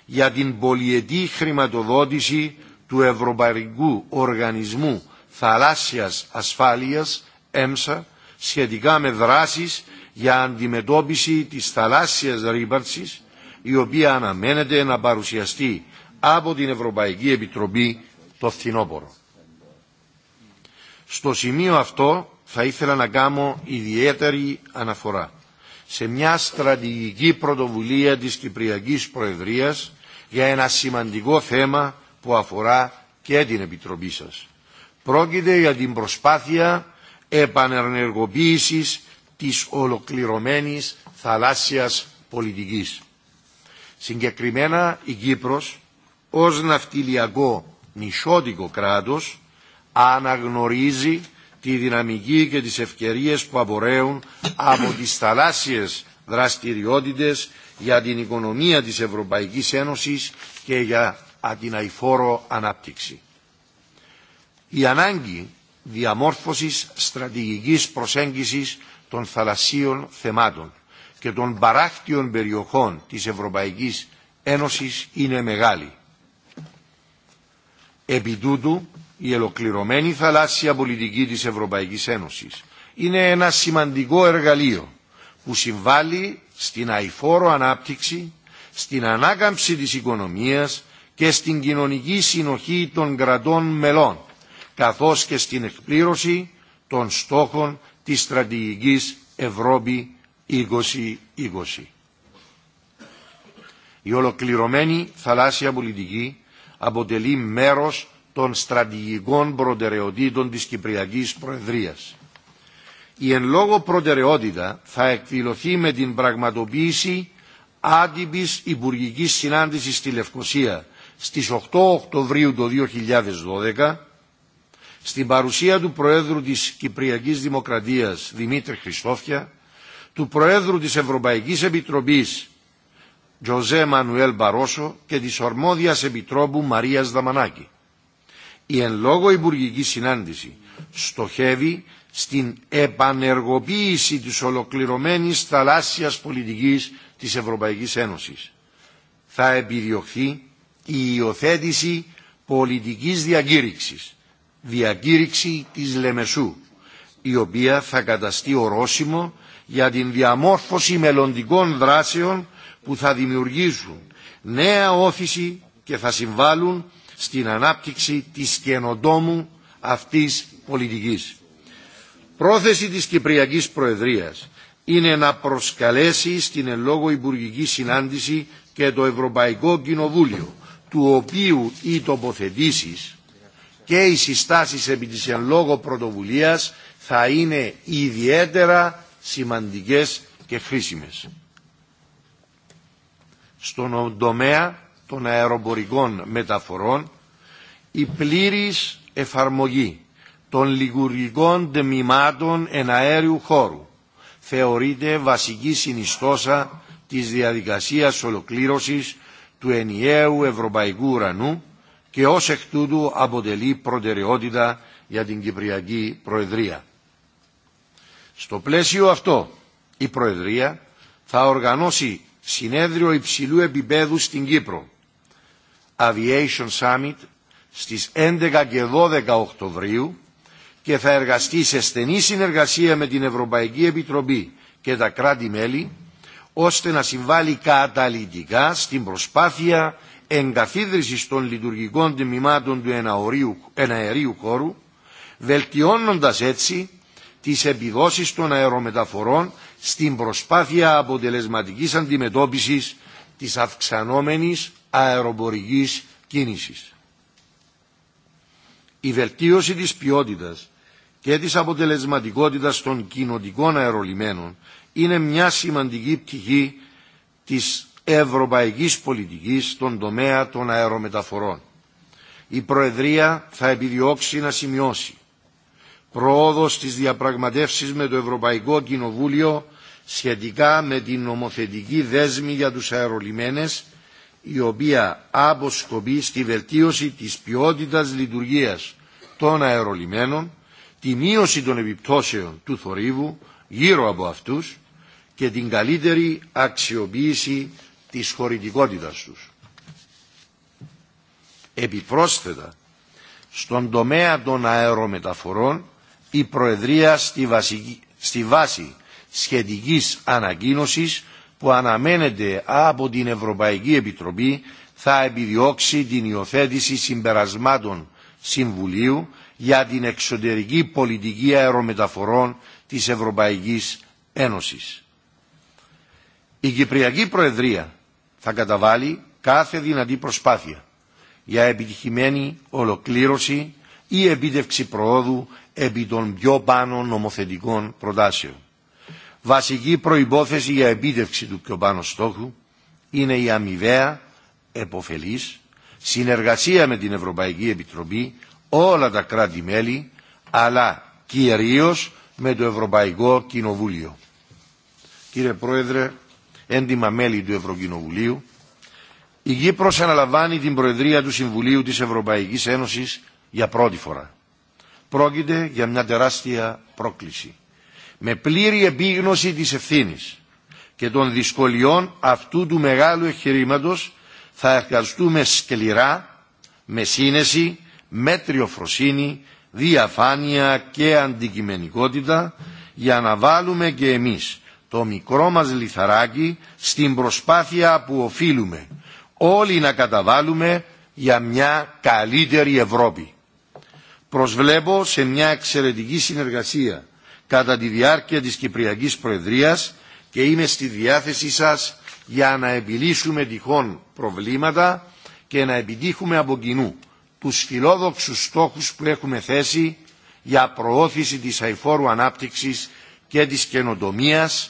για την πολιετή χρηματοδότηση του Ευρωπαϊκού Οργανισμού Θαλάσσιας Ασφάλειας, ΕΜΣΑ, σχετικά με δράσεις για αντιμετώπιση της θαλάσσιας ρήπαρσης, η οποία αναμένεται να παρουσιαστεί από την Ευρωπαϊκή Επιτροπή το φθινόπωρο. Στο σημείο αυτό θα ήθελα να κάνω ιδιαίτερη αναφορά σε μια στρατηγική πρωτοβουλία της Κυπριακής Προεδρίας για ένα σημαντικό θέμα που αφορά και την Επιτροπή σας. Πρόκειται για την προσπάθεια επανενεργοποίησης της ολοκληρωμένης θαλάσσιας πολιτικής. Συγκεκριμένα η Κύπρος ως ναυτιλιακό νησιώτικο κράτος αναγνωρίζει τη δυναμική και τις ευκαιρίες που απορρέουν από τις θαλάσσιες δραστηριότητες για την οικονομία της Ευρωπαϊκής Ένωσης και για την αηφόρο ανάπτυξη. Η ανάγκη διαμόρφωσης στρατηγικής προσέγγισης των θαλασσίων θεμάτων και των παράκτιων περιοχών της Ευρωπαϊκής Ένωσης είναι μεγάλη. Επί η ολοκληρωμένη θαλάσσια πολιτική της Ευρωπαϊκής Ένωσης είναι ένα σημαντικό εργαλείο που συμβάλλει στην αηφόρο ανάπτυξη, στην ανάκαμψη της οικονομίας και στην κοινωνική συνοχή των κρατών μελών, καθώς και στην εκπλήρωση των στόχων της στρατηγικής Ευρώπη 2020. Η ολοκληρωμένη θαλάσσια πολιτική αποτελεί μέρος των στρατηγικών προτεραιοτήτων της Κυπριακής Προεδρίας. Η εν λόγω προτεραιότητα θα εκδηλωθεί με την πραγματοποίηση άτυπης υπουργικής συνάντησης στη Λευκοσία στις 8 Οκτωβρίου του 2012 στην παρουσία του Προέδρου της Κυπριακής Δημοκρατίας Δημήτρη Χριστόφια, του Προέδρου της Ευρωπαϊκής Επιτροπής Τζοζέ Μανουέλ Μπαρόσο και της Ορμόδιας Επιτρόπου Μαρίας Δαμανάκη. Η εν λόγω υπουργική συνάντηση στοχεύει στην επανεργοποίηση της ολοκληρωμένης θαλάσσιας πολιτικής της Ευρωπαϊκής Ένωσης. Θα επιδιωχθεί η υιοθέτηση πολιτικής διακήρυξης, διακήρυξη της Λεμεσού, η οποία θα καταστεί ορόσημο για την διαμόρφωση μελλοντικών δράσεων που θα δημιουργήσουν νέα όθηση και θα συμβάλλουν στην ανάπτυξη της καινοτόμου αυτής πολιτικής. Πρόθεση της Κυπριακής Προεδρίας είναι να προσκαλέσει στην ελόγω Υπουργική Συνάντηση και το Ευρωπαϊκό Κοινοβούλιο, του οποίου οι τοποθετήσει και οι συστάσεις επί της εν πρωτοβουλίας θα είναι ιδιαίτερα σημαντικές και χρήσιμες στον τομέα των αεροπορικών μεταφορών η πλήρης εφαρμογή των λιγουργικών τμήματων αέριου χώρου θεωρείται βασική συνιστόσα της διαδικασίας ολοκλήρωσης του ενιαίου ευρωπαϊκού ουρανού και ως εκ τούτου αποτελεί προτεραιότητα για την Κυπριακή Προεδρία. Στο πλαίσιο αυτό η Προεδρία θα οργανώσει συνέδριο υψηλού επίπεδου στην Κύπρο, Aviation Summit, στις 11 και 12 Οκτωβρίου και θα εργαστεί σε στενή συνεργασία με την Ευρωπαϊκή Επιτροπή και τα κράτη-μέλη, ώστε να συμβάλλει καταλυτικά στην προσπάθεια εγκαθίδρυσης των λειτουργικών τμήματων του εναερίου χώρου, βελτιώνοντας έτσι τις επιδόσεις των αερομεταφορών στην προσπάθεια αποτελεσματικής αντιμετώπισης της αυξανόμενης αεροπορικής κίνησης. Η βελτίωση της ποιότητας και της αποτελεσματικότητας των κοινοτικών αερολιμένων είναι μια σημαντική πτυχή της ευρωπαϊκής πολιτικής στον τομέα των αερομεταφορών. Η Προεδρία θα επιδιώξει να σημειώσει πρόοδο της διαπραγματεύσεις με το Ευρωπαϊκό Κοινοβούλιο σχετικά με την νομοθετική δέσμη για τους αερολιμένες, η οποία αποσκοπεί στη βελτίωση της ποιότητας λειτουργίας των αερολιμένων, τη μείωση των επιπτώσεων του θορύβου γύρω από αυτούς και την καλύτερη αξιοποίηση της χωρητικότητας τους. Επιπρόσθετα, στον τομέα των αερομεταφορών η Προεδρία στη, βάση σχετικής ανακοίνωσης που αναμένεται από την Ευρωπαϊκή Επιτροπή θα επιδιώξει την υιοθέτηση συμπερασμάτων Συμβουλίου για την εξωτερική πολιτική αερομεταφορών της Ευρωπαϊκής Ένωσης. Η Κυπριακή Προεδρία θα καταβάλει κάθε δυνατή προσπάθεια για επιτυχημένη ολοκλήρωση ή επίτευξη προόδου επί των πιο πάνω νομοθετικών προτάσεων. Βασική προϋπόθεση για επίτευξη του πιο πάνω στόχου είναι η αμοιβαία, εποφελής, συνεργασία με την Ευρωπαϊκή Επιτροπή, όλα τα κράτη-μέλη, αλλά κυρίως με το Ευρωπαϊκό Κοινοβούλιο. Κύριε Πρόεδρε, έντιμα μέλη του Ευρωκοινοβουλίου, η Κύπρος αναλαμβάνει την Προεδρία του Συμβουλίου της Ευρωπαϊκής Ένωσης για πρώτη φορά πρόκειται για μια τεράστια πρόκληση. Με πλήρη επίγνωση της ευθύνης και των δυσκολιών αυτού του μεγάλου εγχειρήματο θα εργαστούμε σκληρά, με σύνεση, μέτριο φροσύνη, διαφάνεια και αντικειμενικότητα για να βάλουμε και εμείς το μικρό μας λιθαράκι στην προσπάθεια που οφείλουμε όλοι να καταβάλουμε για μια καλύτερη Ευρώπη. Προσβλέπω σε μια εξαιρετική συνεργασία κατά τη διάρκεια της Κυπριακής Προεδρίας και είμαι στη διάθεσή σας για να επιλύσουμε τυχόν προβλήματα και να επιτύχουμε από κοινού τους φιλόδοξους στόχους που έχουμε θέσει για προώθηση της αηφόρου ανάπτυξης και της καινοτομίας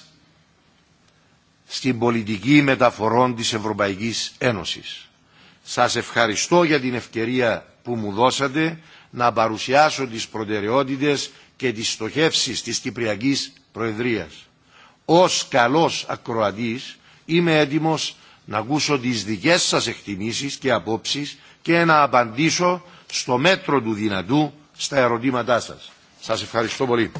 στην πολιτική μεταφορών της Ευρωπαϊκής Ένωσης. Σας ευχαριστώ για την ευκαιρία που μου δώσατε να παρουσιάσω τις προτεραιότητες και τις στοχεύσεις της Κυπριακής Προεδρίας. Ως καλός ακροατής είμαι έτοιμος να ακούσω τις δικές σας εκτιμήσεις και απόψεις και να απαντήσω στο μέτρο του δυνατού στα ερωτήματά σας. Σας ευχαριστώ πολύ.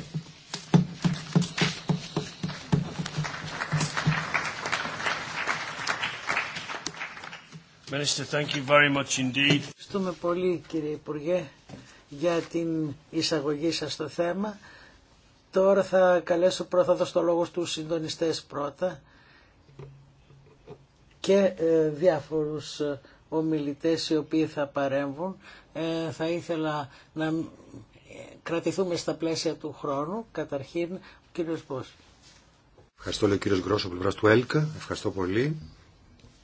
Minister, thank you very much indeed. Ευχαριστούμε πολύ κύριε Υπουργέ για την εισαγωγή σας στο θέμα. Τώρα θα καλέσω πρώτα, θα το λόγο στους συντονιστές πρώτα και ε, διάφορους ε, ομιλητές οι οποίοι θα παρέμβουν. Ε, θα ήθελα να κρατηθούμε στα πλαίσια του χρόνου. Καταρχήν, ο κύριος Πώς. Ευχαριστώ, λέει ο κύριος Γκρόσο, πλευράς του ΕΛΚΑ. Ευχαριστώ πολύ,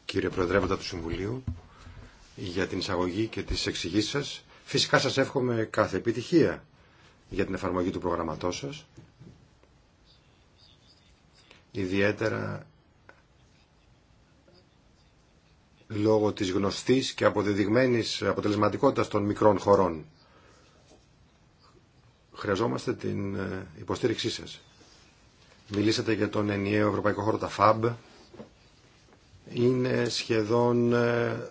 κύριε Προεδρεύοντα του Συμβουλίου, για την εισαγωγή και τις εξηγήσεις σας. Φυσικά σας εύχομαι κάθε επιτυχία για την εφαρμογή του προγραμματός σας. Ιδιαίτερα λόγω της γνωστής και αποδεδειγμένης αποτελεσματικότητας των μικρών χωρών. Χρειαζόμαστε την ε, υποστήριξή σας. Μιλήσατε για τον ενιαίο ευρωπαϊκό χώρο, τα FAB. Είναι σχεδόν ε,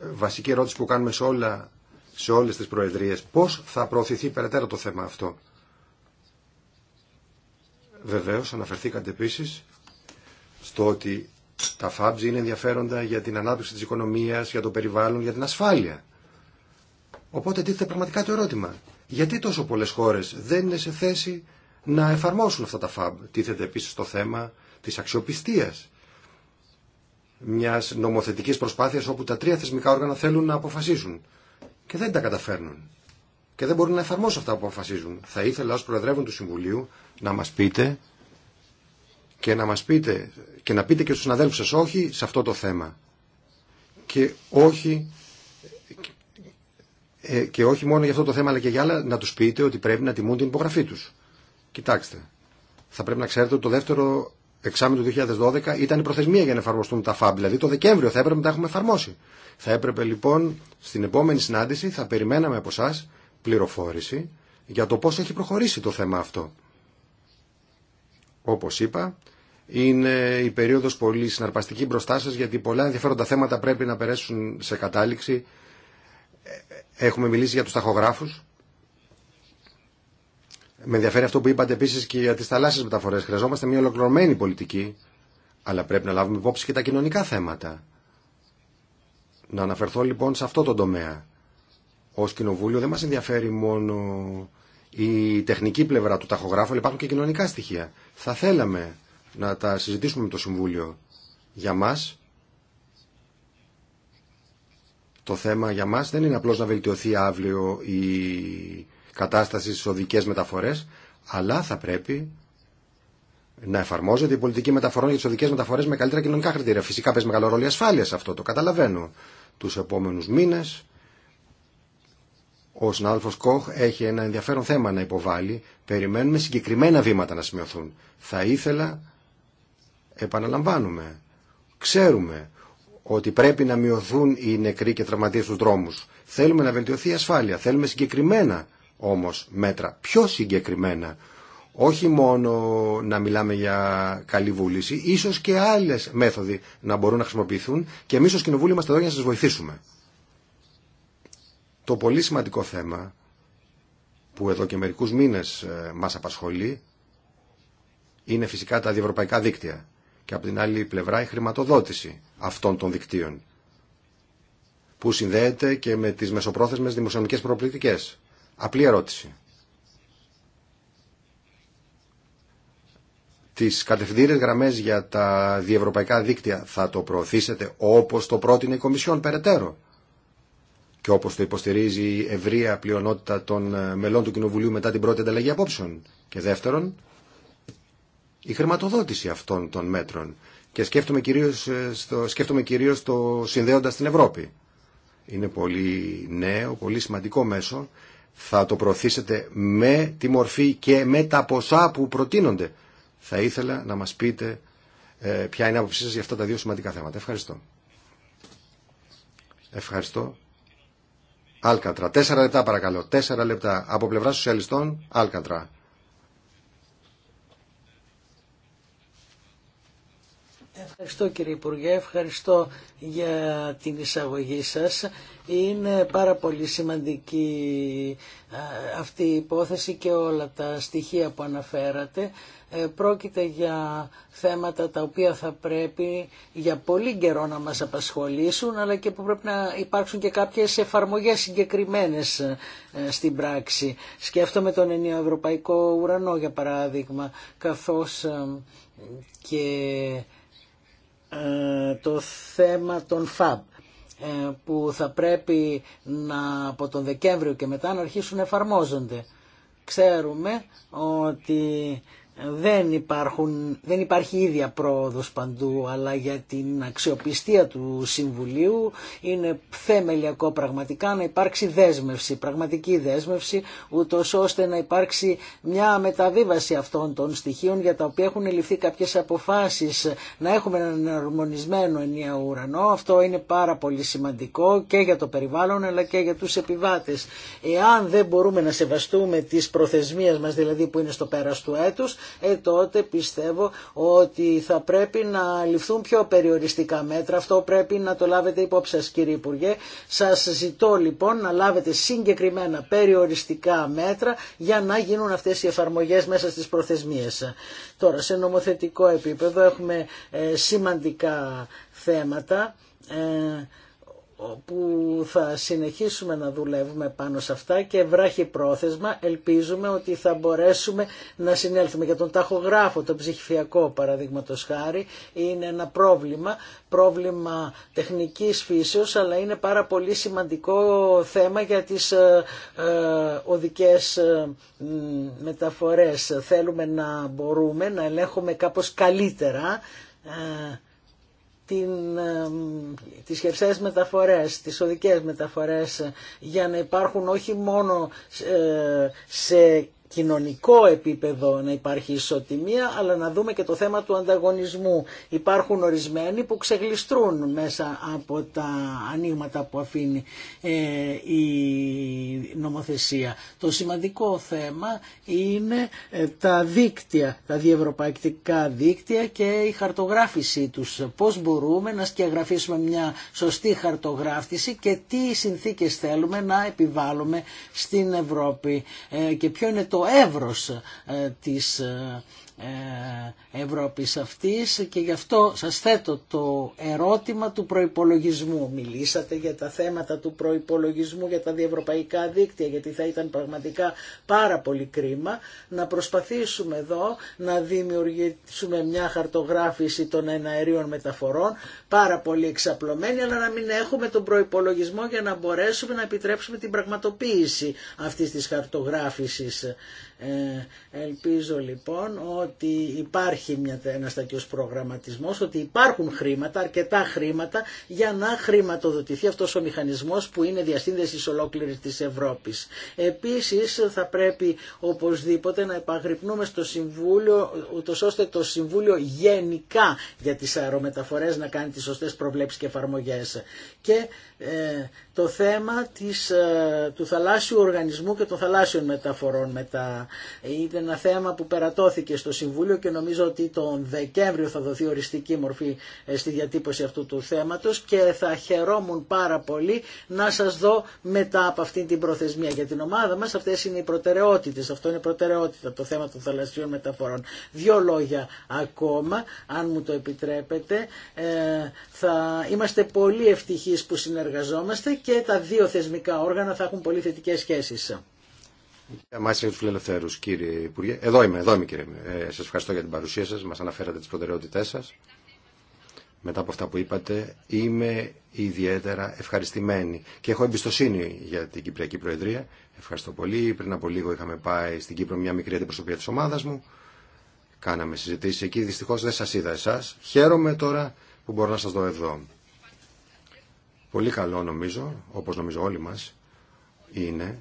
βασική ερώτηση που κάνουμε σε όλα σε όλες τις προεδρίες πώς θα προωθηθεί περαιτέρω το θέμα αυτό. Βεβαίως αναφερθήκατε επίσης στο ότι τα FABs είναι ενδιαφέροντα για την ανάπτυξη της οικονομίας, για το περιβάλλον, για την ασφάλεια. Οπότε τίθεται πραγματικά το ερώτημα. Γιατί τόσο πολλές χώρες δεν είναι σε θέση να εφαρμόσουν αυτά τα FAB. Τίθεται επίσης το θέμα της αξιοπιστίας μιας νομοθετικής προσπάθειας όπου τα τρία θεσμικά όργανα θέλουν να αποφασίσουν και δεν τα καταφέρνουν. Και δεν μπορούν να εφαρμόσουν αυτά που αποφασίζουν. Θα ήθελα ω Προεδρεύον του Συμβουλίου να μας πείτε και να μας πείτε και να πείτε και στους συναδέλφους σας όχι σε αυτό το θέμα. Και όχι ε, και όχι μόνο για αυτό το θέμα αλλά και για άλλα να τους πείτε ότι πρέπει να τιμούν την υπογραφή τους. Κοιτάξτε, θα πρέπει να ξέρετε ότι το δεύτερο εξάμεινο του 2012 ήταν η προθεσμία για να εφαρμοστούν τα ΦΑΜ, Δηλαδή το Δεκέμβριο θα έπρεπε να τα έχουμε εφαρμόσει. Θα έπρεπε λοιπόν στην επόμενη συνάντηση θα περιμέναμε από εσά πληροφόρηση για το πώς έχει προχωρήσει το θέμα αυτό. Όπως είπα, είναι η περίοδος πολύ συναρπαστική μπροστά σα γιατί πολλά ενδιαφέροντα θέματα πρέπει να περάσουν σε κατάληξη. Ε, ε, έχουμε μιλήσει για του ταχογράφου. Με ενδιαφέρει αυτό που είπατε επίση και για τι θαλάσσιε μεταφορέ. Χρειαζόμαστε μια ολοκληρωμένη πολιτική, αλλά πρέπει να λάβουμε υπόψη και τα κοινωνικά θέματα. Να αναφερθώ λοιπόν σε αυτό το τομέα. Ω κοινοβούλιο δεν μα ενδιαφέρει μόνο η τεχνική πλευρά του ταχογράφου, αλλά υπάρχουν και κοινωνικά στοιχεία. Θα θέλαμε να τα συζητήσουμε με το Συμβούλιο. Για μας, το θέμα για μα δεν είναι απλώ να βελτιωθεί αύριο η κατάσταση στις οδικές μεταφορές, αλλά θα πρέπει να εφαρμόζεται η πολιτική μεταφορών για τι οδικέ μεταφορέ με καλύτερα κοινωνικά κριτήρια. Φυσικά παίζει μεγάλο ρόλο η ασφάλεια σε αυτό, το καταλαβαίνω. Του επόμενου μήνε ο συνάδελφο Κοχ έχει ένα ενδιαφέρον θέμα να υποβάλει. Περιμένουμε συγκεκριμένα βήματα να σημειωθούν. Θα ήθελα, επαναλαμβάνουμε, ξέρουμε ότι πρέπει να μειωθούν οι νεκροί και τραυματίε στου δρόμου. Θέλουμε να βελτιωθεί η ασφάλεια. Θέλουμε συγκεκριμένα όμως μέτρα πιο συγκεκριμένα όχι μόνο να μιλάμε για καλή βούληση, ίσως και άλλες μέθοδοι να μπορούν να χρησιμοποιηθούν και εμείς ως Κοινοβούλιο είμαστε εδώ για να σας βοηθήσουμε. Το πολύ σημαντικό θέμα που εδώ και μερικούς μήνες ε, μας απασχολεί είναι φυσικά τα διευρωπαϊκά δίκτυα και από την άλλη πλευρά η χρηματοδότηση αυτών των δικτύων που συνδέεται και με τις μεσοπρόθεσμες δημοσιονομικές προοπτικές. Απλή ερώτηση. Τις κατευθυντήρες γραμμές για τα διευρωπαϊκά δίκτυα θα το προωθήσετε όπως το πρότεινε η Κομισιόν περαιτέρω και όπως το υποστηρίζει η ευρεία πλειονότητα των ε, μελών του Κοινοβουλίου μετά την πρώτη ανταλλαγή απόψεων. Και δεύτερον, η χρηματοδότηση αυτών των μέτρων. Και σκέφτομαι κυρίως, ε, στο, σκέφτομαι το συνδέοντα στην Ευρώπη. Είναι πολύ νέο, πολύ σημαντικό μέσο θα το προωθήσετε με τη μορφή και με τα ποσά που προτείνονται. Θα ήθελα να μας πείτε ε, ποια είναι η άποψή σας για αυτά τα δύο σημαντικά θέματα. Ευχαριστώ. Ευχαριστώ. Άλκατρα. Τέσσερα λεπτά παρακαλώ. Τέσσερα λεπτά. Από πλευρά σοσιαλιστών, Άλκατρα. Ευχαριστώ κύριε Υπουργέ, ευχαριστώ για την εισαγωγή σας. Είναι πάρα πολύ σημαντική ε, αυτή η υπόθεση και όλα τα στοιχεία που αναφέρατε. Ε, πρόκειται για θέματα τα οποία θα πρέπει για πολύ καιρό να μας απασχολήσουν αλλά και που πρέπει να υπάρξουν και κάποιες εφαρμογές συγκεκριμένες ε, στην πράξη. Σκέφτομαι τον ενιαίο ευρωπαϊκό ουρανό για παράδειγμα καθώς και ε, το θέμα των FAB ε, που θα πρέπει να, από τον Δεκέμβριο και μετά να αρχίσουν να εφαρμόζονται. Ξέρουμε ότι δεν, υπάρχουν, δεν υπάρχει ίδια πρόοδος παντού, αλλά για την αξιοπιστία του Συμβουλίου είναι θεμελιακό πραγματικά να υπάρξει δέσμευση, πραγματική δέσμευση, ούτω ώστε να υπάρξει μια μεταβίβαση αυτών των στοιχείων για τα οποία έχουν ληφθεί κάποιες αποφάσεις, να έχουμε έναν αρμονισμένο ενιαίο ουρανό. Αυτό είναι πάρα πολύ σημαντικό και για το περιβάλλον αλλά και για τους επιβάτες. Εάν δεν μπορούμε να σεβαστούμε τις προθεσμίες μας, δηλαδή που είναι στο πέρας του έτους, ε, τότε πιστεύω ότι θα πρέπει να ληφθούν πιο περιοριστικά μέτρα. Αυτό πρέπει να το λάβετε υπόψη σας κύριε Υπουργέ. Σας ζητώ λοιπόν να λάβετε συγκεκριμένα περιοριστικά μέτρα για να γίνουν αυτές οι εφαρμογές μέσα στις προθεσμίες. Τώρα σε νομοθετικό επίπεδο έχουμε ε, σημαντικά θέματα. Ε, που θα συνεχίσουμε να δουλεύουμε πάνω σε αυτά και βράχει πρόθεσμα ελπίζουμε ότι θα μπορέσουμε να συνέλθουμε. Για τον ταχογράφο, το ψηφιακό παραδείγματος χάρη, είναι ένα πρόβλημα, πρόβλημα τεχνικής φύσεως, αλλά είναι πάρα πολύ σημαντικό θέμα για τις ε, ε, οδικές ε, μεταφορές. Θέλουμε να μπορούμε να ελέγχουμε κάπως καλύτερα την, τις χερσαίες μεταφορές, τις οδικές μεταφορές για να υπάρχουν όχι μόνο ε, σε κοινωνικό επίπεδο να υπάρχει ισοτιμία, αλλά να δούμε και το θέμα του ανταγωνισμού. Υπάρχουν ορισμένοι που ξεγλιστρούν μέσα από τα ανοίγματα που αφήνει ε, η νομοθεσία. Το σημαντικό θέμα είναι ε, τα δίκτυα, τα διευρωπαϊκτικά δίκτυα και η χαρτογράφησή τους. Πώς μπορούμε να σκιαγραφίσουμε μια σωστή χαρτογράφηση και τι συνθήκες θέλουμε να επιβάλλουμε στην Ευρώπη ε, και ποιο είναι το εύρος ε, της ε, ε, Ευρώπης αυτής και γι' αυτό σας θέτω το ερώτημα του προϋπολογισμού. Μιλήσατε για τα θέματα του προϋπολογισμού για τα διευρωπαϊκά δίκτυα γιατί θα ήταν πραγματικά πάρα πολύ κρίμα να προσπαθήσουμε εδώ να δημιουργήσουμε μια χαρτογράφηση των εναερίων μεταφορών πάρα πολύ εξαπλωμένη αλλά να μην έχουμε τον προϋπολογισμό για να μπορέσουμε να επιτρέψουμε την πραγματοποίηση αυτής της χαρτογράφησης. Ε, ελπίζω λοιπόν ότι υπάρχει μια, ένας τέτοιος προγραμματισμός, ότι υπάρχουν χρήματα, αρκετά χρήματα, για να χρηματοδοτηθεί αυτός ο μηχανισμός που είναι διασύνδεση ολόκληρης της Ευρώπης. Επίσης θα πρέπει οπωσδήποτε να επαγρυπνούμε στο Συμβούλιο, ούτως ώστε το Συμβούλιο γενικά για τις αερομεταφορές να κάνει τις σωστές προβλέψεις και εφαρμογές. Και το θέμα της, ε, του θαλάσσιου οργανισμού και των θαλάσσιων μεταφορών μετά. Είναι ένα θέμα που περατώθηκε στο Συμβούλιο και νομίζω ότι τον Δεκέμβριο θα δοθεί οριστική μορφή ε, στη διατύπωση αυτού του θέματος και θα χαιρόμουν πάρα πολύ να σας δω μετά από αυτή την προθεσμία. Για την ομάδα μας αυτές είναι οι προτεραιότητες, αυτό είναι η προτεραιότητα το θέμα των θαλασσιών μεταφορών. Δύο λόγια ακόμα, αν μου το επιτρέπετε, ε, θα είμαστε πολύ ευτυχείς που συνεργαζόμαστε και τα δύο θεσμικά όργανα θα έχουν πολύ θετικές σχέσεις. Μάλιστα για του φιλελευθέρου, κύριε Υπουργέ. Εδώ είμαι, εδώ είμαι κύριε. Ε, σα ευχαριστώ για την παρουσία σα. Μα αναφέρατε τι προτεραιότητέ σα. Μετά από αυτά που είπατε, είμαι ιδιαίτερα ευχαριστημένη και έχω εμπιστοσύνη για την Κυπριακή Προεδρία. Ευχαριστώ πολύ. Πριν από λίγο είχαμε πάει στην Κύπρο μια μικρή αντιπροσωπεία τη ομάδα μου. Κάναμε συζητήσει εκεί. Δυστυχώ δεν σα είδα εσά. Χαίρομαι τώρα που μπορώ να σα δω εδώ. Πολύ καλό νομίζω, όπως νομίζω όλοι μας, είναι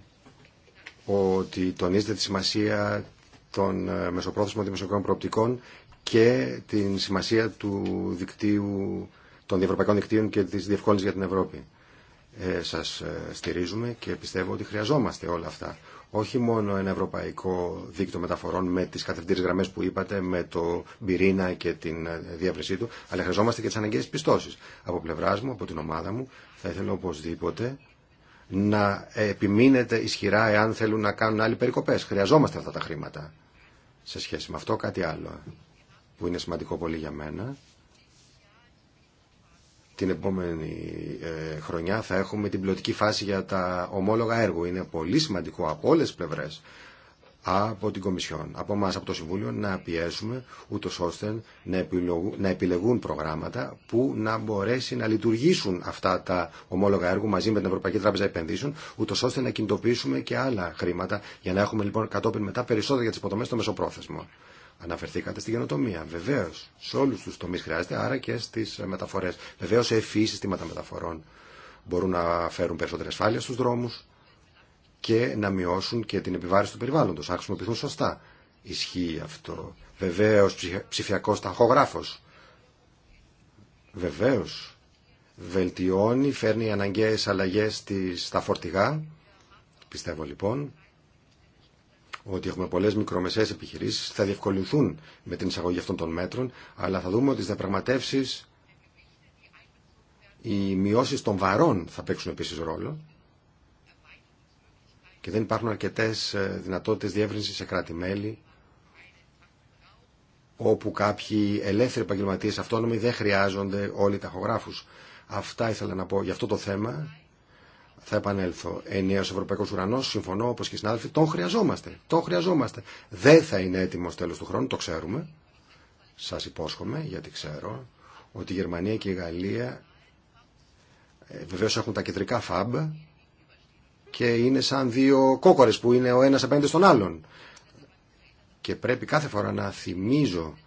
ότι τονίζεται τη σημασία των ε, μεσοπρόθεσμων δημοσιογραφικών προοπτικών και τη σημασία του δικτύου, των διευρωπαϊκών δικτύων και της διευκόλυνσης για την Ευρώπη. Ε, σας ε, στηρίζουμε και πιστεύω ότι χρειαζόμαστε όλα αυτά όχι μόνο ένα ευρωπαϊκό δίκτυο μεταφορών με τις κατευθυντήρες γραμμές που είπατε, με το πυρήνα και την ε, διαβρισή του, αλλά χρειαζόμαστε και τις αναγκαίες πιστώσεις. Από πλευράς μου, από την ομάδα μου, θα ήθελα οπωσδήποτε να επιμείνετε ισχυρά εάν θέλουν να κάνουν άλλοι περικοπές. Χρειαζόμαστε αυτά τα χρήματα σε σχέση με αυτό κάτι άλλο που είναι σημαντικό πολύ για μένα την επόμενη ε, χρονιά θα έχουμε την πλωτική φάση για τα ομόλογα έργο. Είναι πολύ σημαντικό από όλες τις πλευρές, από την Κομισιόν, από εμά, από το Συμβούλιο, να πιέσουμε ούτω ώστε να επιλεγούν προγράμματα που να μπορέσει να λειτουργήσουν αυτά τα ομόλογα έργου μαζί με την Ευρωπαϊκή Τράπεζα Επενδύσεων, ούτω ώστε να κινητοποιήσουμε και άλλα χρήματα για να έχουμε λοιπόν κατόπιν μετά περισσότερα για τι υποδομέ στο μεσοπρόθεσμο. Αναφερθήκατε στη καινοτομία. Βεβαίω, σε όλου του τομεί χρειάζεται, άρα και στι μεταφορέ. Βεβαίω, ευφυεί συστήματα μεταφορών μπορούν να φέρουν περισσότερη ασφάλεια στου δρόμου και να μειώσουν και την επιβάρηση του περιβάλλοντο, αν χρησιμοποιηθούν σωστά. Ισχύει αυτό. Βεβαίω, ψηφιακό ταχογράφο. Βεβαίω, βελτιώνει, φέρνει αναγκαίε αλλαγέ στα φορτηγά. Πιστεύω λοιπόν ότι έχουμε πολλέ μικρομεσαίες επιχειρήσει, θα διευκολυνθούν με την εισαγωγή αυτών των μέτρων, αλλά θα δούμε ότι στι διαπραγματεύσει οι μειώσει των βαρών θα παίξουν επίση ρόλο και δεν υπάρχουν αρκετέ ε, δυνατότητε διεύρυνση σε κράτη-μέλη όπου κάποιοι ελεύθεροι επαγγελματίε αυτόνομοι δεν χρειάζονται όλοι οι Αυτά ήθελα να πω για αυτό το θέμα θα επανέλθω. Ενιαίο Ευρωπαϊκό ουρανό, συμφωνώ όπω και οι συνάδελφοι, τον χρειαζόμαστε. Το χρειαζόμαστε. Δεν θα είναι έτοιμο τέλο του χρόνου, το ξέρουμε. Σα υπόσχομαι, γιατί ξέρω, ότι η Γερμανία και η Γαλλία ε, βεβαίω έχουν τα κεντρικά φαμπ και είναι σαν δύο κόκορε που είναι ο ένας απέναντι στον άλλον. Και πρέπει κάθε φορά να θυμίζω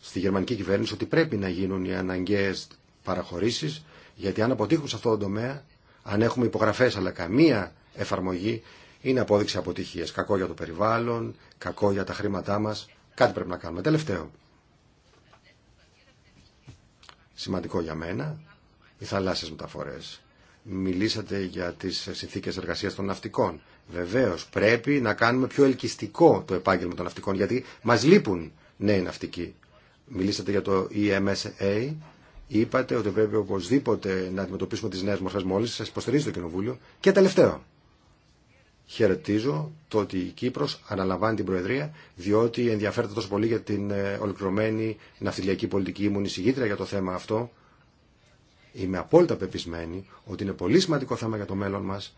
στη γερμανική κυβέρνηση ότι πρέπει να γίνουν οι αναγκαίε παραχωρήσει γιατί αν αποτύχουν σε αυτό το τομέα αν έχουμε υπογραφές αλλά καμία εφαρμογή, είναι απόδειξη αποτυχίας. Κακό για το περιβάλλον, κακό για τα χρήματά μας. Κάτι πρέπει να κάνουμε. Τελευταίο. Σημαντικό για μένα, οι θαλάσσιες μεταφορές. Μιλήσατε για τις συνθήκες εργασίας των ναυτικών. Βεβαίως, πρέπει να κάνουμε πιο ελκυστικό το επάγγελμα των ναυτικών, γιατί μας λείπουν νέοι ναυτικοί. Μιλήσατε για το EMSA, Είπατε ότι πρέπει οπωσδήποτε να αντιμετωπίσουμε τις νέες μορφές μόλις. Σας υποστηρίζει το Κοινοβούλιο. Και τελευταίο. Χαιρετίζω το ότι η Κύπρος αναλαμβάνει την Προεδρία, διότι ενδιαφέρεται τόσο πολύ για την ε, ολοκληρωμένη ναυτιλιακή πολιτική. Ήμουν εισηγήτρια για το θέμα αυτό. Είμαι απόλυτα πεπισμένη ότι είναι πολύ σημαντικό θέμα για το μέλλον μας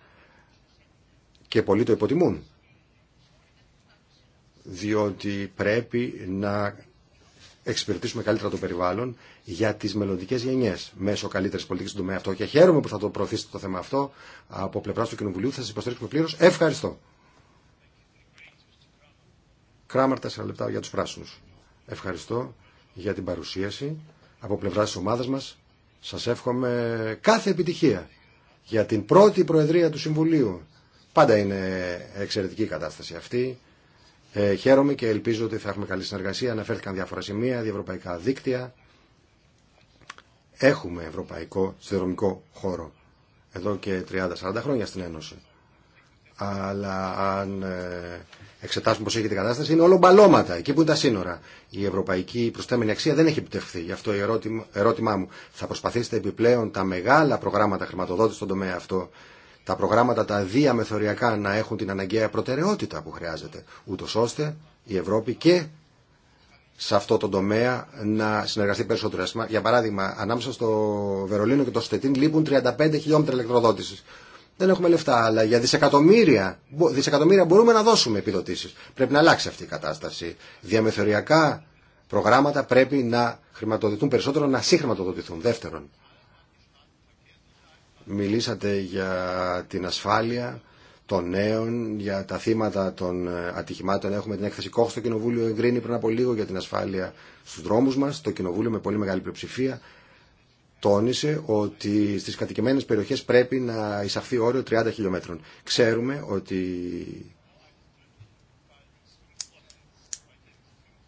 και πολλοί το υποτιμούν. Διότι πρέπει να εξυπηρετήσουμε καλύτερα το περιβάλλον για τι μελλοντικέ γενιέ μέσω καλύτερη πολιτική στον τομέα αυτό. Και χαίρομαι που θα το προωθήσετε το θέμα αυτό από πλευρά του Κοινοβουλίου. Θα σα υποστηρίξουμε πλήρω. Ευχαριστώ. Κράμαρ, 4 λεπτά για του πράσινου. Ευχαριστώ για την παρουσίαση από πλευρά τη ομάδα μα. Σα εύχομαι κάθε επιτυχία για την πρώτη Προεδρία του Συμβουλίου. Πάντα είναι εξαιρετική η κατάσταση αυτή. Ε, χαίρομαι και ελπίζω ότι θα έχουμε καλή συνεργασία. Αναφέρθηκαν διάφορα σημεία, διευρωπαϊκά δίκτυα. Έχουμε ευρωπαϊκό συνδρομικό χώρο εδώ και 30-40 χρόνια στην Ένωση. Αλλά αν ε, εξετάσουμε πώ έχει την κατάσταση, είναι όλο μπαλώματα εκεί που είναι τα σύνορα. Η ευρωπαϊκή προστέμενη αξία δεν έχει επιτευχθεί. Γι' αυτό η ερώτημα, ερώτημά μου, θα προσπαθήσετε επιπλέον τα μεγάλα προγράμματα χρηματοδότηση στον τομέα αυτό τα προγράμματα τα διαμεθοριακά να έχουν την αναγκαία προτεραιότητα που χρειάζεται, ούτως ώστε η Ευρώπη και σε αυτό το τομέα να συνεργαστεί περισσότερο. Για παράδειγμα, ανάμεσα στο Βερολίνο και το Στετίν λείπουν 35 χιλιόμετρα ηλεκτροδότηση. Δεν έχουμε λεφτά, αλλά για δισεκατομμύρια, δισεκατομμύρια μπορούμε να δώσουμε επιδοτήσει. Πρέπει να αλλάξει αυτή η κατάσταση. Διαμεθοριακά προγράμματα πρέπει να χρηματοδοτηθούν περισσότερο, να συγχρηματοδοτηθούν. Δεύτερον, Μιλήσατε για την ασφάλεια των νέων, για τα θύματα των ε, ατυχημάτων. Έχουμε την έκθεση Κόχ στο Κοινοβούλιο εγκρίνει πριν από λίγο για την ασφάλεια στους δρόμους μας. Το Κοινοβούλιο με πολύ μεγάλη πλειοψηφία τόνισε ότι στις κατοικημένες περιοχές πρέπει να εισαχθεί όριο 30 χιλιόμετρων. Ξέρουμε ότι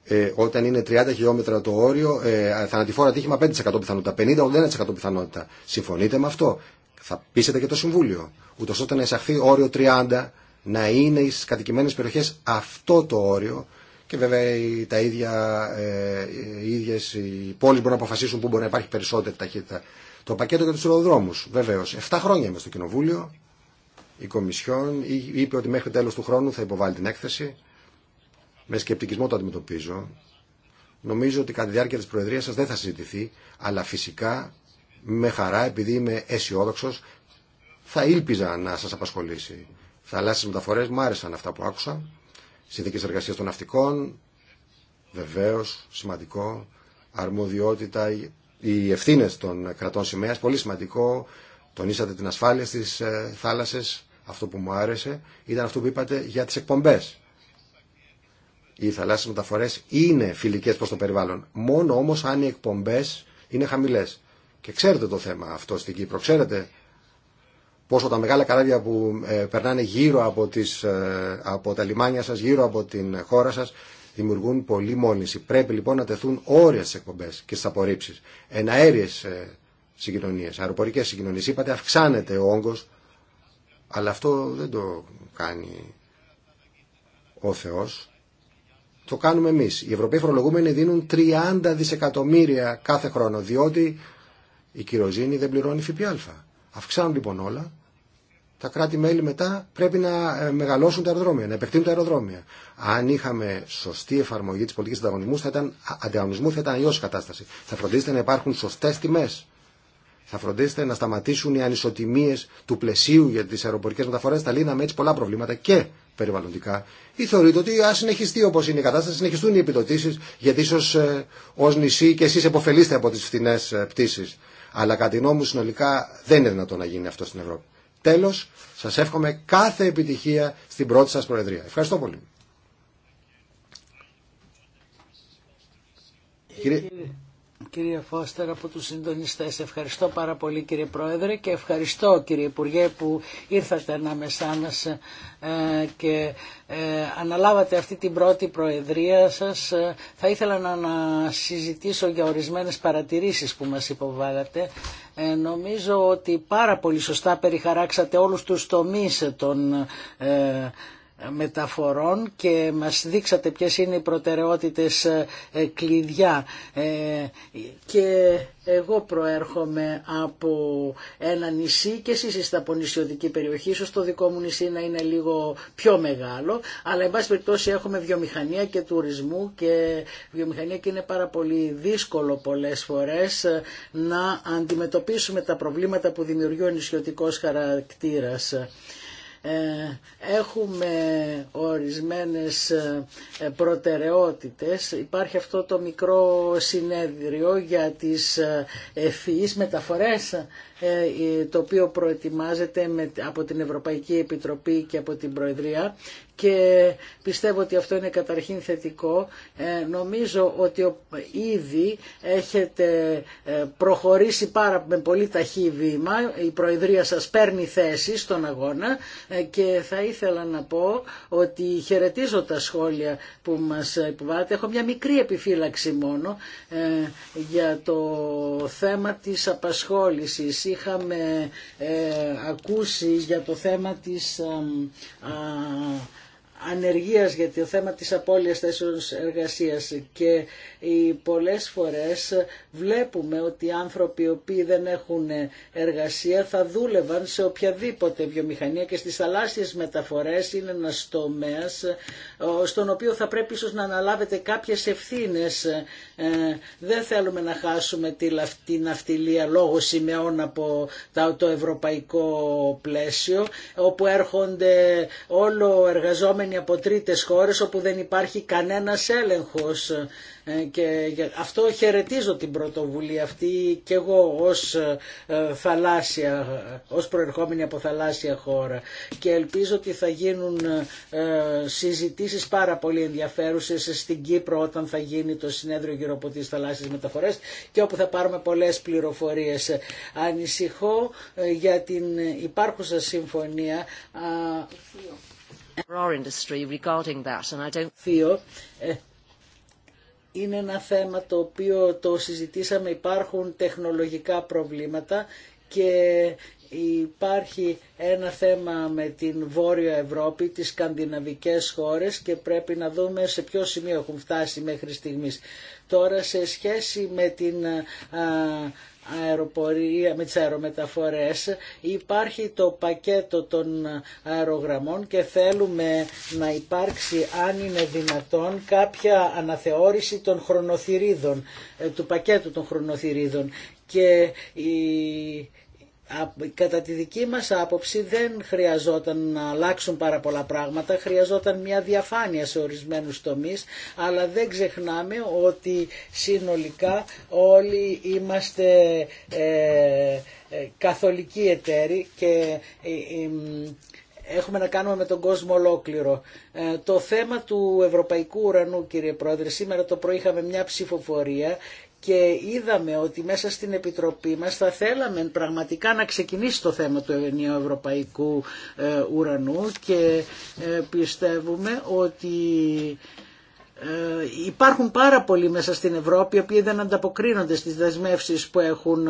ε, όταν είναι 30 χιλιόμετρα το όριο, ε, θανατηφόρα ατύχημα 5% πιθανότητα, 50-81% πιθανότητα. Συμφωνείτε με αυτό θα πείσετε και το Συμβούλιο, ούτω ώστε να εισαχθεί όριο 30, να είναι στι κατοικημένε περιοχέ αυτό το όριο και βέβαια τα ίδια, ε, οι ίδιε οι πόλεις μπορούν να αποφασίσουν πού μπορεί να υπάρχει περισσότερη ταχύτητα. Το πακέτο για του σειροδρόμους, βεβαίω, 7 χρόνια είμαι στο Κοινοβούλιο, η Κομισιόν είπε ότι μέχρι τέλο του χρόνου θα υποβάλει την έκθεση. Με σκεπτικισμό το αντιμετωπίζω. Νομίζω ότι κατά τη διάρκεια τη Προεδρία σα δεν θα συζητηθεί, αλλά φυσικά με χαρά, επειδή είμαι αισιόδοξο, θα ήλπιζα να σα απασχολήσει. Θαλάσσιε μεταφορέ, μου άρεσαν αυτά που άκουσα. Συνθήκε εργασία των ναυτικών, βεβαίω, σημαντικό. Αρμοδιότητα, οι ευθύνε των κρατών σημαία, πολύ σημαντικό. Τονίσατε την ασφάλεια στι ε, θάλασσε. Αυτό που μου άρεσε ήταν αυτό που είπατε για τι εκπομπέ. Οι θαλάσσιε μεταφορέ είναι φιλικέ προ το περιβάλλον. Μόνο όμω αν οι εκπομπέ είναι χαμηλέ. Και ξέρετε το θέμα αυτό στην Κύπρο. Ξέρετε πόσο τα μεγάλα καράβια που ε, περνάνε γύρω από, τις, ε, από τα λιμάνια σας, γύρω από την χώρα σας, δημιουργούν πολλή μόνηση. Πρέπει λοιπόν να τεθούν όρια στις εκπομπές και στις απορρίψεις. Εναέριες ε, συγκοινωνίες, αεροπορικές συγκοινωνίες. Είπατε αυξάνεται ο όγκος, αλλά αυτό δεν το κάνει ο Θεός. Το κάνουμε εμείς. Οι Ευρωπαίοι φορολογούμενοι δίνουν 30 δισεκατομμύρια κάθε χρόνο, διότι η κυροζήνη δεν πληρώνει ΦΠΑ. Αυξάνουν λοιπόν όλα. Τα κράτη-μέλη μετά πρέπει να ε, μεγαλώσουν τα αεροδρόμια, να επεκτείνουν τα αεροδρόμια. Αν είχαμε σωστή εφαρμογή τη πολιτική ανταγωνισμού, θα ήταν, ανταγωνισμού, θα ήταν αλλιώ η κατάσταση. Θα φροντίσετε να υπάρχουν σωστέ τιμέ. Θα φροντίσετε να σταματήσουν οι ανισοτιμίε του πλαισίου για τι αεροπορικέ μεταφορέ. Θα λύναμε έτσι πολλά προβλήματα και περιβαλλοντικά. Ή θεωρείτε ότι α συνεχιστεί όπω είναι η κατάσταση, συνεχιστούν οι επιδοτήσει, γιατί ίσω ε, ω νησί και εσεί επωφελείστε από τι φθηνέ ε, πτήσει. Αλλά κατά τη γνώμη συνολικά δεν είναι δυνατόν να γίνει αυτό στην Ευρώπη. Τέλο, σα εύχομαι κάθε επιτυχία στην πρώτη σα Προεδρία. Ευχαριστώ πολύ. Ε, κυρία Φώστερ, από τους συντονιστές. Ευχαριστώ πάρα πολύ κύριε Πρόεδρε και ευχαριστώ κύριε Υπουργέ που ήρθατε ανάμεσά μας ε, και ε, αναλάβατε αυτή την πρώτη προεδρία σας. Ε, θα ήθελα να συζητήσω για ορισμένες παρατηρήσεις που μας υποβάλλατε. Νομίζω ότι πάρα πολύ σωστά περιχαράξατε όλους τους τομείς των μεταφορών και μας δείξατε ποιες είναι οι προτεραιότητες ε, ε, κλειδιά ε, και εγώ προέρχομαι από ένα νησί και εσείς είστε από νησιωτική περιοχή, ίσως το δικό μου νησί να είναι λίγο πιο μεγάλο, αλλά εν πάση περιπτώσει έχουμε βιομηχανία και τουρισμού και βιομηχανία και είναι πάρα πολύ δύσκολο πολλές φορές να αντιμετωπίσουμε τα προβλήματα που δημιουργεί ο νησιωτικός χαρακτήρας. Ε, έχουμε ορισμένες ε, προτεραιότητες. Υπάρχει αυτό το μικρό συνέδριο για τις ε, ευφυείς μεταφορές το οποίο προετοιμάζεται από την Ευρωπαϊκή Επιτροπή και από την Προεδρία και πιστεύω ότι αυτό είναι καταρχήν θετικό. Ε, νομίζω ότι ήδη έχετε ε, προχωρήσει πάρα με πολύ ταχύ βήμα. Η Προεδρία σας παίρνει θέση στον αγώνα ε, και θα ήθελα να πω ότι χαιρετίζω τα σχόλια που μας υποβάλλετε. Έχω μια μικρή επιφύλαξη μόνο για το θέμα της απασχόλησης. Είχαμε ακούσει για το θέμα της ανεργίας γιατί το θέμα της απώλειας θέσεων εργασίας και Πολλές φορές βλέπουμε ότι οι άνθρωποι οι οποίοι δεν έχουν εργασία θα δούλευαν σε οποιαδήποτε βιομηχανία και στις θαλάσσιες μεταφορές είναι ένα τομέα στον οποίο θα πρέπει ίσως να αναλάβετε κάποιες ευθύνες. Ε, δεν θέλουμε να χάσουμε τη ναυτιλία λόγω σημεών από το ευρωπαϊκό πλαίσιο όπου έρχονται όλο εργαζόμενοι από τρίτες χώρες όπου δεν υπάρχει κανένας έλεγχος ε, και αυτό χαιρετίζω την πρωτοβουλία αυτή και εγώ ως ε, θαλάσσια, ως προερχόμενη από θαλάσσια χώρα και ελπίζω ότι θα γίνουν ε, συζητήσεις πάρα πολύ ενδιαφέρουσες στην Κύπρο όταν θα γίνει το συνέδριο γύρω από τις θαλάσσιες μεταφορές και όπου θα πάρουμε πολλές πληροφορίες. Ανησυχώ ε, για την υπάρχουσα συμφωνία industry είναι ένα θέμα το οποίο το συζητήσαμε. Υπάρχουν τεχνολογικά προβλήματα και υπάρχει ένα θέμα με την Βόρεια Ευρώπη, τις σκανδιναβικές χώρες και πρέπει να δούμε σε ποιο σημείο έχουν φτάσει μέχρι στιγμής. Τώρα σε σχέση με την αεροπορία, με τις αερομεταφορές υπάρχει το πακέτο των αερογραμμών και θέλουμε να υπάρξει αν είναι δυνατόν κάποια αναθεώρηση των χρονοθυρίδων, ε, του πακέτου των χρονοθυρίδων και η Κατά τη δική μας άποψη δεν χρειαζόταν να αλλάξουν πάρα πολλά πράγματα, χρειαζόταν μια διαφάνεια σε ορισμένους τομείς, αλλά δεν ξεχνάμε ότι συνολικά όλοι είμαστε ε, ε καθολικοί εταίροι και ε, ε, έχουμε να κάνουμε με τον κόσμο ολόκληρο. Το θέμα του Ευρωπαϊκού Ουρανού, κύριε Πρόεδρε, σήμερα το πρωί είχαμε μια ψηφοφορία και είδαμε ότι μέσα στην Επιτροπή μας θα θέλαμε πραγματικά να ξεκινήσει το θέμα του ενιαίου ευρωπαϊκού ε, ουρανού και ε, πιστεύουμε ότι ε, υπάρχουν πάρα πολλοί μέσα στην Ευρώπη οι οποίοι δεν ανταποκρίνονται στις δεσμεύσεις που έχουν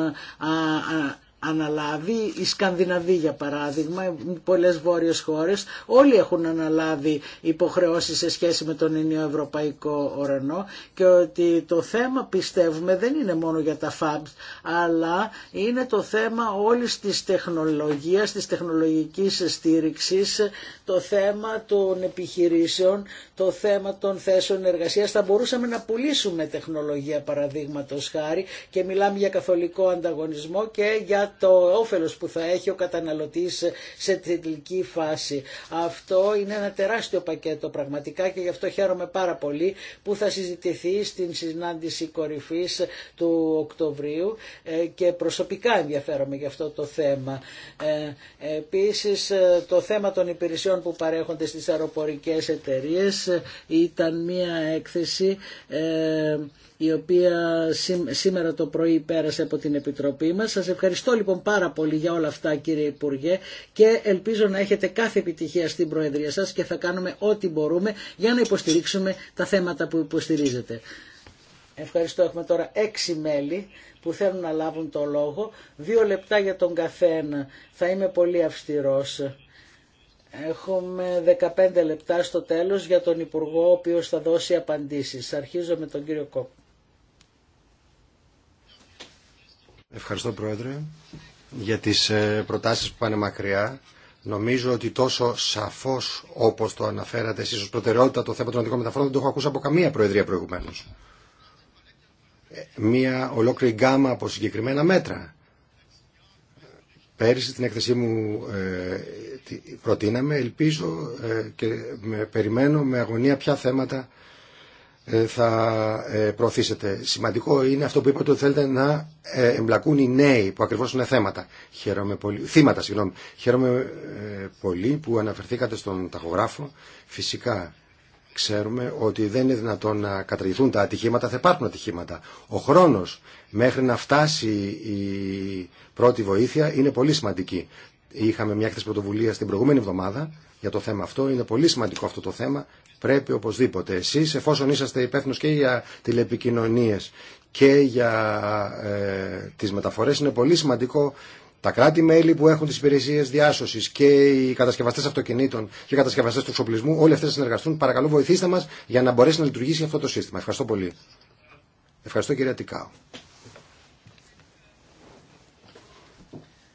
αναλάβει, η Σκανδιναβή για παράδειγμα, πολλές βόρειες χώρες, όλοι έχουν αναλάβει υποχρεώσεις σε σχέση με τον ενιαίο ευρωπαϊκό ορανό και ότι το θέμα πιστεύουμε δεν είναι μόνο για τα FABs, αλλά είναι το θέμα όλης της τεχνολογίας, της τεχνολογικής στήριξης, το θέμα των επιχειρήσεων, το θέμα των θέσεων εργασίας. Θα μπορούσαμε να πουλήσουμε τεχνολογία παραδείγματος χάρη και μιλάμε για καθολικό ανταγωνισμό και για το όφελος που θα έχει ο καταναλωτής σε τελική φάση. Αυτό είναι ένα τεράστιο πακέτο πραγματικά και γι' αυτό χαίρομαι πάρα πολύ που θα συζητηθεί στην συνάντηση κορυφής του Οκτωβρίου ε, και προσωπικά ενδιαφέρομαι γι' αυτό το θέμα. Ε, επίσης ε, το θέμα των υπηρεσιών που παρέχονται στις αεροπορικές εταιρείες ήταν μια έκθεση η οποία σήμερα το πρωί πέρασε από την Επιτροπή μας. Σας ευχαριστώ λοιπόν πάρα πολύ για όλα αυτά κύριε Υπουργέ και ελπίζω να έχετε κάθε επιτυχία στην Προεδρία σας και θα κάνουμε ό,τι μπορούμε για να υποστηρίξουμε τα θέματα που υποστηρίζετε. Ευχαριστώ. Έχουμε τώρα έξι μέλη που θέλουν να λάβουν το λόγο. Δύο λεπτά για τον καθένα. Θα είμαι πολύ αυστηρός. Έχουμε 15 λεπτά στο τέλος για τον Υπουργό, ο οποίος θα δώσει απαντήσεις. Αρχίζω με τον κύριο Κόπ. Ευχαριστώ Πρόεδρε για τις ε, προτάσεις που πάνε μακριά. Νομίζω ότι τόσο σαφώς όπως το αναφέρατε εσείς ως προτεραιότητα το θέμα των αντικών μεταφορών δεν το έχω ακούσει από καμία Προεδρία προηγουμένως. Ε, μία ολόκληρη γκάμα από συγκεκριμένα μέτρα. Πέρυσι την έκθεσή μου ε, προτείναμε, ελπίζω ε, και με, περιμένω με αγωνία ποια θέματα ε, θα ε, προωθήσετε. Σημαντικό είναι αυτό που είπατε ότι θέλετε να ε, εμπλακούν οι νέοι που ακριβώς είναι θέματα. Χαίρομαι πολύ, θύματα, συγγνώμη. Χαίρομαι πολύ που αναφερθήκατε στον ταχογράφο. Φυσικά ξέρουμε ότι δεν είναι δυνατόν να καταργηθούν τα ατυχήματα, θα υπάρχουν ατυχήματα. Ο χρόνος μέχρι να φτάσει η πρώτη βοήθεια είναι πολύ σημαντική. Είχαμε μια έκθεση πρωτοβουλία την προηγούμενη εβδομάδα για το θέμα αυτό. Είναι πολύ σημαντικό αυτό το θέμα. Πρέπει οπωσδήποτε εσείς, εφόσον είσαστε υπεύθυνο και για τηλεπικοινωνίες και για ε, τις μεταφορές, είναι πολύ σημαντικό τα κράτη-μέλη που έχουν τι υπηρεσίε διάσωση και οι κατασκευαστέ αυτοκινήτων και οι κατασκευαστέ του εξοπλισμού, όλοι αυτέ συνεργαστούν. Παρακαλώ, βοηθήστε μα για να μπορέσει να λειτουργήσει αυτό το σύστημα. Ευχαριστώ πολύ. Ευχαριστώ, κυρία Τικάου.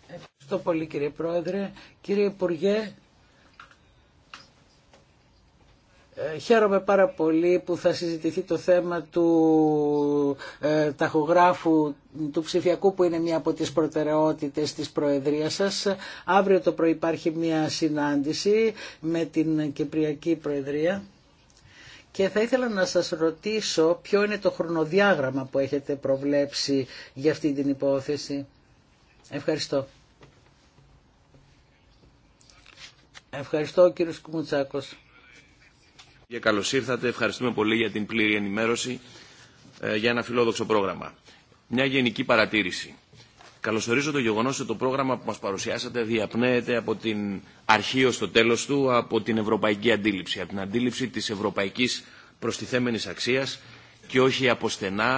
Ευχαριστώ πολύ, κύριε Πρόεδρε. Κύριε Υπουργέ, Ε, χαίρομαι πάρα πολύ που θα συζητηθεί το θέμα του ε, ταχογράφου του ψηφιακού που είναι μία από τις προτεραιότητες της Προεδρίας σας. Αύριο το πρωί υπάρχει μία συνάντηση με την Κυπριακή Προεδρία και θα ήθελα να σας ρωτήσω ποιο είναι το χρονοδιάγραμμα που έχετε προβλέψει για αυτή την υπόθεση. Ευχαριστώ. Ευχαριστώ κύριος Κουμουτσάκος. Και καλώς ήρθατε. Ευχαριστούμε πολύ για την πλήρη ενημέρωση ε, για ένα φιλόδοξο πρόγραμμα. Μια γενική παρατήρηση. Καλωσορίζω το γεγονό ότι το πρόγραμμα που μα παρουσιάσατε διαπνέεται από την αρχή ω το τέλο του από την ευρωπαϊκή αντίληψη, από την αντίληψη τη ευρωπαϊκή προστιθέμενη αξία και όχι από στενά,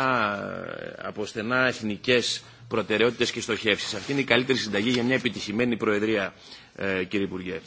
ε, από στενά εθνικέ προτεραιότητε και στοχεύσει. Αυτή είναι η καλύτερη συνταγή για μια επιτυχημένη Προεδρία, ε, κύριε Υπουργέ.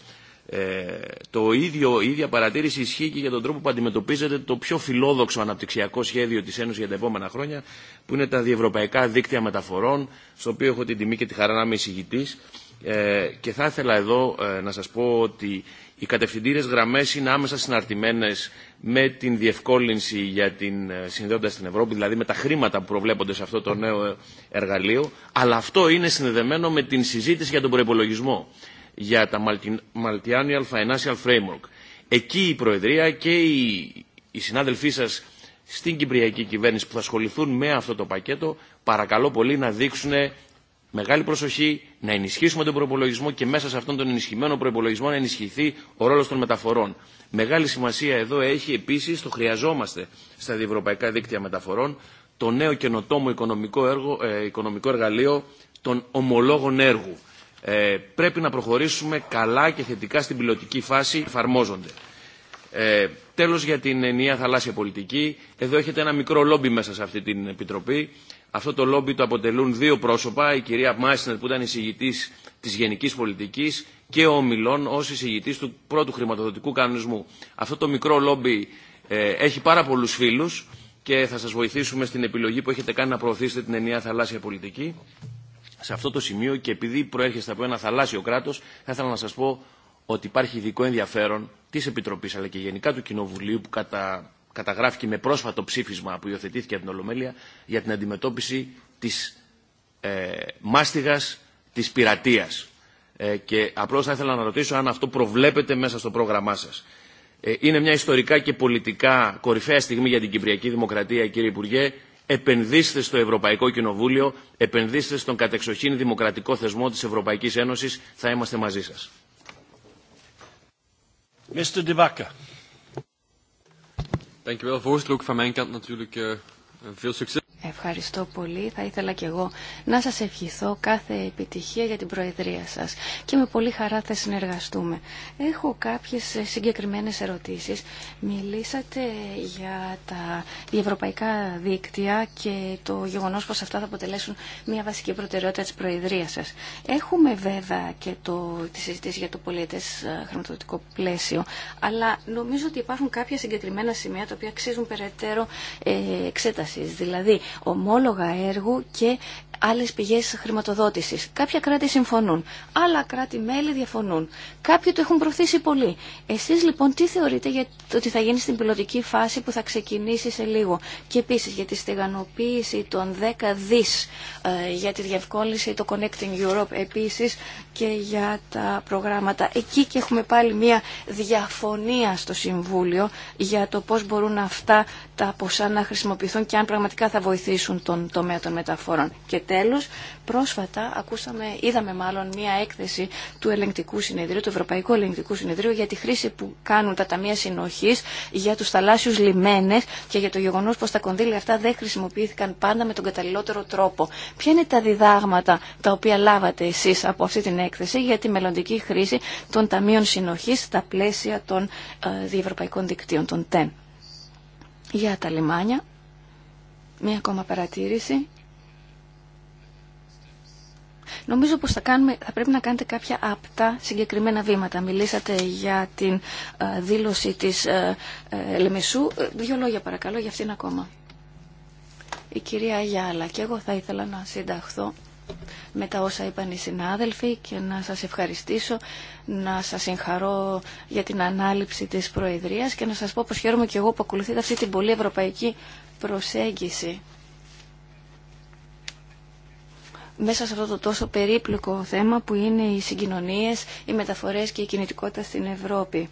Ε, το ίδιο, η ίδια παρατήρηση ισχύει και για τον τρόπο που αντιμετωπίζεται το πιο φιλόδοξο αναπτυξιακό σχέδιο της Ένωσης για τα επόμενα χρόνια, που είναι τα διευρωπαϊκά δίκτυα μεταφορών, στο οποίο έχω την τιμή και τη χαρά να είμαι εισηγητής. Ε, και θα ήθελα εδώ ε, να σας πω ότι οι κατευθυντήρες γραμμές είναι άμεσα συναρτημένες με την διευκόλυνση για την συνδέοντα στην Ευρώπη, δηλαδή με τα χρήματα που προβλέπονται σε αυτό το νέο εργαλείο, αλλά αυτό είναι συνδεδεμένο με την συζήτηση για τον προπολογισμό για τα Multiannual Financial Framework. Εκεί η Προεδρία και οι, οι συνάδελφοί σας στην Κυπριακή Κυβέρνηση που θα ασχοληθούν με αυτό το πακέτο παρακαλώ πολύ να δείξουν μεγάλη προσοχή, να ενισχύσουμε τον προπολογισμό και μέσα σε αυτόν τον ενισχυμένο προπολογισμό να ενισχυθεί ο ρόλος των μεταφορών. Μεγάλη σημασία εδώ έχει επίσης, το χρειαζόμαστε στα διευρωπαϊκά δίκτυα μεταφορών, το νέο καινοτόμο οικονομικό, έργο, ε, οικονομικό εργαλείο των ομολόγων έργου ε, πρέπει να προχωρήσουμε καλά και θετικά στην πιλωτική φάση εφαρμόζονται. Ε, τέλος για την ενιαία θαλάσσια πολιτική. Εδώ έχετε ένα μικρό λόμπι μέσα σε αυτή την επιτροπή. Αυτό το λόμπι το αποτελούν δύο πρόσωπα, η κυρία Μάισνερ που ήταν εισηγητής της Γενικής Πολιτικής και ο Μιλών ως εισηγητής του πρώτου χρηματοδοτικού κανονισμού. Αυτό το μικρό λόμπι ε, έχει πάρα πολλούς φίλους και θα σας βοηθήσουμε στην επιλογή που έχετε κάνει να προωθήσετε την ενιαία θαλάσσια πολιτική σε αυτό το σημείο και επειδή προέρχεστε από ένα θαλάσσιο κράτο, θα ήθελα να σα πω ότι υπάρχει ειδικό ενδιαφέρον τη Επιτροπής αλλά και γενικά του Κοινοβουλίου που κατα... καταγράφηκε με πρόσφατο ψήφισμα που υιοθετήθηκε από την Ολομέλεια για την αντιμετώπιση τη ε, μάστιγας της πειρατείας. Ε, και απλώ θα ήθελα να ρωτήσω αν αυτό προβλέπετε μέσα στο πρόγραμμά σα. Ε, είναι μια ιστορικά και πολιτικά κορυφαία στιγμή για την Κυπριακή Δημοκρατία, κύριε Υπουργέ, επενδύστε στο Ευρωπαϊκό Κοινοβούλιο, επενδύστε στον κατεξοχήν δημοκρατικό θεσμό της Ευρωπαϊκής Ένωσης. Θα είμαστε μαζί σας. Mr. Ευχαριστώ πολύ. Θα ήθελα και εγώ να σας ευχηθώ κάθε επιτυχία για την Προεδρία σας και με πολύ χαρά θα συνεργαστούμε. Έχω κάποιες συγκεκριμένες ερωτήσεις. Μιλήσατε για τα ευρωπαϊκά δίκτυα και το γεγονός πως αυτά θα αποτελέσουν μια βασική προτεραιότητα της Προεδρίας σας. Έχουμε βέβαια και το, τη συζήτηση για το πολιετές ε, χρηματοδοτικό πλαίσιο, αλλά νομίζω ότι υπάρχουν κάποια συγκεκριμένα σημεία τα οποία αξίζουν περαιτέρω ε, εξέτασης. Δηλαδή, ομόλογα έργου και άλλες πηγές χρηματοδότησης. Κάποια κράτη συμφωνούν, άλλα κράτη-μέλη διαφωνούν. Κάποιοι το έχουν προωθήσει πολύ. Εσείς λοιπόν τι θεωρείτε για το ότι θα γίνει στην πιλωτική φάση που θα ξεκινήσει σε λίγο. Και επίσης για τη στεγανοποίηση των 10 δις ε, για τη διευκόλυνση το Connecting Europe επίσης και για τα προγράμματα. Εκεί και έχουμε πάλι μια διαφωνία στο Συμβούλιο για το πώς μπορούν αυτά τα ποσά να χρησιμοποιηθούν και αν πραγματικά θα βοηθούν βοηθήσουν τον τομέα των μεταφορών. Και τέλος, πρόσφατα ακούσαμε, είδαμε μάλλον μία έκθεση του Ελεγκτικού Συνεδρίου, του Ευρωπαϊκού Ελεγκτικού Συνεδρίου για τη χρήση που κάνουν τα Ταμεία Συνοχής για τους θαλάσσιους λιμένες και για το γεγονός πως τα κονδύλια αυτά δεν χρησιμοποιήθηκαν πάντα με τον καταλληλότερο τρόπο. Ποια είναι τα διδάγματα τα οποία λάβατε εσείς από αυτή την έκθεση για τη μελλοντική χρήση των Ταμείων Συνοχής στα πλαίσια των ε, διευρωπαϊκών δικτύων, των ΤΕΝ. Για τα λιμάνια, Μία ακόμα παρατήρηση. Νομίζω πως θα, κάνουμε, θα πρέπει να κάνετε κάποια απτά συγκεκριμένα βήματα. Μιλήσατε για την ε, δήλωση της ε, ε Λεμεσού. Ε, δύο λόγια παρακαλώ για αυτήν ακόμα. Η κυρία Γιάλα και εγώ θα ήθελα να συνταχθώ με τα όσα είπαν οι συνάδελφοι και να σας ευχαριστήσω, να σας συγχαρώ για την ανάληψη της Προεδρίας και να σας πω πως χαίρομαι και εγώ που ακολουθείτε αυτή την πολύ ευρωπαϊκή προσέγγιση. Μέσα σε αυτό το τόσο περίπλοκο θέμα που είναι οι συγκοινωνίες, οι μεταφορές και η κινητικότητα στην Ευρώπη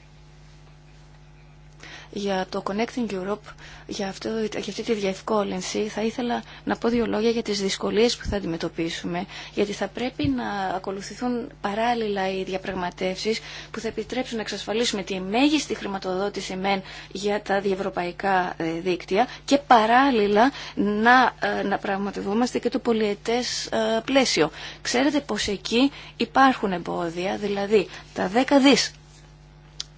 για το Connecting Europe, για, αυτό, για αυτή τη διευκόλυνση, θα ήθελα να πω δύο λόγια για τις δυσκολίες που θα αντιμετωπίσουμε, γιατί θα πρέπει να ακολουθηθούν παράλληλα οι διαπραγματεύσεις που θα επιτρέψουν να εξασφαλίσουμε τη μέγιστη χρηματοδότηση μεν για τα διευρωπαϊκά ε, δίκτυα και παράλληλα να, ε, να πραγματευόμαστε και το πολιετές ε, πλαίσιο. Ξέρετε πως εκεί υπάρχουν εμπόδια, δηλαδή τα 10 δις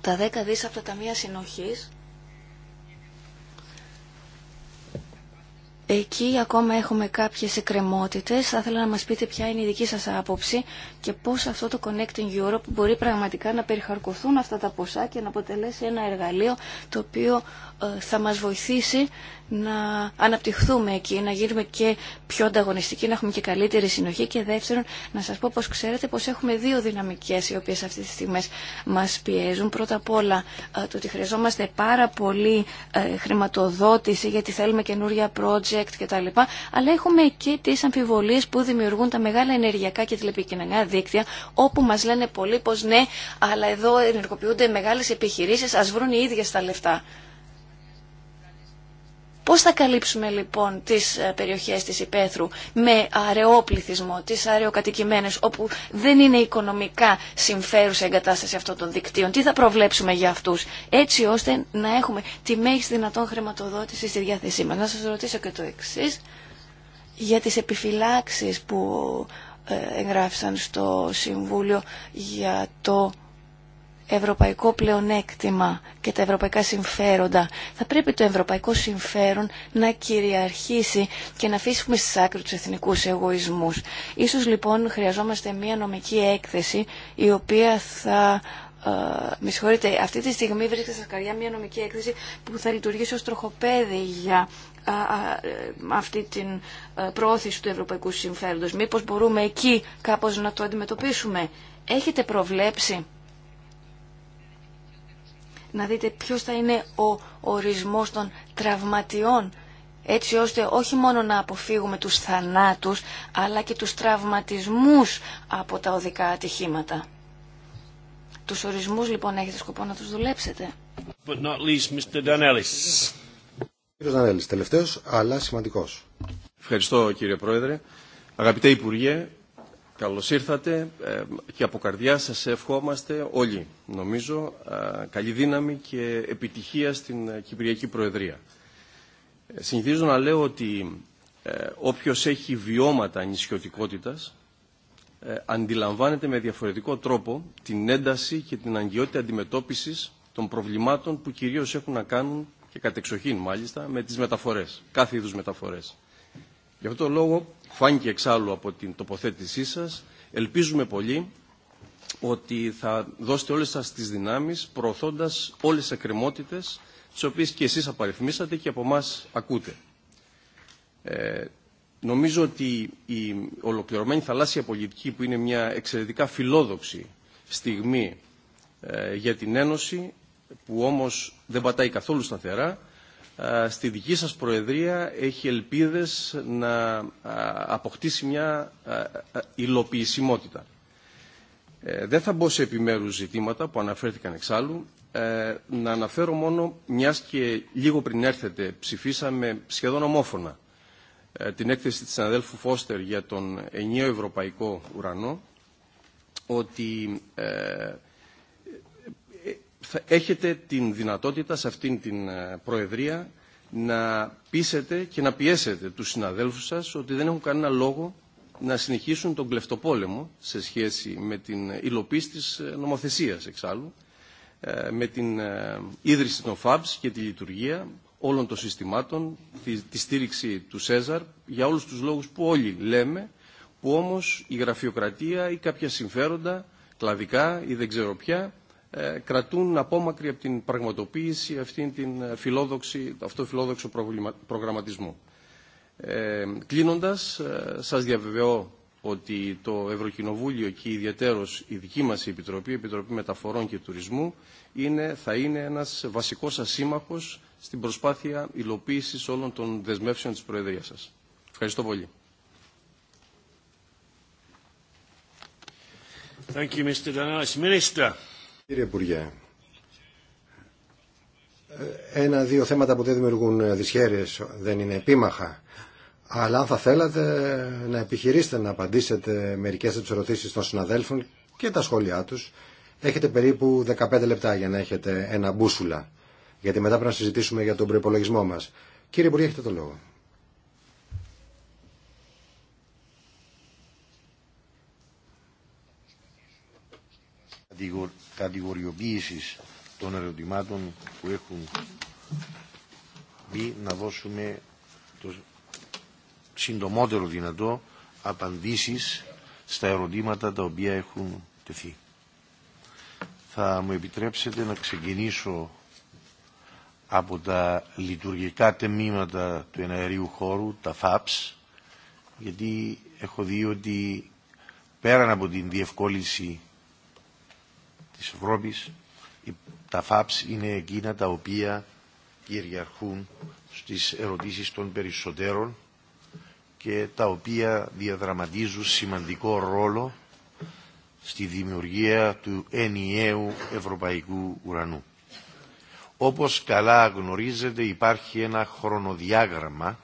τα 10 δις από τα ταμεία συνοχής Εκεί ακόμα έχουμε κάποιες εκκρεμότητες. Θα ήθελα να μας πείτε ποια είναι η δική σας άποψη και πώς αυτό το Connecting Europe μπορεί πραγματικά να περιχαρκωθούν αυτά τα ποσά και να αποτελέσει ένα εργαλείο το οποίο ε, θα μας βοηθήσει να αναπτυχθούμε εκεί, να γίνουμε και πιο ανταγωνιστικοί, να έχουμε και καλύτερη συνοχή και δεύτερον να σας πω πως ξέρετε πως έχουμε δύο δυναμικές οι οποίες αυτές τις στιγμές μας πιέζουν. Πρώτα απ' όλα ε, το ότι χρειαζόμαστε πάρα πολύ ε, χρηματοδότηση γιατί θέλουμε καινούρια project κτλ. Αλλά έχουμε και τις αμφιβολίες που δημιουργούν τα μεγάλα ενεργειακά και τηλεπικοινωνικά δίκτυα όπου μας λένε πολλοί πως ναι, αλλά εδώ ενεργοποιούνται μεγάλες επιχειρήσεις, ας βρουν οι ίδιες τα λεφτά. Πώς θα καλύψουμε λοιπόν τις ε, περιοχές της Υπέθρου με αραιό τις αραιοκατοικημένες όπου δεν είναι οικονομικά συμφέρουσα εγκατάσταση αυτών των δικτύων. Τι θα προβλέψουμε για αυτούς έτσι ώστε να έχουμε τη μέγιστη δυνατόν χρηματοδότηση στη διάθεσή μας. Να σας ρωτήσω και το εξή για τις επιφυλάξεις που ε, εγγράφησαν στο Συμβούλιο για το ευρωπαϊκό πλεονέκτημα και τα ευρωπαϊκά συμφέροντα. Θα πρέπει το ευρωπαϊκό συμφέρον να κυριαρχήσει και να αφήσουμε στις άκρες τους εθνικούς εγωισμούς. Ίσως λοιπόν χρειαζόμαστε μια νομική έκθεση η οποία θα... Ε, συγχωρείτε, αυτή τη στιγμή βρίσκεται στα σκαριά μια νομική έκθεση που θα λειτουργήσει ως τροχοπέδι για ε, αυτή την ε, προώθηση του ευρωπαϊκού συμφέροντος. Μήπως μπορούμε εκεί κάπως να το αντιμετωπίσουμε. Έχετε προβλέψει να δείτε ποιος θα είναι ο ορισμός των τραυματιών έτσι ώστε όχι μόνο να αποφύγουμε τους θανάτους αλλά και τους τραυματισμούς από τα οδικά ατυχήματα. Τους ορισμούς λοιπόν έχετε σκοπό να τους δουλέψετε. But not least, Mr. Κύριος Δανέλης, τελευταίος αλλά σημαντικός. Ευχαριστώ κύριε Πρόεδρε. Αγαπητέ Υπουργέ, Καλώς ήρθατε ε, και από καρδιά σας ευχόμαστε όλοι, νομίζω, ε, καλή δύναμη και επιτυχία στην ε, Κυπριακή Προεδρία. Συνηθίζω να λέω ότι όποιος έχει βιώματα νησιωτικότητας αντιλαμβάνεται με διαφορετικό τρόπο την ένταση και την αγκαιότητα αντιμετώπισης των προβλημάτων που κυρίως έχουν να κάνουν και κατεξοχήν μάλιστα με τις μεταφορές, κάθε είδους μεταφορές. Γι' αυτό το λόγο φάνηκε εξάλλου από την τοποθέτησή σας, ελπίζουμε πολύ ότι θα δώσετε όλες σας τις δυνάμεις προωθώντας όλες τις εκκρεμότητες τις οποίες και εσείς απαριθμίσατε και από εμά ακούτε. Ε, νομίζω ότι η ολοκληρωμένη θαλάσσια πολιτική που είναι μια εξαιρετικά φιλόδοξη στιγμή ε, για την Ένωση που όμως δεν πατάει καθόλου σταθερά ε, στη δική σας Προεδρία έχει ελπίδες να ε, αποκτήσει μια ε, υλοποιησιμότητα. Δεν θα μπω σε επιμέρους ζητήματα που αναφέρθηκαν εξάλλου. Να αναφέρω μόνο, μιας και λίγο πριν έρθετε ψηφίσαμε σχεδόν ομόφωνα την έκθεση της αδέλφου Φώστερ για τον ενιαίο ευρωπαϊκό ουρανό, ότι έχετε την δυνατότητα σε αυτήν την ε, Προεδρία να πείσετε και να πιέσετε τους συναδέλφους σας ότι δεν έχουν κανένα λόγο να συνεχίσουν τον κλεφτοπόλεμο σε σχέση με την υλοποίηση της ε, νομοθεσίας εξάλλου, ε, με την ίδρυση των FABs και τη λειτουργία όλων των συστημάτων, τη, τη στήριξη του ΣΕΖΑΡ, για όλους τους λόγους που όλοι λέμε, που όμως η γραφειοκρατία ή κάποια συμφέροντα, κλαδικά ή δεν ξέρω ποια, ε, κρατούν απόμακρη από την πραγματοποίηση αυτήν την ε, φιλόδοξη, αυτό φιλόδοξο προγραμματισμό. Ε, κλείνοντας, ε, σας διαβεβαιώ ότι το Ευρωκοινοβούλιο και ιδιαίτερος η δική μας Επιτροπή, η Επιτροπή Μεταφορών και Τουρισμού, είναι, θα είναι ένας βασικός ασύμμαχος στην προσπάθεια υλοποίησης όλων των δεσμεύσεων της Προεδρίας σας. Ευχαριστώ πολύ. Κύριε Υπουργέ, ε, ένα-δύο θέματα που δεν δημιουργούν δυσχέρειες, δεν είναι επίμαχα. Αλλά αν θα θέλατε να επιχειρήσετε να απαντήσετε μερικές από τις ερωτήσεις των συναδέλφων και τα σχόλιά τους, έχετε περίπου 15 λεπτά για να έχετε ένα μπούσουλα. Γιατί μετά πρέπει να συζητήσουμε για τον προπολογισμό μας. Κύριε Υπουργέ, έχετε το λόγο. κατηγοριοποίησης των ερωτημάτων που έχουν μπει να δώσουμε το συντομότερο δυνατό απαντήσεις στα ερωτήματα τα οποία έχουν τεθεί. Θα μου επιτρέψετε να ξεκινήσω από τα λειτουργικά τεμήματα του εναερίου χώρου, τα FAPS, γιατί έχω δει ότι πέραν από την διευκόλυνση της Ευρώπης τα ΦΑΠΣ είναι εκείνα τα οποία κυριαρχούν στις ερωτήσεις των περισσότερων και τα οποία διαδραματίζουν σημαντικό ρόλο στη δημιουργία του ενιαίου ευρωπαϊκού ουρανού. Όπως καλά γνωρίζετε υπάρχει ένα χρονοδιάγραμμα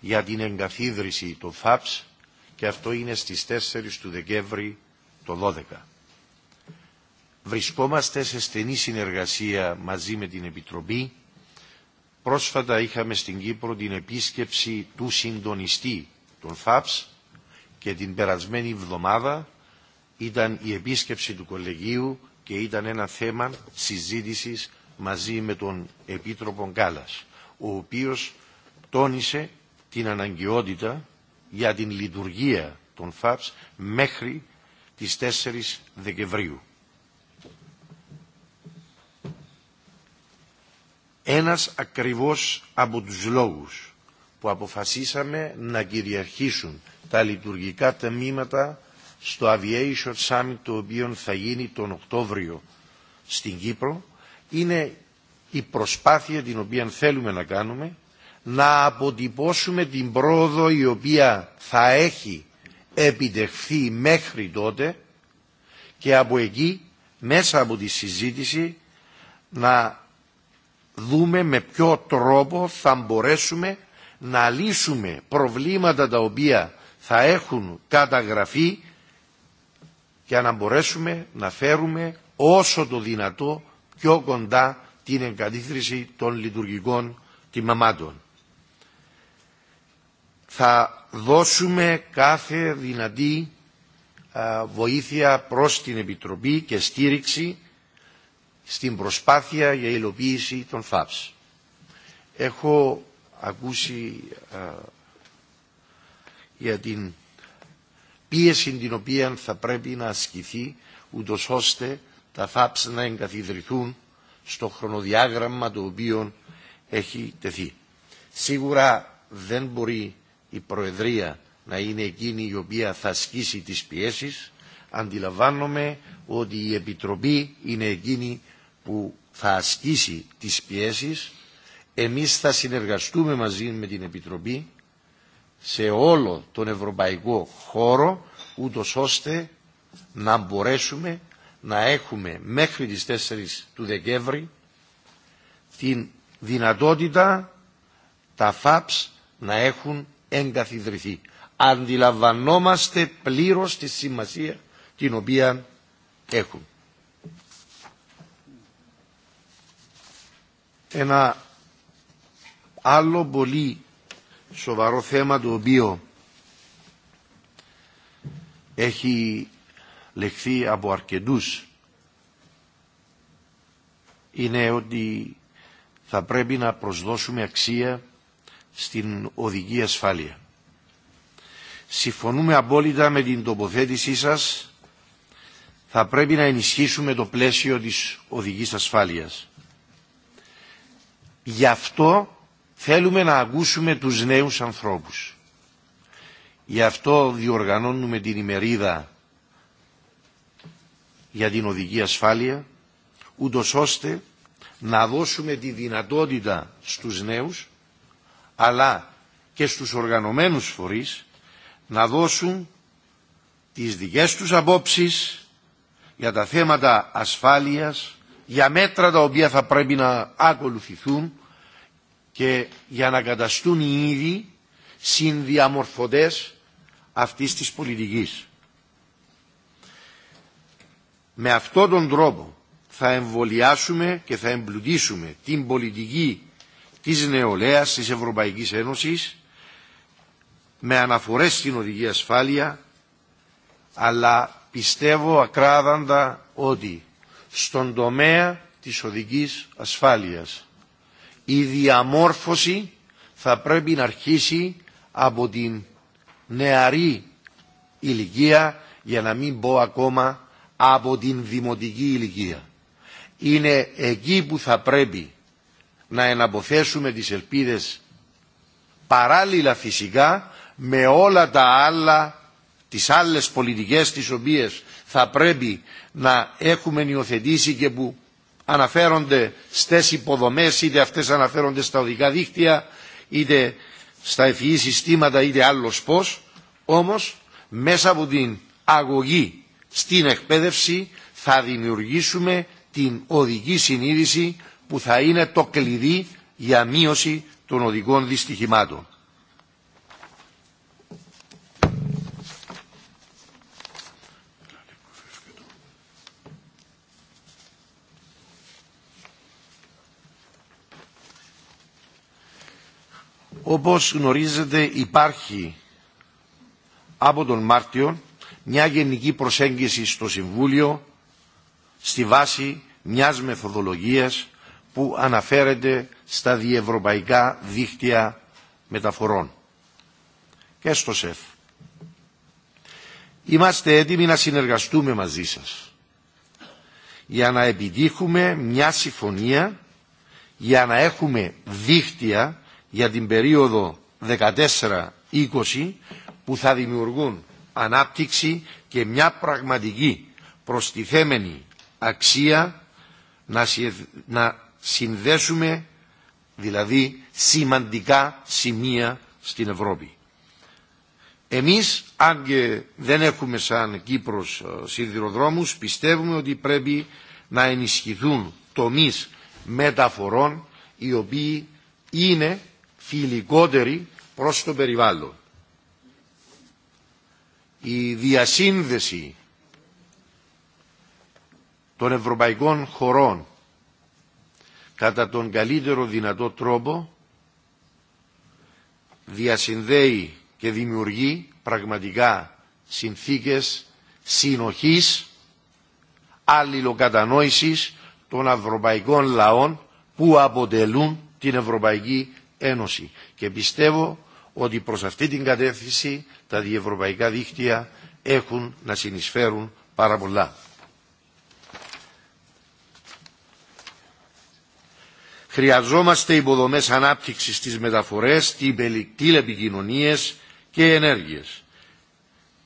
για την εγκαθίδρυση των ΦΑΠΣ και αυτό είναι στις 4 του Δεκέμβρη το 12. Βρισκόμαστε σε στενή συνεργασία μαζί με την Επιτροπή. Πρόσφατα είχαμε στην Κύπρο την επίσκεψη του συντονιστή των ΦΑΠΣ και την περασμένη εβδομάδα ήταν η επίσκεψη του κολεγίου και ήταν ένα θέμα συζήτησης μαζί με τον Επίτροπο Κάλλας, ο οποίος τόνισε την αναγκαιότητα για την λειτουργία των ΦΑΠΣ μέχρι τις 4 Δεκεμβρίου. Ένας ακριβώς από τους λόγους που αποφασίσαμε να κυριαρχήσουν τα λειτουργικά τμήματα στο Aviation Summit το οποίο θα γίνει τον Οκτώβριο στην Κύπρο είναι η προσπάθεια την οποία θέλουμε να κάνουμε να αποτυπώσουμε την πρόοδο η οποία θα έχει επιτευχθεί μέχρι τότε και από εκεί μέσα από τη συζήτηση να δούμε με ποιο τρόπο θα μπορέσουμε να λύσουμε προβλήματα τα οποία θα έχουν καταγραφεί για να μπορέσουμε να φέρουμε όσο το δυνατό πιο κοντά την εγκατήθρηση των λειτουργικών τιμαμάτων. Θα δώσουμε κάθε δυνατή βοήθεια προς την Επιτροπή και στήριξη στην προσπάθεια για υλοποίηση των ΦΑΠΣ. Έχω ακούσει ε, για την πίεση την οποία θα πρέπει να ασκηθεί ούτω ώστε τα ΦΑΠΣ να εγκαθιδρυθούν στο χρονοδιάγραμμα το οποίο έχει τεθεί. Σίγουρα δεν μπορεί η Προεδρία να είναι εκείνη η οποία θα ασκήσει τις πιέσεις. Αντιλαμβάνομαι ότι η Επιτροπή είναι εκείνη που θα ασκήσει τις πιέσεις. Εμείς θα συνεργαστούμε μαζί με την Επιτροπή σε όλο τον ευρωπαϊκό χώρο ούτω ώστε να μπορέσουμε να έχουμε μέχρι τις 4 του Δεκέμβρη την δυνατότητα τα ΦΑΠΣ να έχουν εγκαθιδρυθεί. Αντιλαμβανόμαστε πλήρως τη σημασία την οποία έχουν. Ένα άλλο πολύ σοβαρό θέμα το οποίο έχει λεχθεί από αρκετούς είναι ότι θα πρέπει να προσδώσουμε αξία στην οδική ασφάλεια. Συμφωνούμε απόλυτα με την τοποθέτησή σας θα πρέπει να ενισχύσουμε το πλαίσιο της οδικής ασφάλειας. Γι' αυτό θέλουμε να ακούσουμε τους νέους ανθρώπους. Γι' αυτό διοργανώνουμε την ημερίδα για την οδική ασφάλεια, ούτω ώστε να δώσουμε τη δυνατότητα στους νέους, αλλά και στους οργανωμένους φορείς, να δώσουν τις δικές τους απόψεις για τα θέματα ασφάλειας, για μέτρα τα οποία θα πρέπει να ακολουθηθούν και για να καταστούν οι ίδιοι συνδιαμορφωτές αυτής της πολιτικής. Με αυτόν τον τρόπο θα εμβολιάσουμε και θα εμπλουτίσουμε την πολιτική της νεολαίας της Ευρωπαϊκής Ένωσης με αναφορές στην οδική ασφάλεια αλλά πιστεύω ακράδαντα ότι στον τομέα της οδικής ασφάλειας η διαμόρφωση θα πρέπει να αρχίσει από την νεαρή ηλικία, για να μην πω ακόμα από την δημοτική ηλικία. Είναι εκεί που θα πρέπει να εναποθέσουμε τις ελπίδες παράλληλα φυσικά με όλα τα άλλα, τις άλλες πολιτικές τις οποίες θα πρέπει να έχουμε υιοθετήσει και που αναφέρονται στις υποδομές, είτε αυτές αναφέρονται στα οδικά δίκτυα, είτε στα ευφυή e συστήματα, είτε άλλος πώς. Όμως, μέσα από την αγωγή στην εκπαίδευση θα δημιουργήσουμε την οδική συνείδηση που θα είναι το κλειδί για μείωση των οδικών δυστυχημάτων. Όπως γνωρίζετε υπάρχει από τον Μάρτιο μια γενική προσέγγιση στο Συμβούλιο στη βάση μιας μεθοδολογίας που αναφέρεται στα διευρωπαϊκά δίκτυα μεταφορών και στο ΣΕΦ. Είμαστε έτοιμοι να συνεργαστούμε μαζί σας για να επιτύχουμε μια συμφωνία για να έχουμε δίκτυα για την περίοδο 14-20 που θα δημιουργούν ανάπτυξη και μια πραγματική προστιθέμενη αξία να συνδέσουμε δηλαδή σημαντικά σημεία στην Ευρώπη. Εμείς, αν και δεν έχουμε σαν Κύπρος ε, σιδηροδρόμους, πιστεύουμε ότι πρέπει να ενισχυθούν τομείς μεταφορών οι οποίοι είναι φιλικότερη προς το περιβάλλον. Η διασύνδεση των ευρωπαϊκών χωρών κατά τον καλύτερο δυνατό τρόπο διασυνδέει και δημιουργεί πραγματικά συνθήκες συνοχής, αλληλοκατανόησης των ευρωπαϊκών λαών που αποτελούν την ευρωπαϊκή Ένωση και πιστεύω ότι προς αυτή την κατεύθυνση τα διευρωπαϊκά δίκτυα έχουν να συνεισφέρουν πάρα πολλά. Χρειαζόμαστε υποδομές ανάπτυξης στις μεταφορές, τηλεπικοινωνίες και ενέργειες.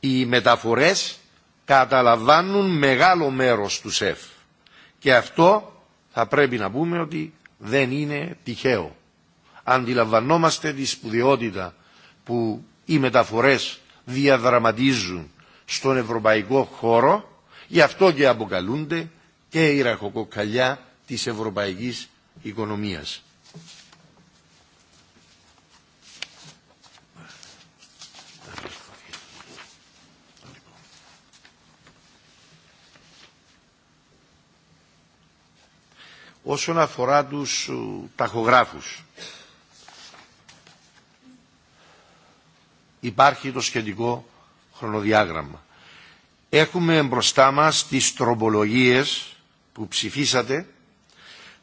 Οι μεταφορές καταλαμβάνουν μεγάλο μέρος του ΣΕΦ και αυτό θα πρέπει να πούμε ότι δεν είναι τυχαίο αντιλαμβανόμαστε τη σπουδαιότητα που οι μεταφορές διαδραματίζουν στον ευρωπαϊκό χώρο, γι' αυτό και αποκαλούνται και η ραχοκοκαλιά της ευρωπαϊκής οικονομίας. Όσον αφορά τους ταχογράφους, υπάρχει το σχετικό χρονοδιάγραμμα. Έχουμε μπροστά μας τις τρομπολογίες που ψηφίσατε.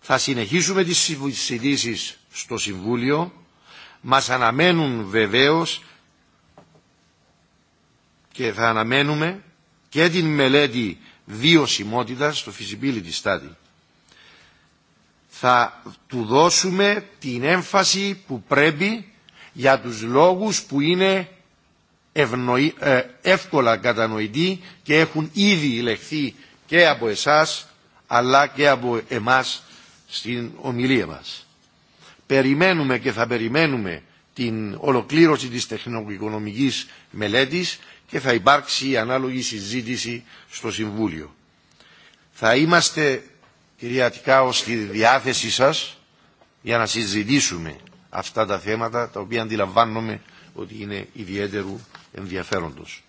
Θα συνεχίσουμε τις συζητήσει στο Συμβούλιο. Μας αναμένουν βεβαίως και θα αναμένουμε και την μελέτη βιωσιμότητας, το feasibility study. Θα του δώσουμε την έμφαση που πρέπει για τους λόγους που είναι ε, εύκολα κατανοητοί και έχουν ήδη ηλεχθεί και από εσάς αλλά και από εμάς στην ομιλία μας. Περιμένουμε και θα περιμένουμε την ολοκλήρωση της τεχνοοικονομικής μελέτης και θα υπάρξει ανάλογη συζήτηση στο Συμβούλιο. Θα είμαστε, κυρία Τικάο, στη διάθεσή σας για να συζητήσουμε αυτά τα θέματα τα οποία αντιλαμβάνομαι ότι είναι ιδιαίτερου ενδιαφέροντος.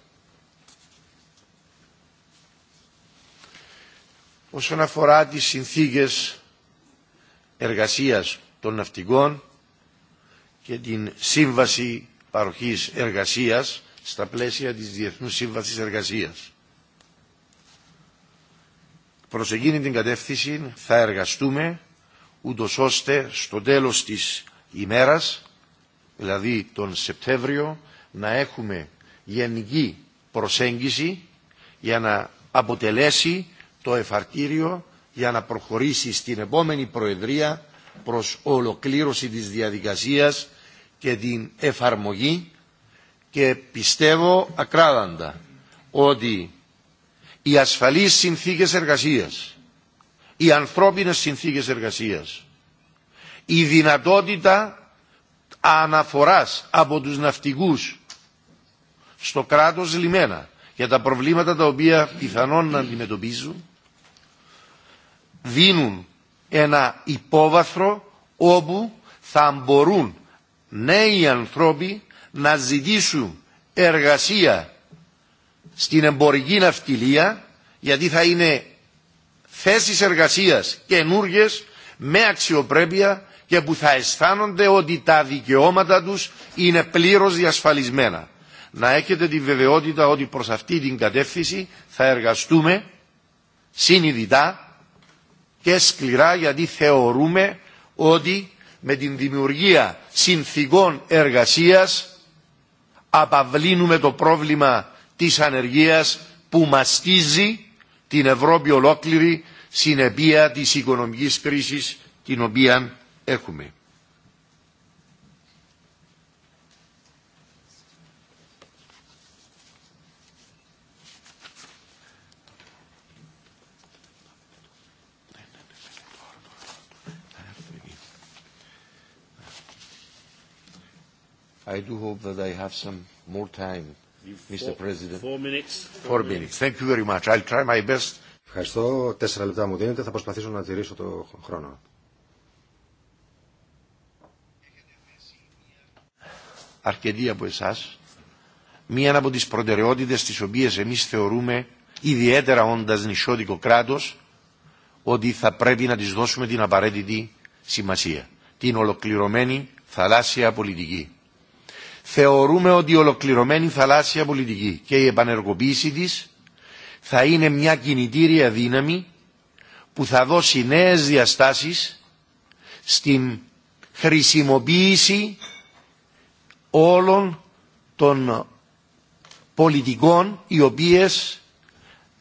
Όσον αφορά τις συνθήκες εργασίας των ναυτικών και την σύμβαση παροχής εργασίας στα πλαίσια της Διεθνούς Σύμβασης Εργασίας. Προς εκείνη την κατεύθυνση θα εργαστούμε ούτως ώστε στο τέλος της ημέρας, δηλαδή τον Σεπτέμβριο, να έχουμε γενική προσέγγιση για να αποτελέσει το εφαρτήριο για να προχωρήσει στην επόμενη Προεδρία προς ολοκλήρωση της διαδικασίας και την εφαρμογή και πιστεύω ακράδαντα ότι οι ασφαλείς συνθήκες εργασίας, οι ανθρώπινες συνθήκες εργασίας, η δυνατότητα αναφοράς από τους ναυτικούς στο κράτος λιμένα για τα προβλήματα τα οποία πιθανόν να αντιμετωπίζουν δίνουν ένα υπόβαθρο όπου θα μπορούν νέοι ανθρώποι να ζητήσουν εργασία στην εμπορική ναυτιλία γιατί θα είναι θέσεις εργασίας καινούργιες με αξιοπρέπεια και που θα αισθάνονται ότι τα δικαιώματα τους είναι πλήρως διασφαλισμένα. Να έχετε τη βεβαιότητα ότι προς αυτή την κατεύθυνση θα εργαστούμε συνειδητά και σκληρά γιατί θεωρούμε ότι με την δημιουργία συνθήκων εργασίας απαυλύνουμε το πρόβλημα της ανεργίας που μαστίζει την Ευρώπη ολόκληρη συνεπία της οικονομικής κρίσης την οποία έχουμε. I do hope that I have some more time, Mr. President. Four minutes. Four minutes. Thank you very much. I'll try my best. Ευχαριστώ. Τέσσερα λεπτά μου δίνετε. Θα προσπαθήσω να τηρήσω το χρόνο. αρκετοί από εσά, μία από τις προτεραιότητες τις οποίες εμείς θεωρούμε ιδιαίτερα όντας νησιώτικο κράτος ότι θα πρέπει να της δώσουμε την απαραίτητη σημασία. Την ολοκληρωμένη θαλάσσια πολιτική. Θεωρούμε ότι η ολοκληρωμένη θαλάσσια πολιτική και η επανεργοποίηση της θα είναι μια κινητήρια δύναμη που θα δώσει νέες διαστάσεις στην χρησιμοποίηση όλων των πολιτικών οι οποίες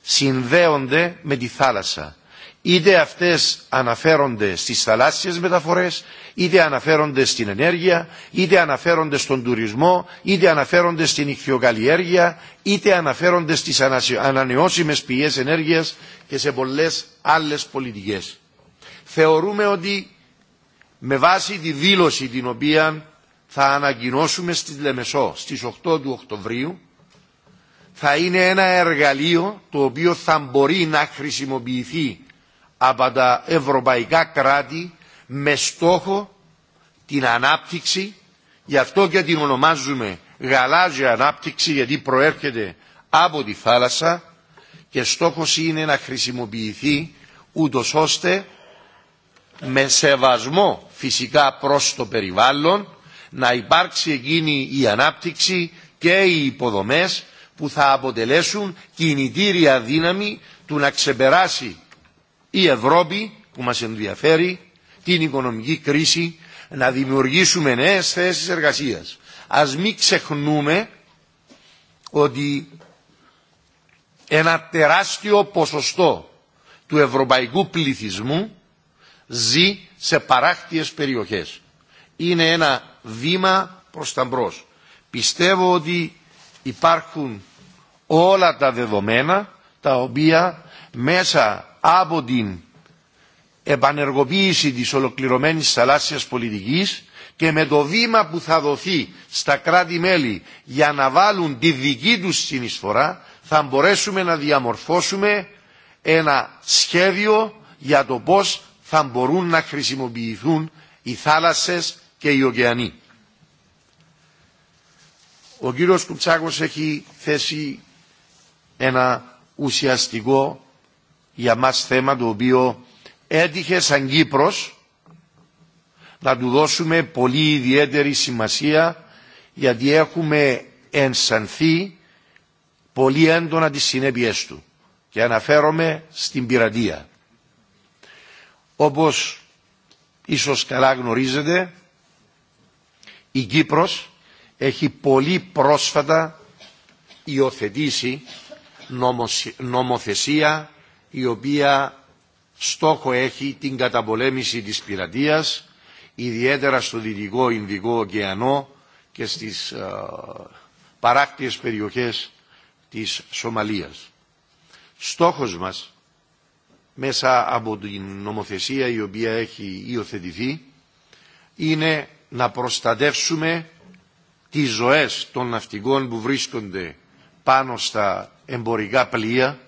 συνδέονται με τη θάλασσα. Είτε αυτές αναφέρονται στις θαλάσσιες μεταφορές, είτε αναφέρονται στην ενέργεια, είτε αναφέρονται στον τουρισμό, είτε αναφέρονται στην ηχθειοκαλλιέργεια, είτε αναφέρονται στις ανανεώσιμες πηγές ενέργειας και σε πολλές άλλες πολιτικές. Θεωρούμε ότι με βάση τη δήλωση την οποία θα ανακοινώσουμε στη Λεμεσό στις 8 του Οκτωβρίου θα είναι ένα εργαλείο το οποίο θα μπορεί να χρησιμοποιηθεί από τα ευρωπαϊκά κράτη με στόχο την ανάπτυξη γι' αυτό και την ονομάζουμε γαλάζια ανάπτυξη γιατί προέρχεται από τη θάλασσα και στόχος είναι να χρησιμοποιηθεί ούτω ώστε με σεβασμό φυσικά προς το περιβάλλον να υπάρξει εκείνη η ανάπτυξη και οι υποδομές που θα αποτελέσουν κινητήρια δύναμη του να ξεπεράσει η Ευρώπη που μας ενδιαφέρει την οικονομική κρίση να δημιουργήσουμε νέες θέσεις εργασίας. Ας μην ξεχνούμε ότι ένα τεράστιο ποσοστό του ευρωπαϊκού πληθυσμού ζει σε παράκτιες περιοχές. Είναι ένα βήμα προς τα μπρος. Πιστεύω ότι υπάρχουν όλα τα δεδομένα τα οποία μέσα από την επανεργοποίηση της ολοκληρωμένης θαλάσσιας πολιτικής και με το βήμα που θα δοθεί στα κράτη-μέλη για να βάλουν τη δική τους συνεισφορά θα μπορέσουμε να διαμορφώσουμε ένα σχέδιο για το πώς θα μπορούν να χρησιμοποιηθούν οι θάλασσες και οι ωκεανοί. Ο κύριος Κουτσάκος έχει θέσει ένα ουσιαστικό για μας θέμα το οποίο έτυχε σαν Κύπρος να του δώσουμε πολύ ιδιαίτερη σημασία γιατί έχουμε ενσανθεί πολύ έντονα τις συνέπειες του και αναφέρομαι στην πειρατεία. Όπως ίσως καλά γνωρίζετε η Κύπρος έχει πολύ πρόσφατα υιοθετήσει νομοθεσία η οποία στόχο έχει την καταπολέμηση της πειρατείας ιδιαίτερα στο Δυτικό Ινδικό Ωκεανό και στις ε, παράκτιες περιοχές της Σομαλίας. Στόχος μας μέσα από την νομοθεσία η οποία έχει υιοθετηθεί είναι να προστατεύσουμε τις ζωές των ναυτικών που βρίσκονται πάνω στα εμπορικά πλοία,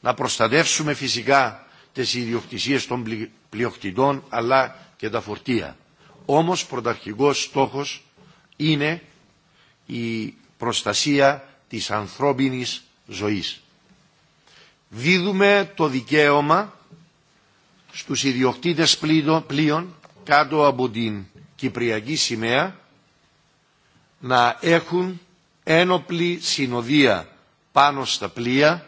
να προστατεύσουμε φυσικά τις ιδιοκτησίες των πλειοκτητών αλλά και τα φορτία. Όμως πρωταρχικός στόχος είναι η προστασία της ανθρώπινης ζωής. Δίδουμε το δικαίωμα στους ιδιοκτήτες πλοίων κάτω από την Κυπριακή σημαία να έχουν ένοπλη συνοδεία πάνω στα πλοία,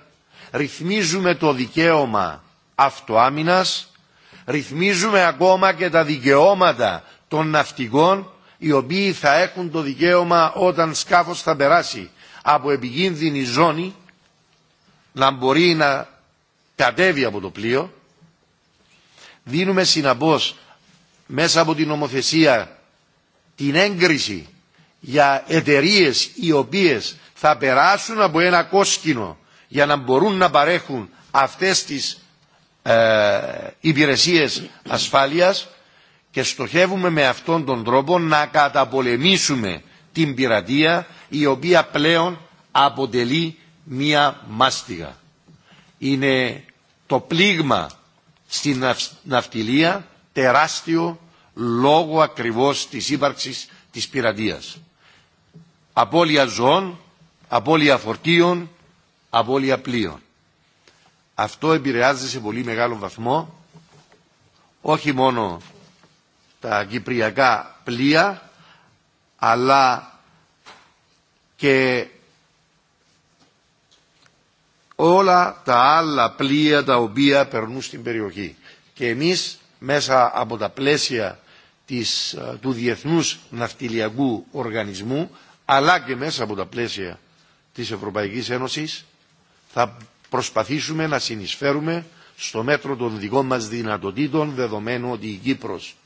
ρυθμίζουμε το δικαίωμα αυτοάμυνας, ρυθμίζουμε ακόμα και τα δικαιώματα των ναυτικών οι οποίοι θα έχουν το δικαίωμα όταν σκάφος θα περάσει από επικίνδυνη ζώνη να μπορεί να κατέβει από το πλοίο. Δίνουμε συναμπός μέσα από την νομοθεσία την έγκριση για εταιρείε οι οποίες θα περάσουν από ένα κόσκινο για να μπορούν να παρέχουν αυτές τις ε, υπηρεσίες ασφάλειας και στοχεύουμε με αυτόν τον τρόπο να καταπολεμήσουμε την πειρατεία η οποία πλέον αποτελεί μία μάστιγα. Είναι το πλήγμα στην ναυτιλία τεράστιο λόγω ακριβώς της ύπαρξης της πειρατείας. Απόλυα ζώων, απόλυα φορτίων, απόλυα πλοίων. Αυτό επηρεάζει σε πολύ μεγάλο βαθμό όχι μόνο τα κυπριακά πλοία αλλά και όλα τα άλλα πλοία τα οποία περνούν στην περιοχή. Και εμείς μέσα από τα πλαίσια της, ε, του Διεθνούς Ναυτιλιακού Οργανισμού αλλά και μέσα από τα πλαίσια της Ευρωπαϊκής Ένωσης θα προσπαθήσουμε να συνεισφέρουμε στο μέτρο των δικών μας δυνατοτήτων δεδομένου ότι η Κύπρος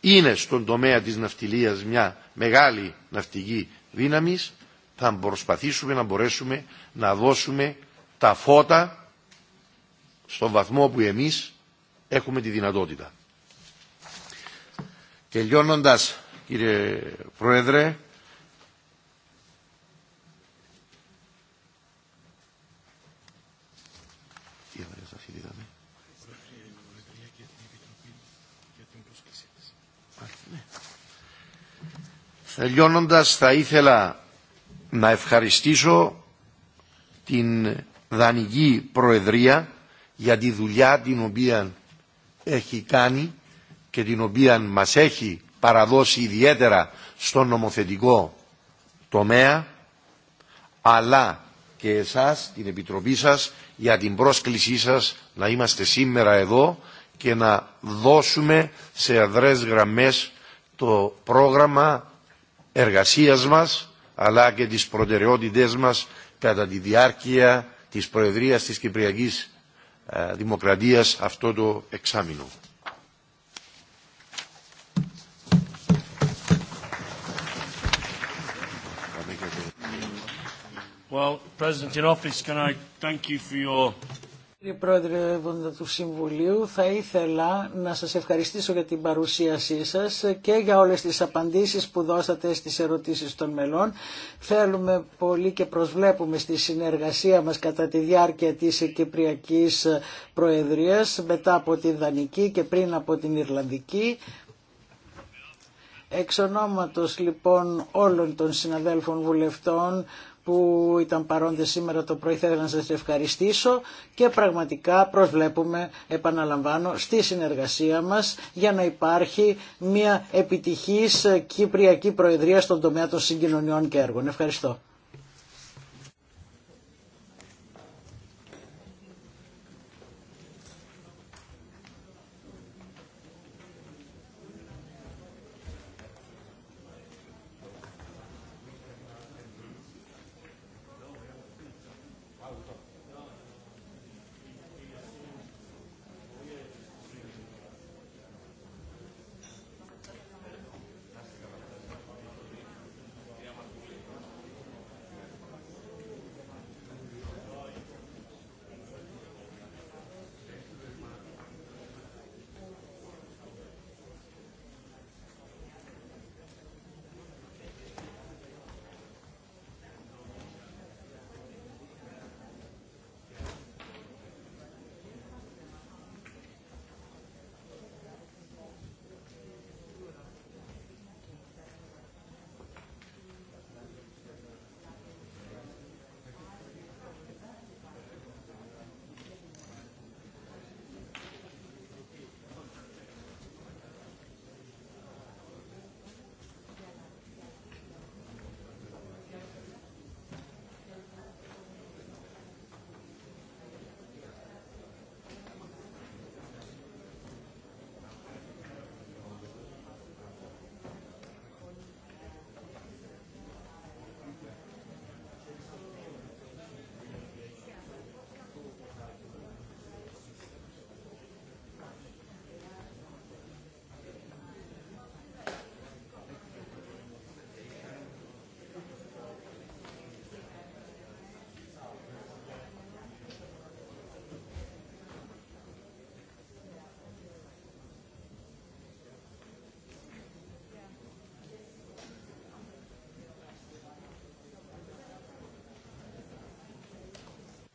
είναι στον τομέα της ναυτιλίας μια μεγάλη ναυτική δύναμη θα προσπαθήσουμε να μπορέσουμε να δώσουμε τα φώτα στον βαθμό που εμείς έχουμε τη δυνατότητα. Τελειώνοντας, κύριε Πρόεδρε, ναι. Τελειώνοντας θα ήθελα να ευχαριστήσω την Δανική Προεδρία για τη δουλειά την οποία έχει κάνει και την οποία μας έχει παραδώσει ιδιαίτερα στο νομοθετικό τομέα αλλά και εσάς, την Επιτροπή σας για την πρόσκλησή σας να είμαστε σήμερα εδώ και να δώσουμε σε αδρές γραμμές το πρόγραμμα εργασίας μας αλλά και τις προτεραιότητές μας κατά τη διάρκεια της Προεδρίας της Κυπριακής δημοκρατίας αυτό το εξάμεινο. Well, President office, can I thank you for your Κύριε Πρόεδρε του Συμβουλίου, θα ήθελα να σας ευχαριστήσω για την παρουσίασή σας και για όλες τις απαντήσεις που δώσατε στις ερωτήσεις των μελών. Θέλουμε πολύ και προσβλέπουμε στη συνεργασία μας κατά τη διάρκεια της Κυπριακής Προεδρίας, μετά από την Δανική και πριν από την Ιρλανδική. Εξ ονόματος, λοιπόν όλων των συναδέλφων βουλευτών που ήταν παρόντες σήμερα το πρωί θέλω να σας ευχαριστήσω και πραγματικά προσβλέπουμε, επαναλαμβάνω, στη συνεργασία μας για να υπάρχει μια επιτυχής Κυπριακή Προεδρία στον τομέα των συγκοινωνιών και έργων. Ευχαριστώ.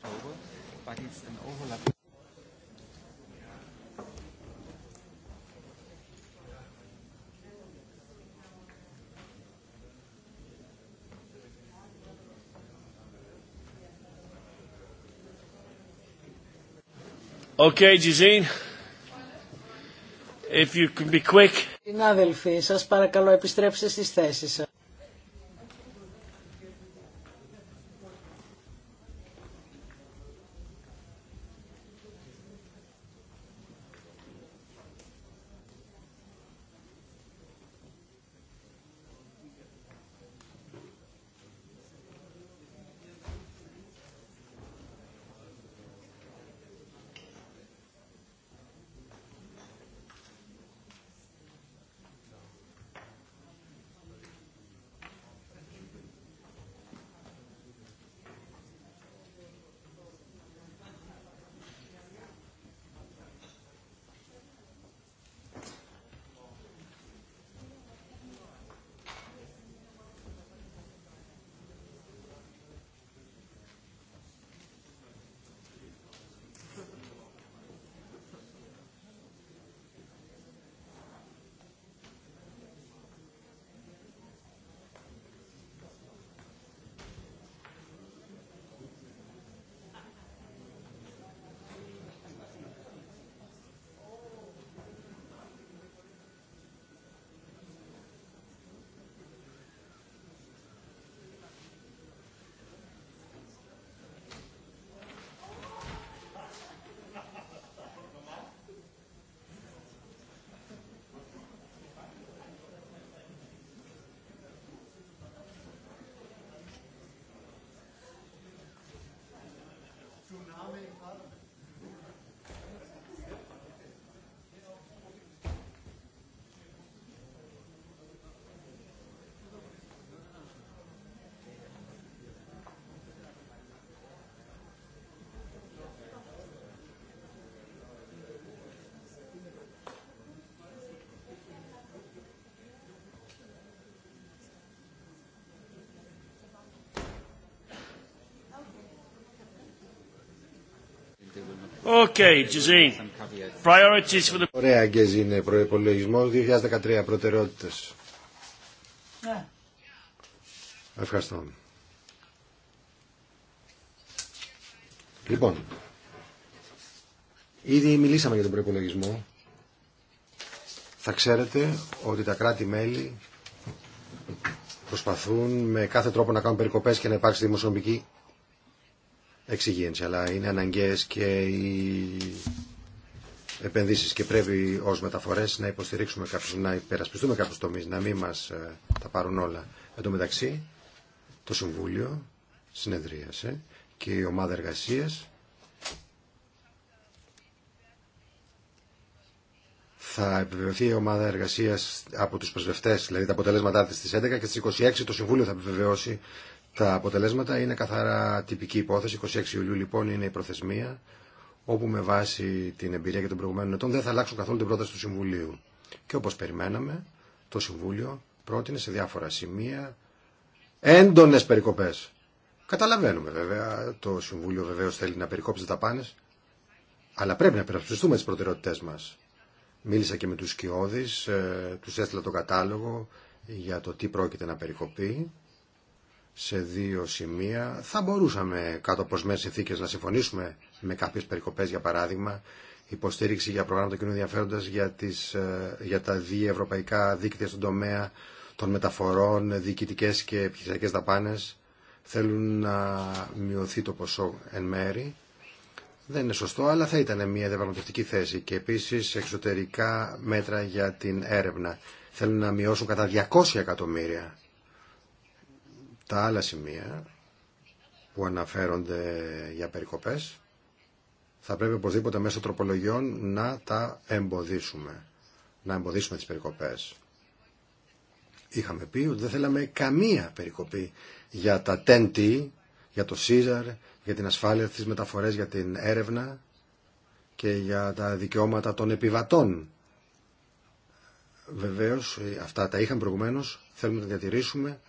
October, but it's an overlap. Okay, Gizine. If you can be quick. Συνάδελφοι, σας παρακαλώ επιστρέψτε στις θέσεις σας. Ωραία, Γκεζίνε. είναι προπολογισμό 2013, προτεραιότητε. Ναι. Ευχαριστώ. Λοιπόν, ήδη μιλήσαμε για τον προπολογισμό. Θα ξέρετε ότι τα κράτη-μέλη προσπαθούν με κάθε τρόπο να κάνουν περικοπές και να υπάρξει δημοσιονομική εξυγίανση, αλλά είναι αναγκαίες και οι επενδύσεις και πρέπει ως μεταφορές να υποστηρίξουμε κάποιους, να υπερασπιστούμε κάποιους τομείς, να μην μας ε, τα πάρουν όλα. Εν τω μεταξύ, το Συμβούλιο συνεδρίασε και η ομάδα εργασίας θα επιβεβαιωθεί η ομάδα εργασία από του προσβευτέ, δηλαδή τα αποτελέσματά τη στι 11 και στι 26 το Συμβούλιο θα επιβεβαιώσει τα αποτελέσματα είναι καθαρά τυπική υπόθεση. 26 Ιουλίου λοιπόν είναι η προθεσμία, όπου με βάση την εμπειρία και των προηγουμένων ετών δεν θα αλλάξουν καθόλου την πρόταση του Συμβουλίου. Και όπω περιμέναμε, το Συμβούλιο πρότεινε σε διάφορα σημεία έντονε περικοπέ. Καταλαβαίνουμε βέβαια, το Συμβούλιο βεβαίω θέλει να περικόψει τα πάνε, αλλά πρέπει να περασπιστούμε τι προτεραιότητέ μα. Μίλησα και με τους Σκιώδη, ε, του έστειλα το κατάλογο για το τι πρόκειται να περικοπεί σε δύο σημεία. Θα μπορούσαμε κάτω από μέρε συνθήκε να συμφωνήσουμε με κάποιε περικοπέ, για παράδειγμα, υποστήριξη για προγράμματα κοινού ενδιαφέροντα για, τις, ε, για τα διευρωπαϊκά δίκτυα στον τομέα των μεταφορών, διοικητικέ και επιχειρησιακέ δαπάνε. Θέλουν να μειωθεί το ποσό εν μέρη. Δεν είναι σωστό, αλλά θα ήταν μια διαπραγματευτική θέση. Και επίση εξωτερικά μέτρα για την έρευνα. Θέλουν να μειώσουν κατά 200 εκατομμύρια τα άλλα σημεία που αναφέρονται για περικοπές θα πρέπει οπωσδήποτε μέσω τροπολογιών να τα εμποδίσουμε. Να εμποδίσουμε τις περικοπές. Είχαμε πει ότι δεν θέλαμε καμία περικοπή για τα TNT, για το Caesar, για την ασφάλεια της μεταφορές, για την έρευνα και για τα δικαιώματα των επιβατών. Βεβαίως, αυτά τα είχαμε προηγουμένως, θέλουμε να διατηρήσουμε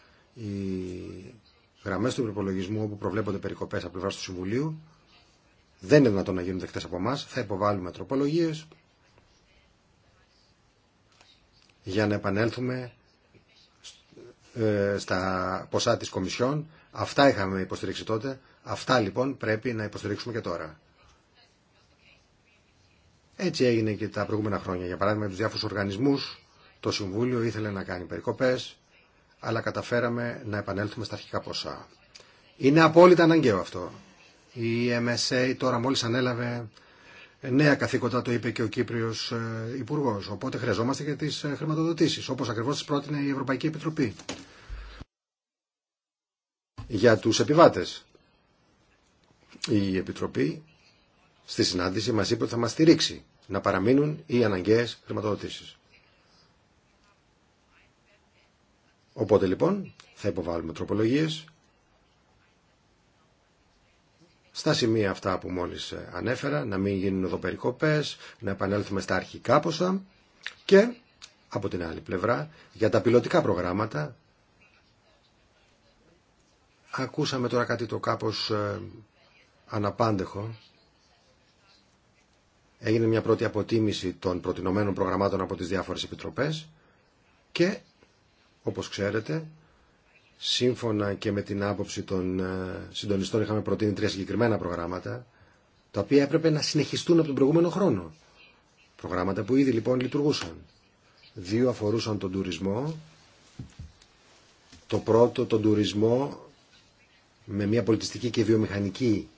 οι γραμμές του προπολογισμού όπου προβλέπονται περικοπές από πλευρά του Συμβουλίου δεν είναι δυνατόν να γίνουν δεκτές από εμά. Θα υποβάλουμε τροπολογίε για να επανέλθουμε ε, στα ποσά της Κομισιόν. Αυτά είχαμε υποστηρίξει τότε. Αυτά λοιπόν πρέπει να υποστηρίξουμε και τώρα. Έτσι έγινε και τα προηγούμενα χρόνια. Για παράδειγμα, για τους διάφορους οργανισμούς, το Συμβούλιο ήθελε να κάνει περικοπές αλλά καταφέραμε να επανέλθουμε στα αρχικά ποσά. Είναι απόλυτα αναγκαίο αυτό. Η MSA τώρα μόλις ανέλαβε ε, νέα καθήκοντα, το είπε και ο Κύπριος ε, υπουργό. Οπότε χρειαζόμαστε και τις ε, χρηματοδοτήσεις, όπως ακριβώς τις πρότεινε η Ευρωπαϊκή Επιτροπή. Για τους επιβάτες. Η Επιτροπή στη συνάντηση μας είπε ότι θα μας στηρίξει να παραμείνουν οι αναγκαίες χρηματοδοτήσεις. Οπότε λοιπόν θα υποβάλουμε τροπολογίες στα σημεία αυτά που μόλις ε, ανέφερα, να μην γίνουν εδώ περικοπές, να επανέλθουμε στα αρχικά ποσά και από την άλλη πλευρά για τα πιλωτικά προγράμματα ακούσαμε τώρα κάτι το κάπως ε, αναπάντεχο έγινε μια πρώτη αποτίμηση των προτινομένων προγραμμάτων από τις διάφορες επιτροπές και όπως ξέρετε, σύμφωνα και με την άποψη των ε, συντονιστών είχαμε προτείνει τρία συγκεκριμένα προγράμματα, τα οποία έπρεπε να συνεχιστούν από τον προηγούμενο χρόνο. Προγράμματα που ήδη λοιπόν λειτουργούσαν. Δύο αφορούσαν τον τουρισμό. Το πρώτο τον τουρισμό με μια πολιτιστική και βιομηχανική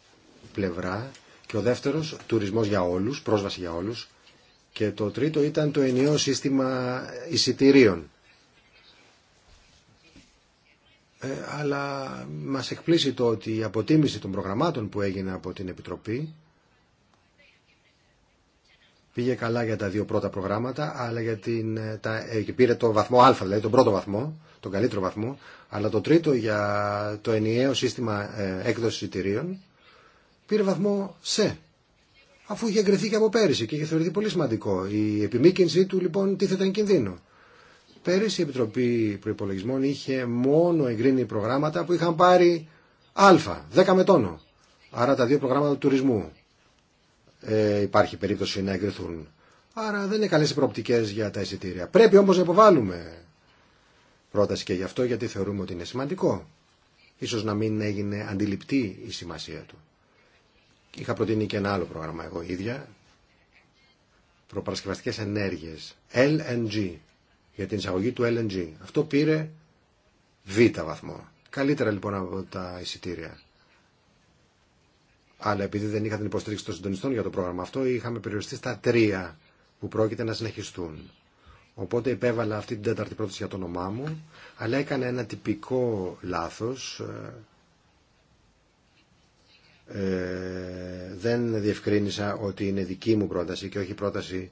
πλευρά και ο δεύτερος τουρισμός για όλους, πρόσβαση για όλους και το τρίτο ήταν το ενιαίο σύστημα εισιτηρίων Ε, αλλά μας εκπλήσει το ότι η αποτίμηση των προγραμμάτων που έγινε από την Επιτροπή πήγε καλά για τα δύο πρώτα προγράμματα, αλλά για την, ε, τα, ε, πήρε το βαθμό α, δηλαδή τον πρώτο βαθμό, τον καλύτερο βαθμό, αλλά το τρίτο για το ενιαίο σύστημα ε, έκδοση εισιτηρίων πήρε βαθμό Σ, αφού είχε εγκριθεί και από πέρυσι και είχε θεωρηθεί πολύ σημαντικό. Η επιμήκυνσή του λοιπόν τίθεται εν κινδύνο. Πέρυσι η Επιτροπή Προπολογισμών είχε μόνο εγκρίνει προγράμματα που είχαν πάρει Α, 10 με τόνο. Άρα τα δύο προγράμματα του τουρισμού ε, υπάρχει περίπτωση να εγκριθούν. Άρα δεν είναι καλέ οι προοπτικέ για τα εισιτήρια. Πρέπει όμω να υποβάλουμε πρόταση και γι' αυτό γιατί θεωρούμε ότι είναι σημαντικό. Ίσως να μην έγινε αντιληπτή η σημασία του. Είχα προτείνει και ένα άλλο πρόγραμμα εγώ ίδια. Προπαρασκευαστικές ενέργειες. LNG για την εισαγωγή του LNG. Αυτό πήρε β βαθμό. Καλύτερα λοιπόν από τα εισιτήρια. Αλλά επειδή δεν είχα την υποστήριξη των συντονιστών για το πρόγραμμα αυτό, είχαμε περιοριστεί στα τρία που πρόκειται να συνεχιστούν. Οπότε υπέβαλα αυτή την τέταρτη πρόταση για το όνομά μου, αλλά έκανε ένα τυπικό λάθος. Ε, ε δεν διευκρίνησα ότι είναι δική μου πρόταση και όχι πρόταση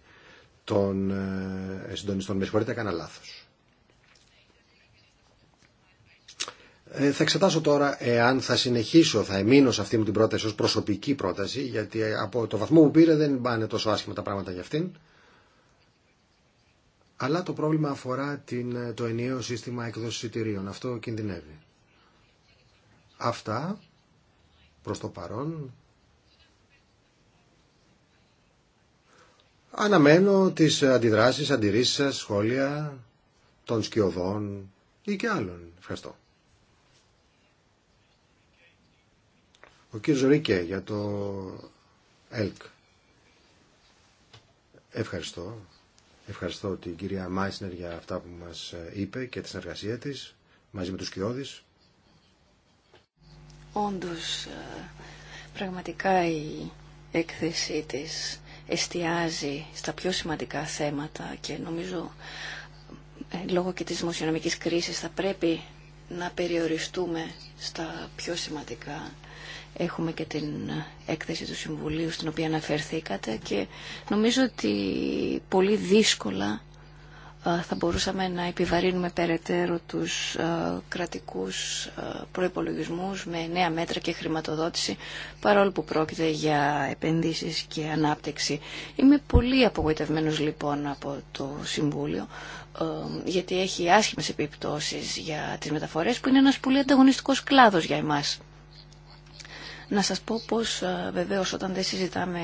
των ε, συντονιστών. Με συγχωρείτε, έκανα λάθος. Ε, θα εξετάσω τώρα εάν θα συνεχίσω, θα εμείνω σε αυτή μου την πρόταση ως προσωπική πρόταση, γιατί ε, από το βαθμό που πήρε δεν πάνε τόσο άσχημα τα πράγματα για αυτήν. Αλλά το πρόβλημα αφορά την, το ενιαίο σύστημα εκδοση εισιτηρίων. Αυτό κινδυνεύει. Αυτά προς το παρόν Αναμένω τις αντιδράσεις, αντιρρήσεις σας, σχόλια των σκιωδών ή και άλλων. Ευχαριστώ. Ο κύριος Ρίκε για το ΕΛΚ. Ευχαριστώ. Ευχαριστώ την κυρία Μάισνερ για αυτά που μας είπε και τη συνεργασία της μαζί με τους Κιώδης. Όντως, ε, πραγματικά η έκθεσή της εστιάζει στα πιο σημαντικά θέματα και νομίζω ε, λόγω και της δημοσιονομικής κρίσης θα πρέπει να περιοριστούμε στα πιο σημαντικά. Έχουμε και την έκθεση του Συμβουλίου στην οποία αναφερθήκατε και νομίζω ότι πολύ δύσκολα ε, θα μπορούσαμε να επιβαρύνουμε περαιτέρω τους ε, κρατικούς ε, προϋπολογισμούς με νέα μέτρα και χρηματοδότηση παρόλο που πρόκειται για επενδύσεις και ανάπτυξη. Είμαι πολύ απογοητευμένος λοιπόν από το Συμβούλιο γιατί έχει άσχημες επιπτώσεις για τις μεταφορές που είναι ένας πολύ ανταγωνιστικός κλάδος για εμάς. Να σας πω πως ε, βεβαίως όταν δεν συζητάμε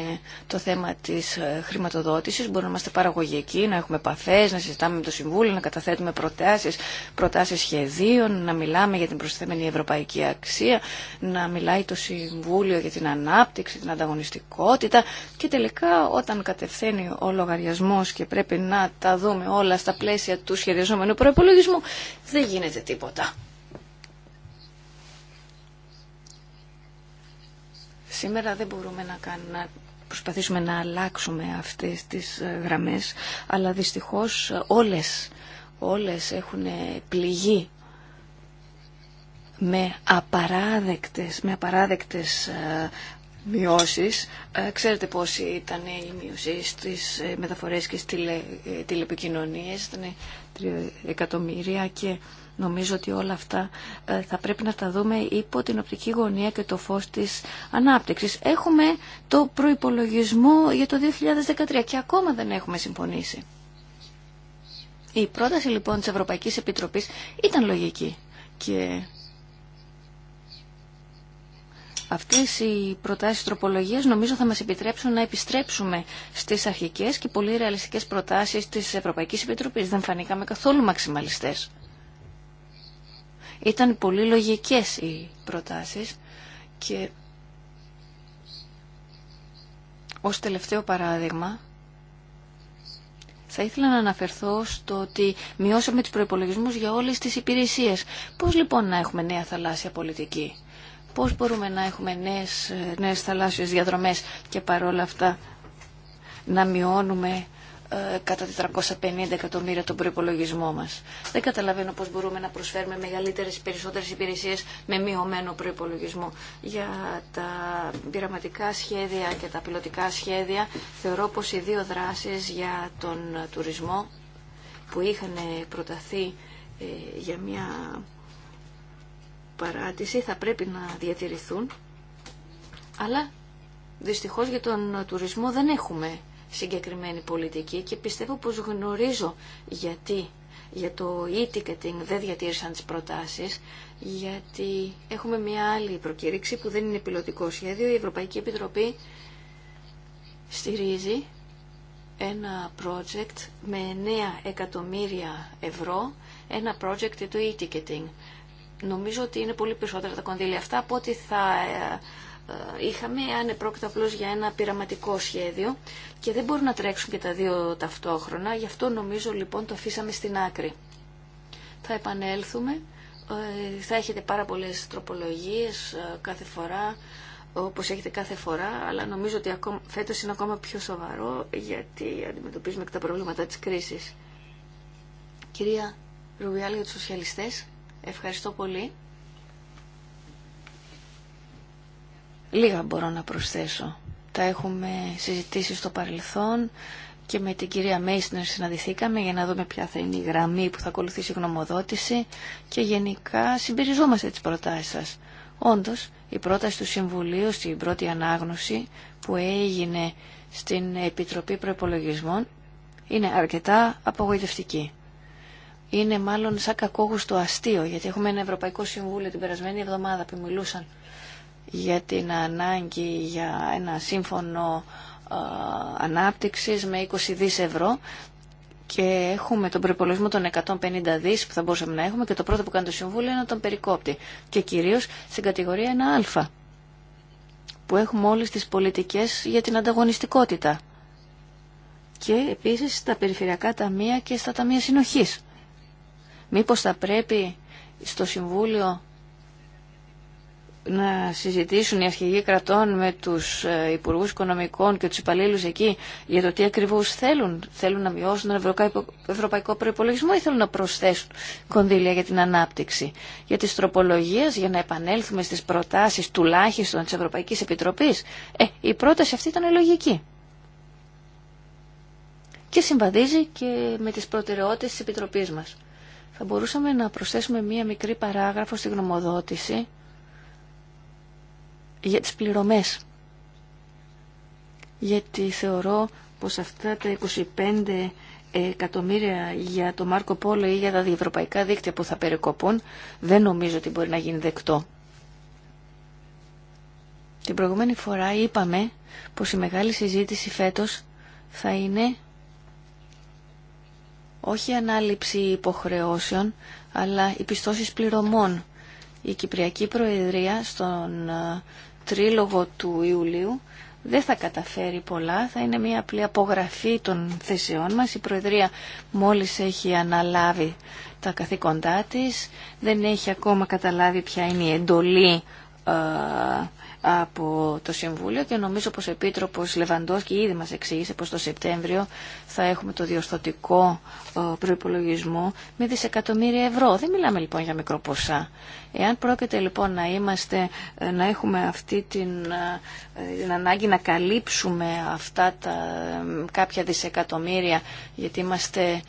το θέμα της ε, χρηματοδότησης μπορούμε να είμαστε παραγωγικοί, να έχουμε παθές, να συζητάμε με το Συμβούλιο, να καταθέτουμε προτάσεις, προτάσεις σχεδίων, να μιλάμε για την προσθέμενη ευρωπαϊκή αξία, να μιλάει το Συμβούλιο για την ανάπτυξη, την ανταγωνιστικότητα και τελικά όταν κατευθύνει ο λογαριασμός και πρέπει να τα δούμε όλα στα πλαίσια του σχεδιαζόμενου προπολογισμού δεν γίνεται τίποτα. Σήμερα δεν μπορούμε να, κάνουμε, να προσπαθήσουμε να αλλάξουμε αυτές τις ε, γραμμές, αλλά δυστυχώς ε, όλες, όλες έχουν ε, πληγεί με απαράδεκτες, με απαράδεκτες μειώσεις. Ξέρετε πόσοι ήταν οι μείωση στις μεταφορές και στις τηλε, τηλεπικοινωνίες, ήταν εκατομμύρια και Νομίζω ότι όλα αυτά ε, θα πρέπει να τα δούμε υπό την οπτική γωνία και το φως της ανάπτυξης. Έχουμε το προϋπολογισμό για το 2013 και ακόμα δεν έχουμε συμφωνήσει. Η πρόταση λοιπόν της Ευρωπαϊκής Επιτροπής ήταν λογική και αυτές οι προτάσεις τροπολογίας νομίζω θα μας επιτρέψουν να επιστρέψουμε στις αρχικές και πολύ ρεαλιστικές προτάσεις της Ευρωπαϊκής Επιτροπής. Δεν φανήκαμε καθόλου μαξιμαλιστές. Ήταν πολύ λογικές οι προτάσεις και ως τελευταίο παράδειγμα θα ήθελα να αναφερθώ στο ότι μειώσαμε τους προϋπολογισμούς για όλες τις υπηρεσίες. Πώς λοιπόν να έχουμε νέα θαλάσσια πολιτική. Πώς μπορούμε να έχουμε νέες, νέες θαλάσσιες διαδρομές και παρόλα αυτά να μειώνουμε ε, κατά 450 εκατομμύρια τον προπολογισμό μας. Δεν καταλαβαίνω πώς μπορούμε να προσφέρουμε μεγαλύτερες ή περισσότερες υπηρεσίες με μειωμένο προπολογισμό. Για τα πειραματικά σχέδια και τα πιλωτικά σχέδια θεωρώ πω οι δύο δράσεις για τον τουρισμό που είχαν προταθεί ε, για μια παράτηση θα πρέπει να διατηρηθούν αλλά δυστυχώς για τον τουρισμό δεν έχουμε συγκεκριμένη πολιτική και πιστεύω πως γνωρίζω γιατί για το e-ticketing δεν διατήρησαν τις προτάσεις γιατί έχουμε μια άλλη προκήρυξη που δεν είναι πιλωτικό σχέδιο. Η Ευρωπαϊκή Επιτροπή στηρίζει ένα project με 9 εκατομμύρια ευρώ, ένα project του e-ticketing. Νομίζω ότι είναι πολύ περισσότερα τα κονδύλια αυτά από ό,τι θα ε, είχαμε αν πρόκειται για ένα πειραματικό σχέδιο και δεν μπορούν να τρέξουν και τα δύο ταυτόχρονα, γι' αυτό νομίζω λοιπόν το αφήσαμε στην άκρη. Θα επανέλθουμε, ε, θα έχετε πάρα πολλές τροπολογίες ε, κάθε φορά, όπως έχετε κάθε φορά, αλλά νομίζω ότι ακόμα, φέτος είναι ακόμα πιο σοβαρό γιατί αντιμετωπίζουμε και τα προβλήματα της κρίσης. Κυρία Ρουβιάλη για τους σοσιαλιστές, ευχαριστώ πολύ. Λίγα μπορώ να προσθέσω. Τα έχουμε συζητήσει στο παρελθόν και με την κυρία Μέισνερ συναντηθήκαμε για να δούμε ποια θα είναι η γραμμή που θα ακολουθήσει η γνωμοδότηση και γενικά συμπεριζόμαστε τις προτάσεις σας. Όντως, η πρόταση του Συμβουλίου στην πρώτη ανάγνωση που έγινε στην Επιτροπή Προπολογισμών είναι αρκετά απογοητευτική. Είναι μάλλον σαν κακόγουστο αστείο, γιατί έχουμε ένα Ευρωπαϊκό Συμβούλιο την περασμένη εβδομάδα που μιλούσαν για την ανάγκη για ένα σύμφωνο ανάπτυξης με 20 δις ευρώ και έχουμε τον προπολογισμό των 150 δις που θα μπορούσαμε να έχουμε και το πρώτο που κάνει το Συμβούλιο είναι να τον περικόπτει και κυρίως στην κατηγορία 1α που έχουμε όλες τις πολιτικές για την ανταγωνιστικότητα και επίσης στα περιφερειακά ταμεία και στα ταμεία συνοχής. Μήπως θα πρέπει στο Συμβούλιο να συζητήσουν οι αρχηγοί κρατών με τους ε, υπουργούς οικονομικών και τους υπαλλήλους εκεί για το τι ακριβώς θέλουν. Θέλουν να μειώσουν τον ευρωπαϊκό προϋπολογισμό ή θέλουν να προσθέσουν κονδύλια για την ανάπτυξη. Για τις τροπολογίες, για να επανέλθουμε στις προτάσεις τουλάχιστον της Ευρωπαϊκής Επιτροπής, ε, η πρόταση αυτή ήταν λογική. Και συμβαδίζει και με τις προτεραιότητες της Επιτροπής μας. Θα μπορούσαμε να προσθέσουμε μία μικρή παράγραφο στη γνωμοδότηση για τις πληρωμές. Γιατί θεωρώ πως αυτά τα 25 εκατομμύρια για το Μάρκο Πόλο ή για τα διευρωπαϊκά δίκτυα που θα περικοπούν δεν νομίζω ότι μπορεί να γίνει δεκτό. Την προηγούμενη φορά είπαμε πως η μεγάλη συζήτηση φέτος θα είναι όχι ανάληψη υποχρεώσεων αλλά οι πιστώσεις πληρωμών. Η Κυπριακή Προεδρία στον τρίλογο του Ιουλίου δεν θα καταφέρει πολλά, θα είναι μια απλή απογραφή των θεσεών μας. Η Προεδρία μόλις έχει αναλάβει τα καθήκοντά της, δεν έχει ακόμα καταλάβει ποια είναι η εντολή ε, από το Συμβούλιο και νομίζω πως ο Επίτροπος Λεβαντός και ήδη μας εξήγησε πως το Σεπτέμβριο θα έχουμε το διορθωτικό προϋπολογισμού με δισεκατομμύρια ευρώ. Δεν μιλάμε λοιπόν για μικρό ποσά. Εάν πρόκειται λοιπόν να, είμαστε, ε, να έχουμε αυτή την, ε, την ανάγκη να καλύψουμε αυτά τα ε, κάποια δισεκατομμύρια γιατί, είμαστε,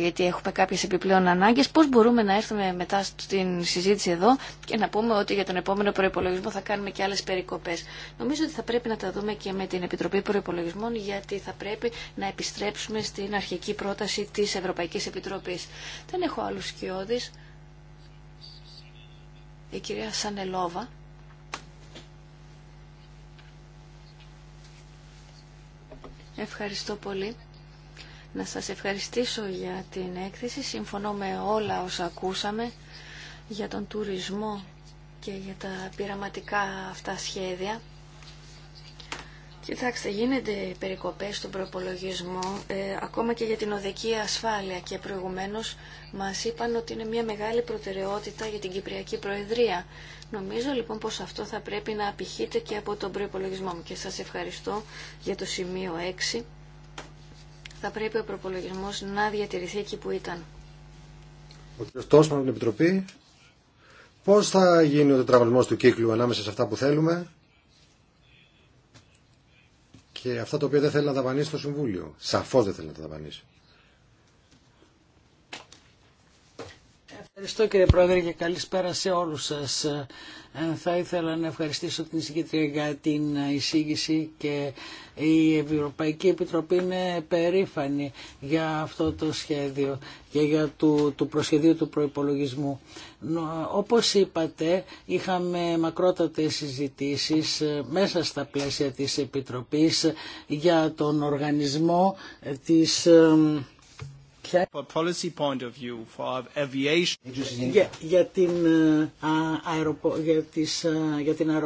γιατί έχουμε κάποιες επιπλέον ανάγκες, πώς μπορούμε να έρθουμε μετά στην συζήτηση εδώ και να πούμε ότι για τον επόμενο προϋπολογισμό θα κάνουμε και άλλες περικοπές. Νομίζω ότι θα πρέπει να τα δούμε και με την Επιτροπή Προϋπολογισμών γιατί θα πρέπει να επιστρέψουμε στην αρχική πρόταση της Ευρωπαϊκής Επιτροπής. Δεν έχω άλλους σκιώδεις. Η κυρία Σανελόβα. Ευχαριστώ πολύ. Να σας ευχαριστήσω για την έκθεση. Συμφωνώ με όλα όσα ακούσαμε για τον τουρισμό και για τα πειραματικά αυτά σχέδια. Κοιτάξτε, γίνονται περικοπές στον προπολογισμό, ε, ακόμα και για την οδική ασφάλεια και προηγουμένως μας είπαν ότι είναι μια μεγάλη προτεραιότητα για την Κυπριακή Προεδρία. Νομίζω λοιπόν πως αυτό θα πρέπει να απηχείται και από τον προπολογισμό μου και σας ευχαριστώ για το σημείο 6. Θα πρέπει ο προπολογισμό να διατηρηθεί εκεί που ήταν. Ο κ. Τόσμαν την Επιτροπή. Πώς θα γίνει ο τετραγωνισμός του κύκλου ανάμεσα σε αυτά που θέλουμε και αυτά τα οποία δεν θέλει να δαπανίσει στο Συμβούλιο. Σαφώς δεν θέλει να τα δαπανίσει. Ευχαριστώ κύριε Πρόεδρε και καλησπέρα σε όλους σας. Ε, θα ήθελα να ευχαριστήσω την εισηγήτρια για την εισήγηση και η Ευρωπαϊκή Επιτροπή είναι περήφανη για αυτό το σχέδιο και για το, το προσχεδίο του προϋπολογισμού. Όπως είπατε, είχαμε μακρότατες συζητήσεις ε, μέσα στα πλαίσια της Επιτροπής για τον οργανισμό της ε, για την αεροπορία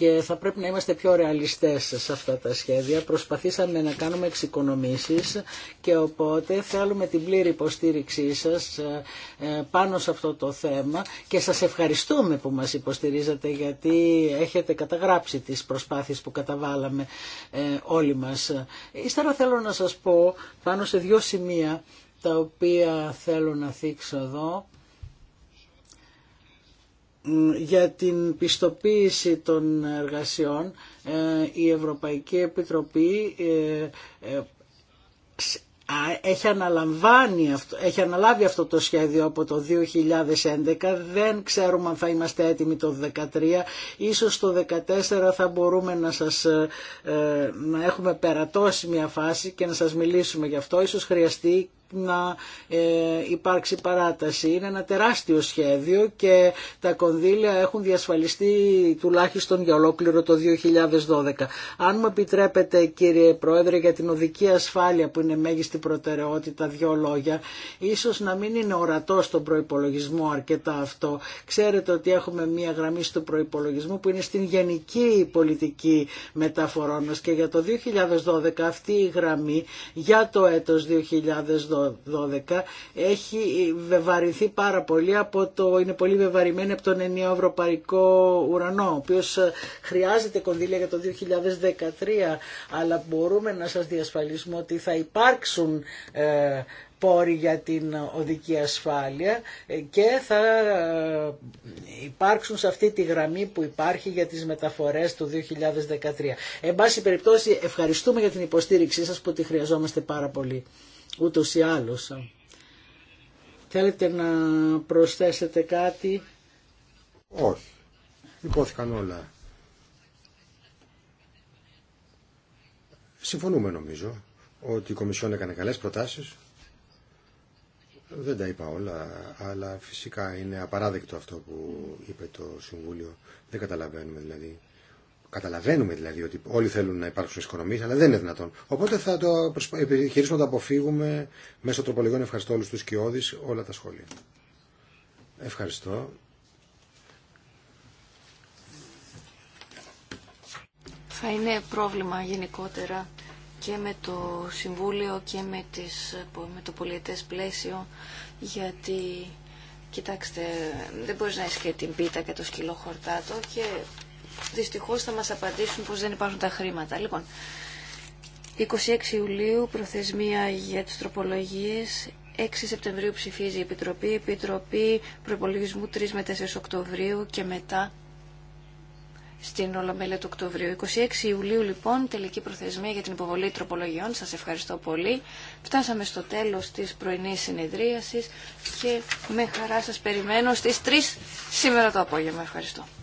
και θα πρέπει να είμαστε πιο ρεαλιστές σε αυτά τα σχέδια. Προσπαθήσαμε να κάνουμε εξοικονομήσεις και οπότε θέλουμε την πλήρη υποστήριξή σας ε, ε, πάνω σε αυτό το θέμα και σας ευχαριστούμε που μας υποστηρίζετε γιατί έχετε καταγράψει τις προσπάθειες που καταβάλαμε ε, όλοι μας. Ύστερα θέλω να σας πω πάνω σε δύο σημεία τα οποία θέλω να θίξω εδώ για την πιστοποίηση των εργασιών ε, η Ευρωπαϊκή Επιτροπή ε, ε, έχει, έχει αναλάβει αυτό το σχέδιο από το 2011. Δεν ξέρουμε αν θα είμαστε έτοιμοι το 2013. Ίσως το 2014 θα μπορούμε να, σας, να έχουμε περατώσει μια φάση και να σας μιλήσουμε γι' αυτό. Ίσως χρειαστεί να ε, υπάρξει παράταση. Είναι ένα τεράστιο σχέδιο και τα κονδύλια έχουν διασφαλιστεί τουλάχιστον για ολόκληρο το 2012. Αν μου επιτρέπετε κύριε Πρόεδρε για την οδική ασφάλεια που είναι μέγιστη προτεραιότητα, δύο λόγια, ίσως να μην είναι ορατό στον προϋπολογισμό αρκετά αυτό. Ξέρετε ότι έχουμε μία γραμμή στο προϋπολογισμό που είναι στην γενική πολιτική μεταφορών μας και για το 2012 αυτή η γραμμή για το έτος 2012 έχει βεβαρηθεί πάρα πολύ, από το, είναι πολύ βεβαρημένη από τον ενιαίο ευρωπαϊκό ουρανό, ο οποίο ε, χρειάζεται κονδύλια για το 2013, αλλά μπορούμε να σας διασφαλίσουμε ότι θα υπάρξουν ε, πόροι για την οδική ασφάλεια ε, και θα υπάρξουν σε αυτή τη γραμμή που υπάρχει για τις μεταφορές του 2013. Εν πάση περιπτώσει ευχαριστούμε για την υποστήριξή σας που τη χρειαζόμαστε πάρα πολύ ούτως ή άλλως. Θέλετε να προσθέσετε κάτι. Όχι. Υπόθηκαν όλα. Συμφωνούμε νομίζω ότι η Κομισιόν έκανε καλές προτάσεις. Δεν τα είπα όλα, αλλά φυσικά είναι απαράδεκτο αυτό που είπε το Συμβούλιο. Δεν καταλαβαίνουμε δηλαδή Καταλαβαίνουμε δηλαδή ότι όλοι θέλουν να υπάρξουν οικονομίε, αλλά δεν είναι δυνατόν. Οπότε θα το επιχειρήσουμε να το αποφύγουμε μέσω τροπολογιών. Ευχαριστώ όλου του Σκιώδη, όλα τα σχόλια. Ευχαριστώ. Θα είναι πρόβλημα γενικότερα και με το Συμβούλιο και με, τις, με το πολιετές πλαίσιο γιατί κοιτάξτε δεν μπορείς να έχει και την πίτα και το σκυλό χορτάτο και δυστυχώς θα μας απαντήσουν πως δεν υπάρχουν τα χρήματα. Λοιπόν, 26 Ιουλίου προθεσμία για τις τροπολογίες 6 Σεπτεμβρίου ψηφίζει η Επιτροπή, Επιτροπή Προπολογισμού 3 με 4 Οκτωβρίου και μετά στην Ολομέλεια του Οκτωβρίου. 26 Ιουλίου λοιπόν, τελική προθεσμία για την υποβολή τροπολογιών. Σας ευχαριστώ πολύ. Φτάσαμε στο τέλος της πρωινής συνεδρίασης και με χαρά σας περιμένω στις 3 σήμερα το απόγευμα. Ευχαριστώ.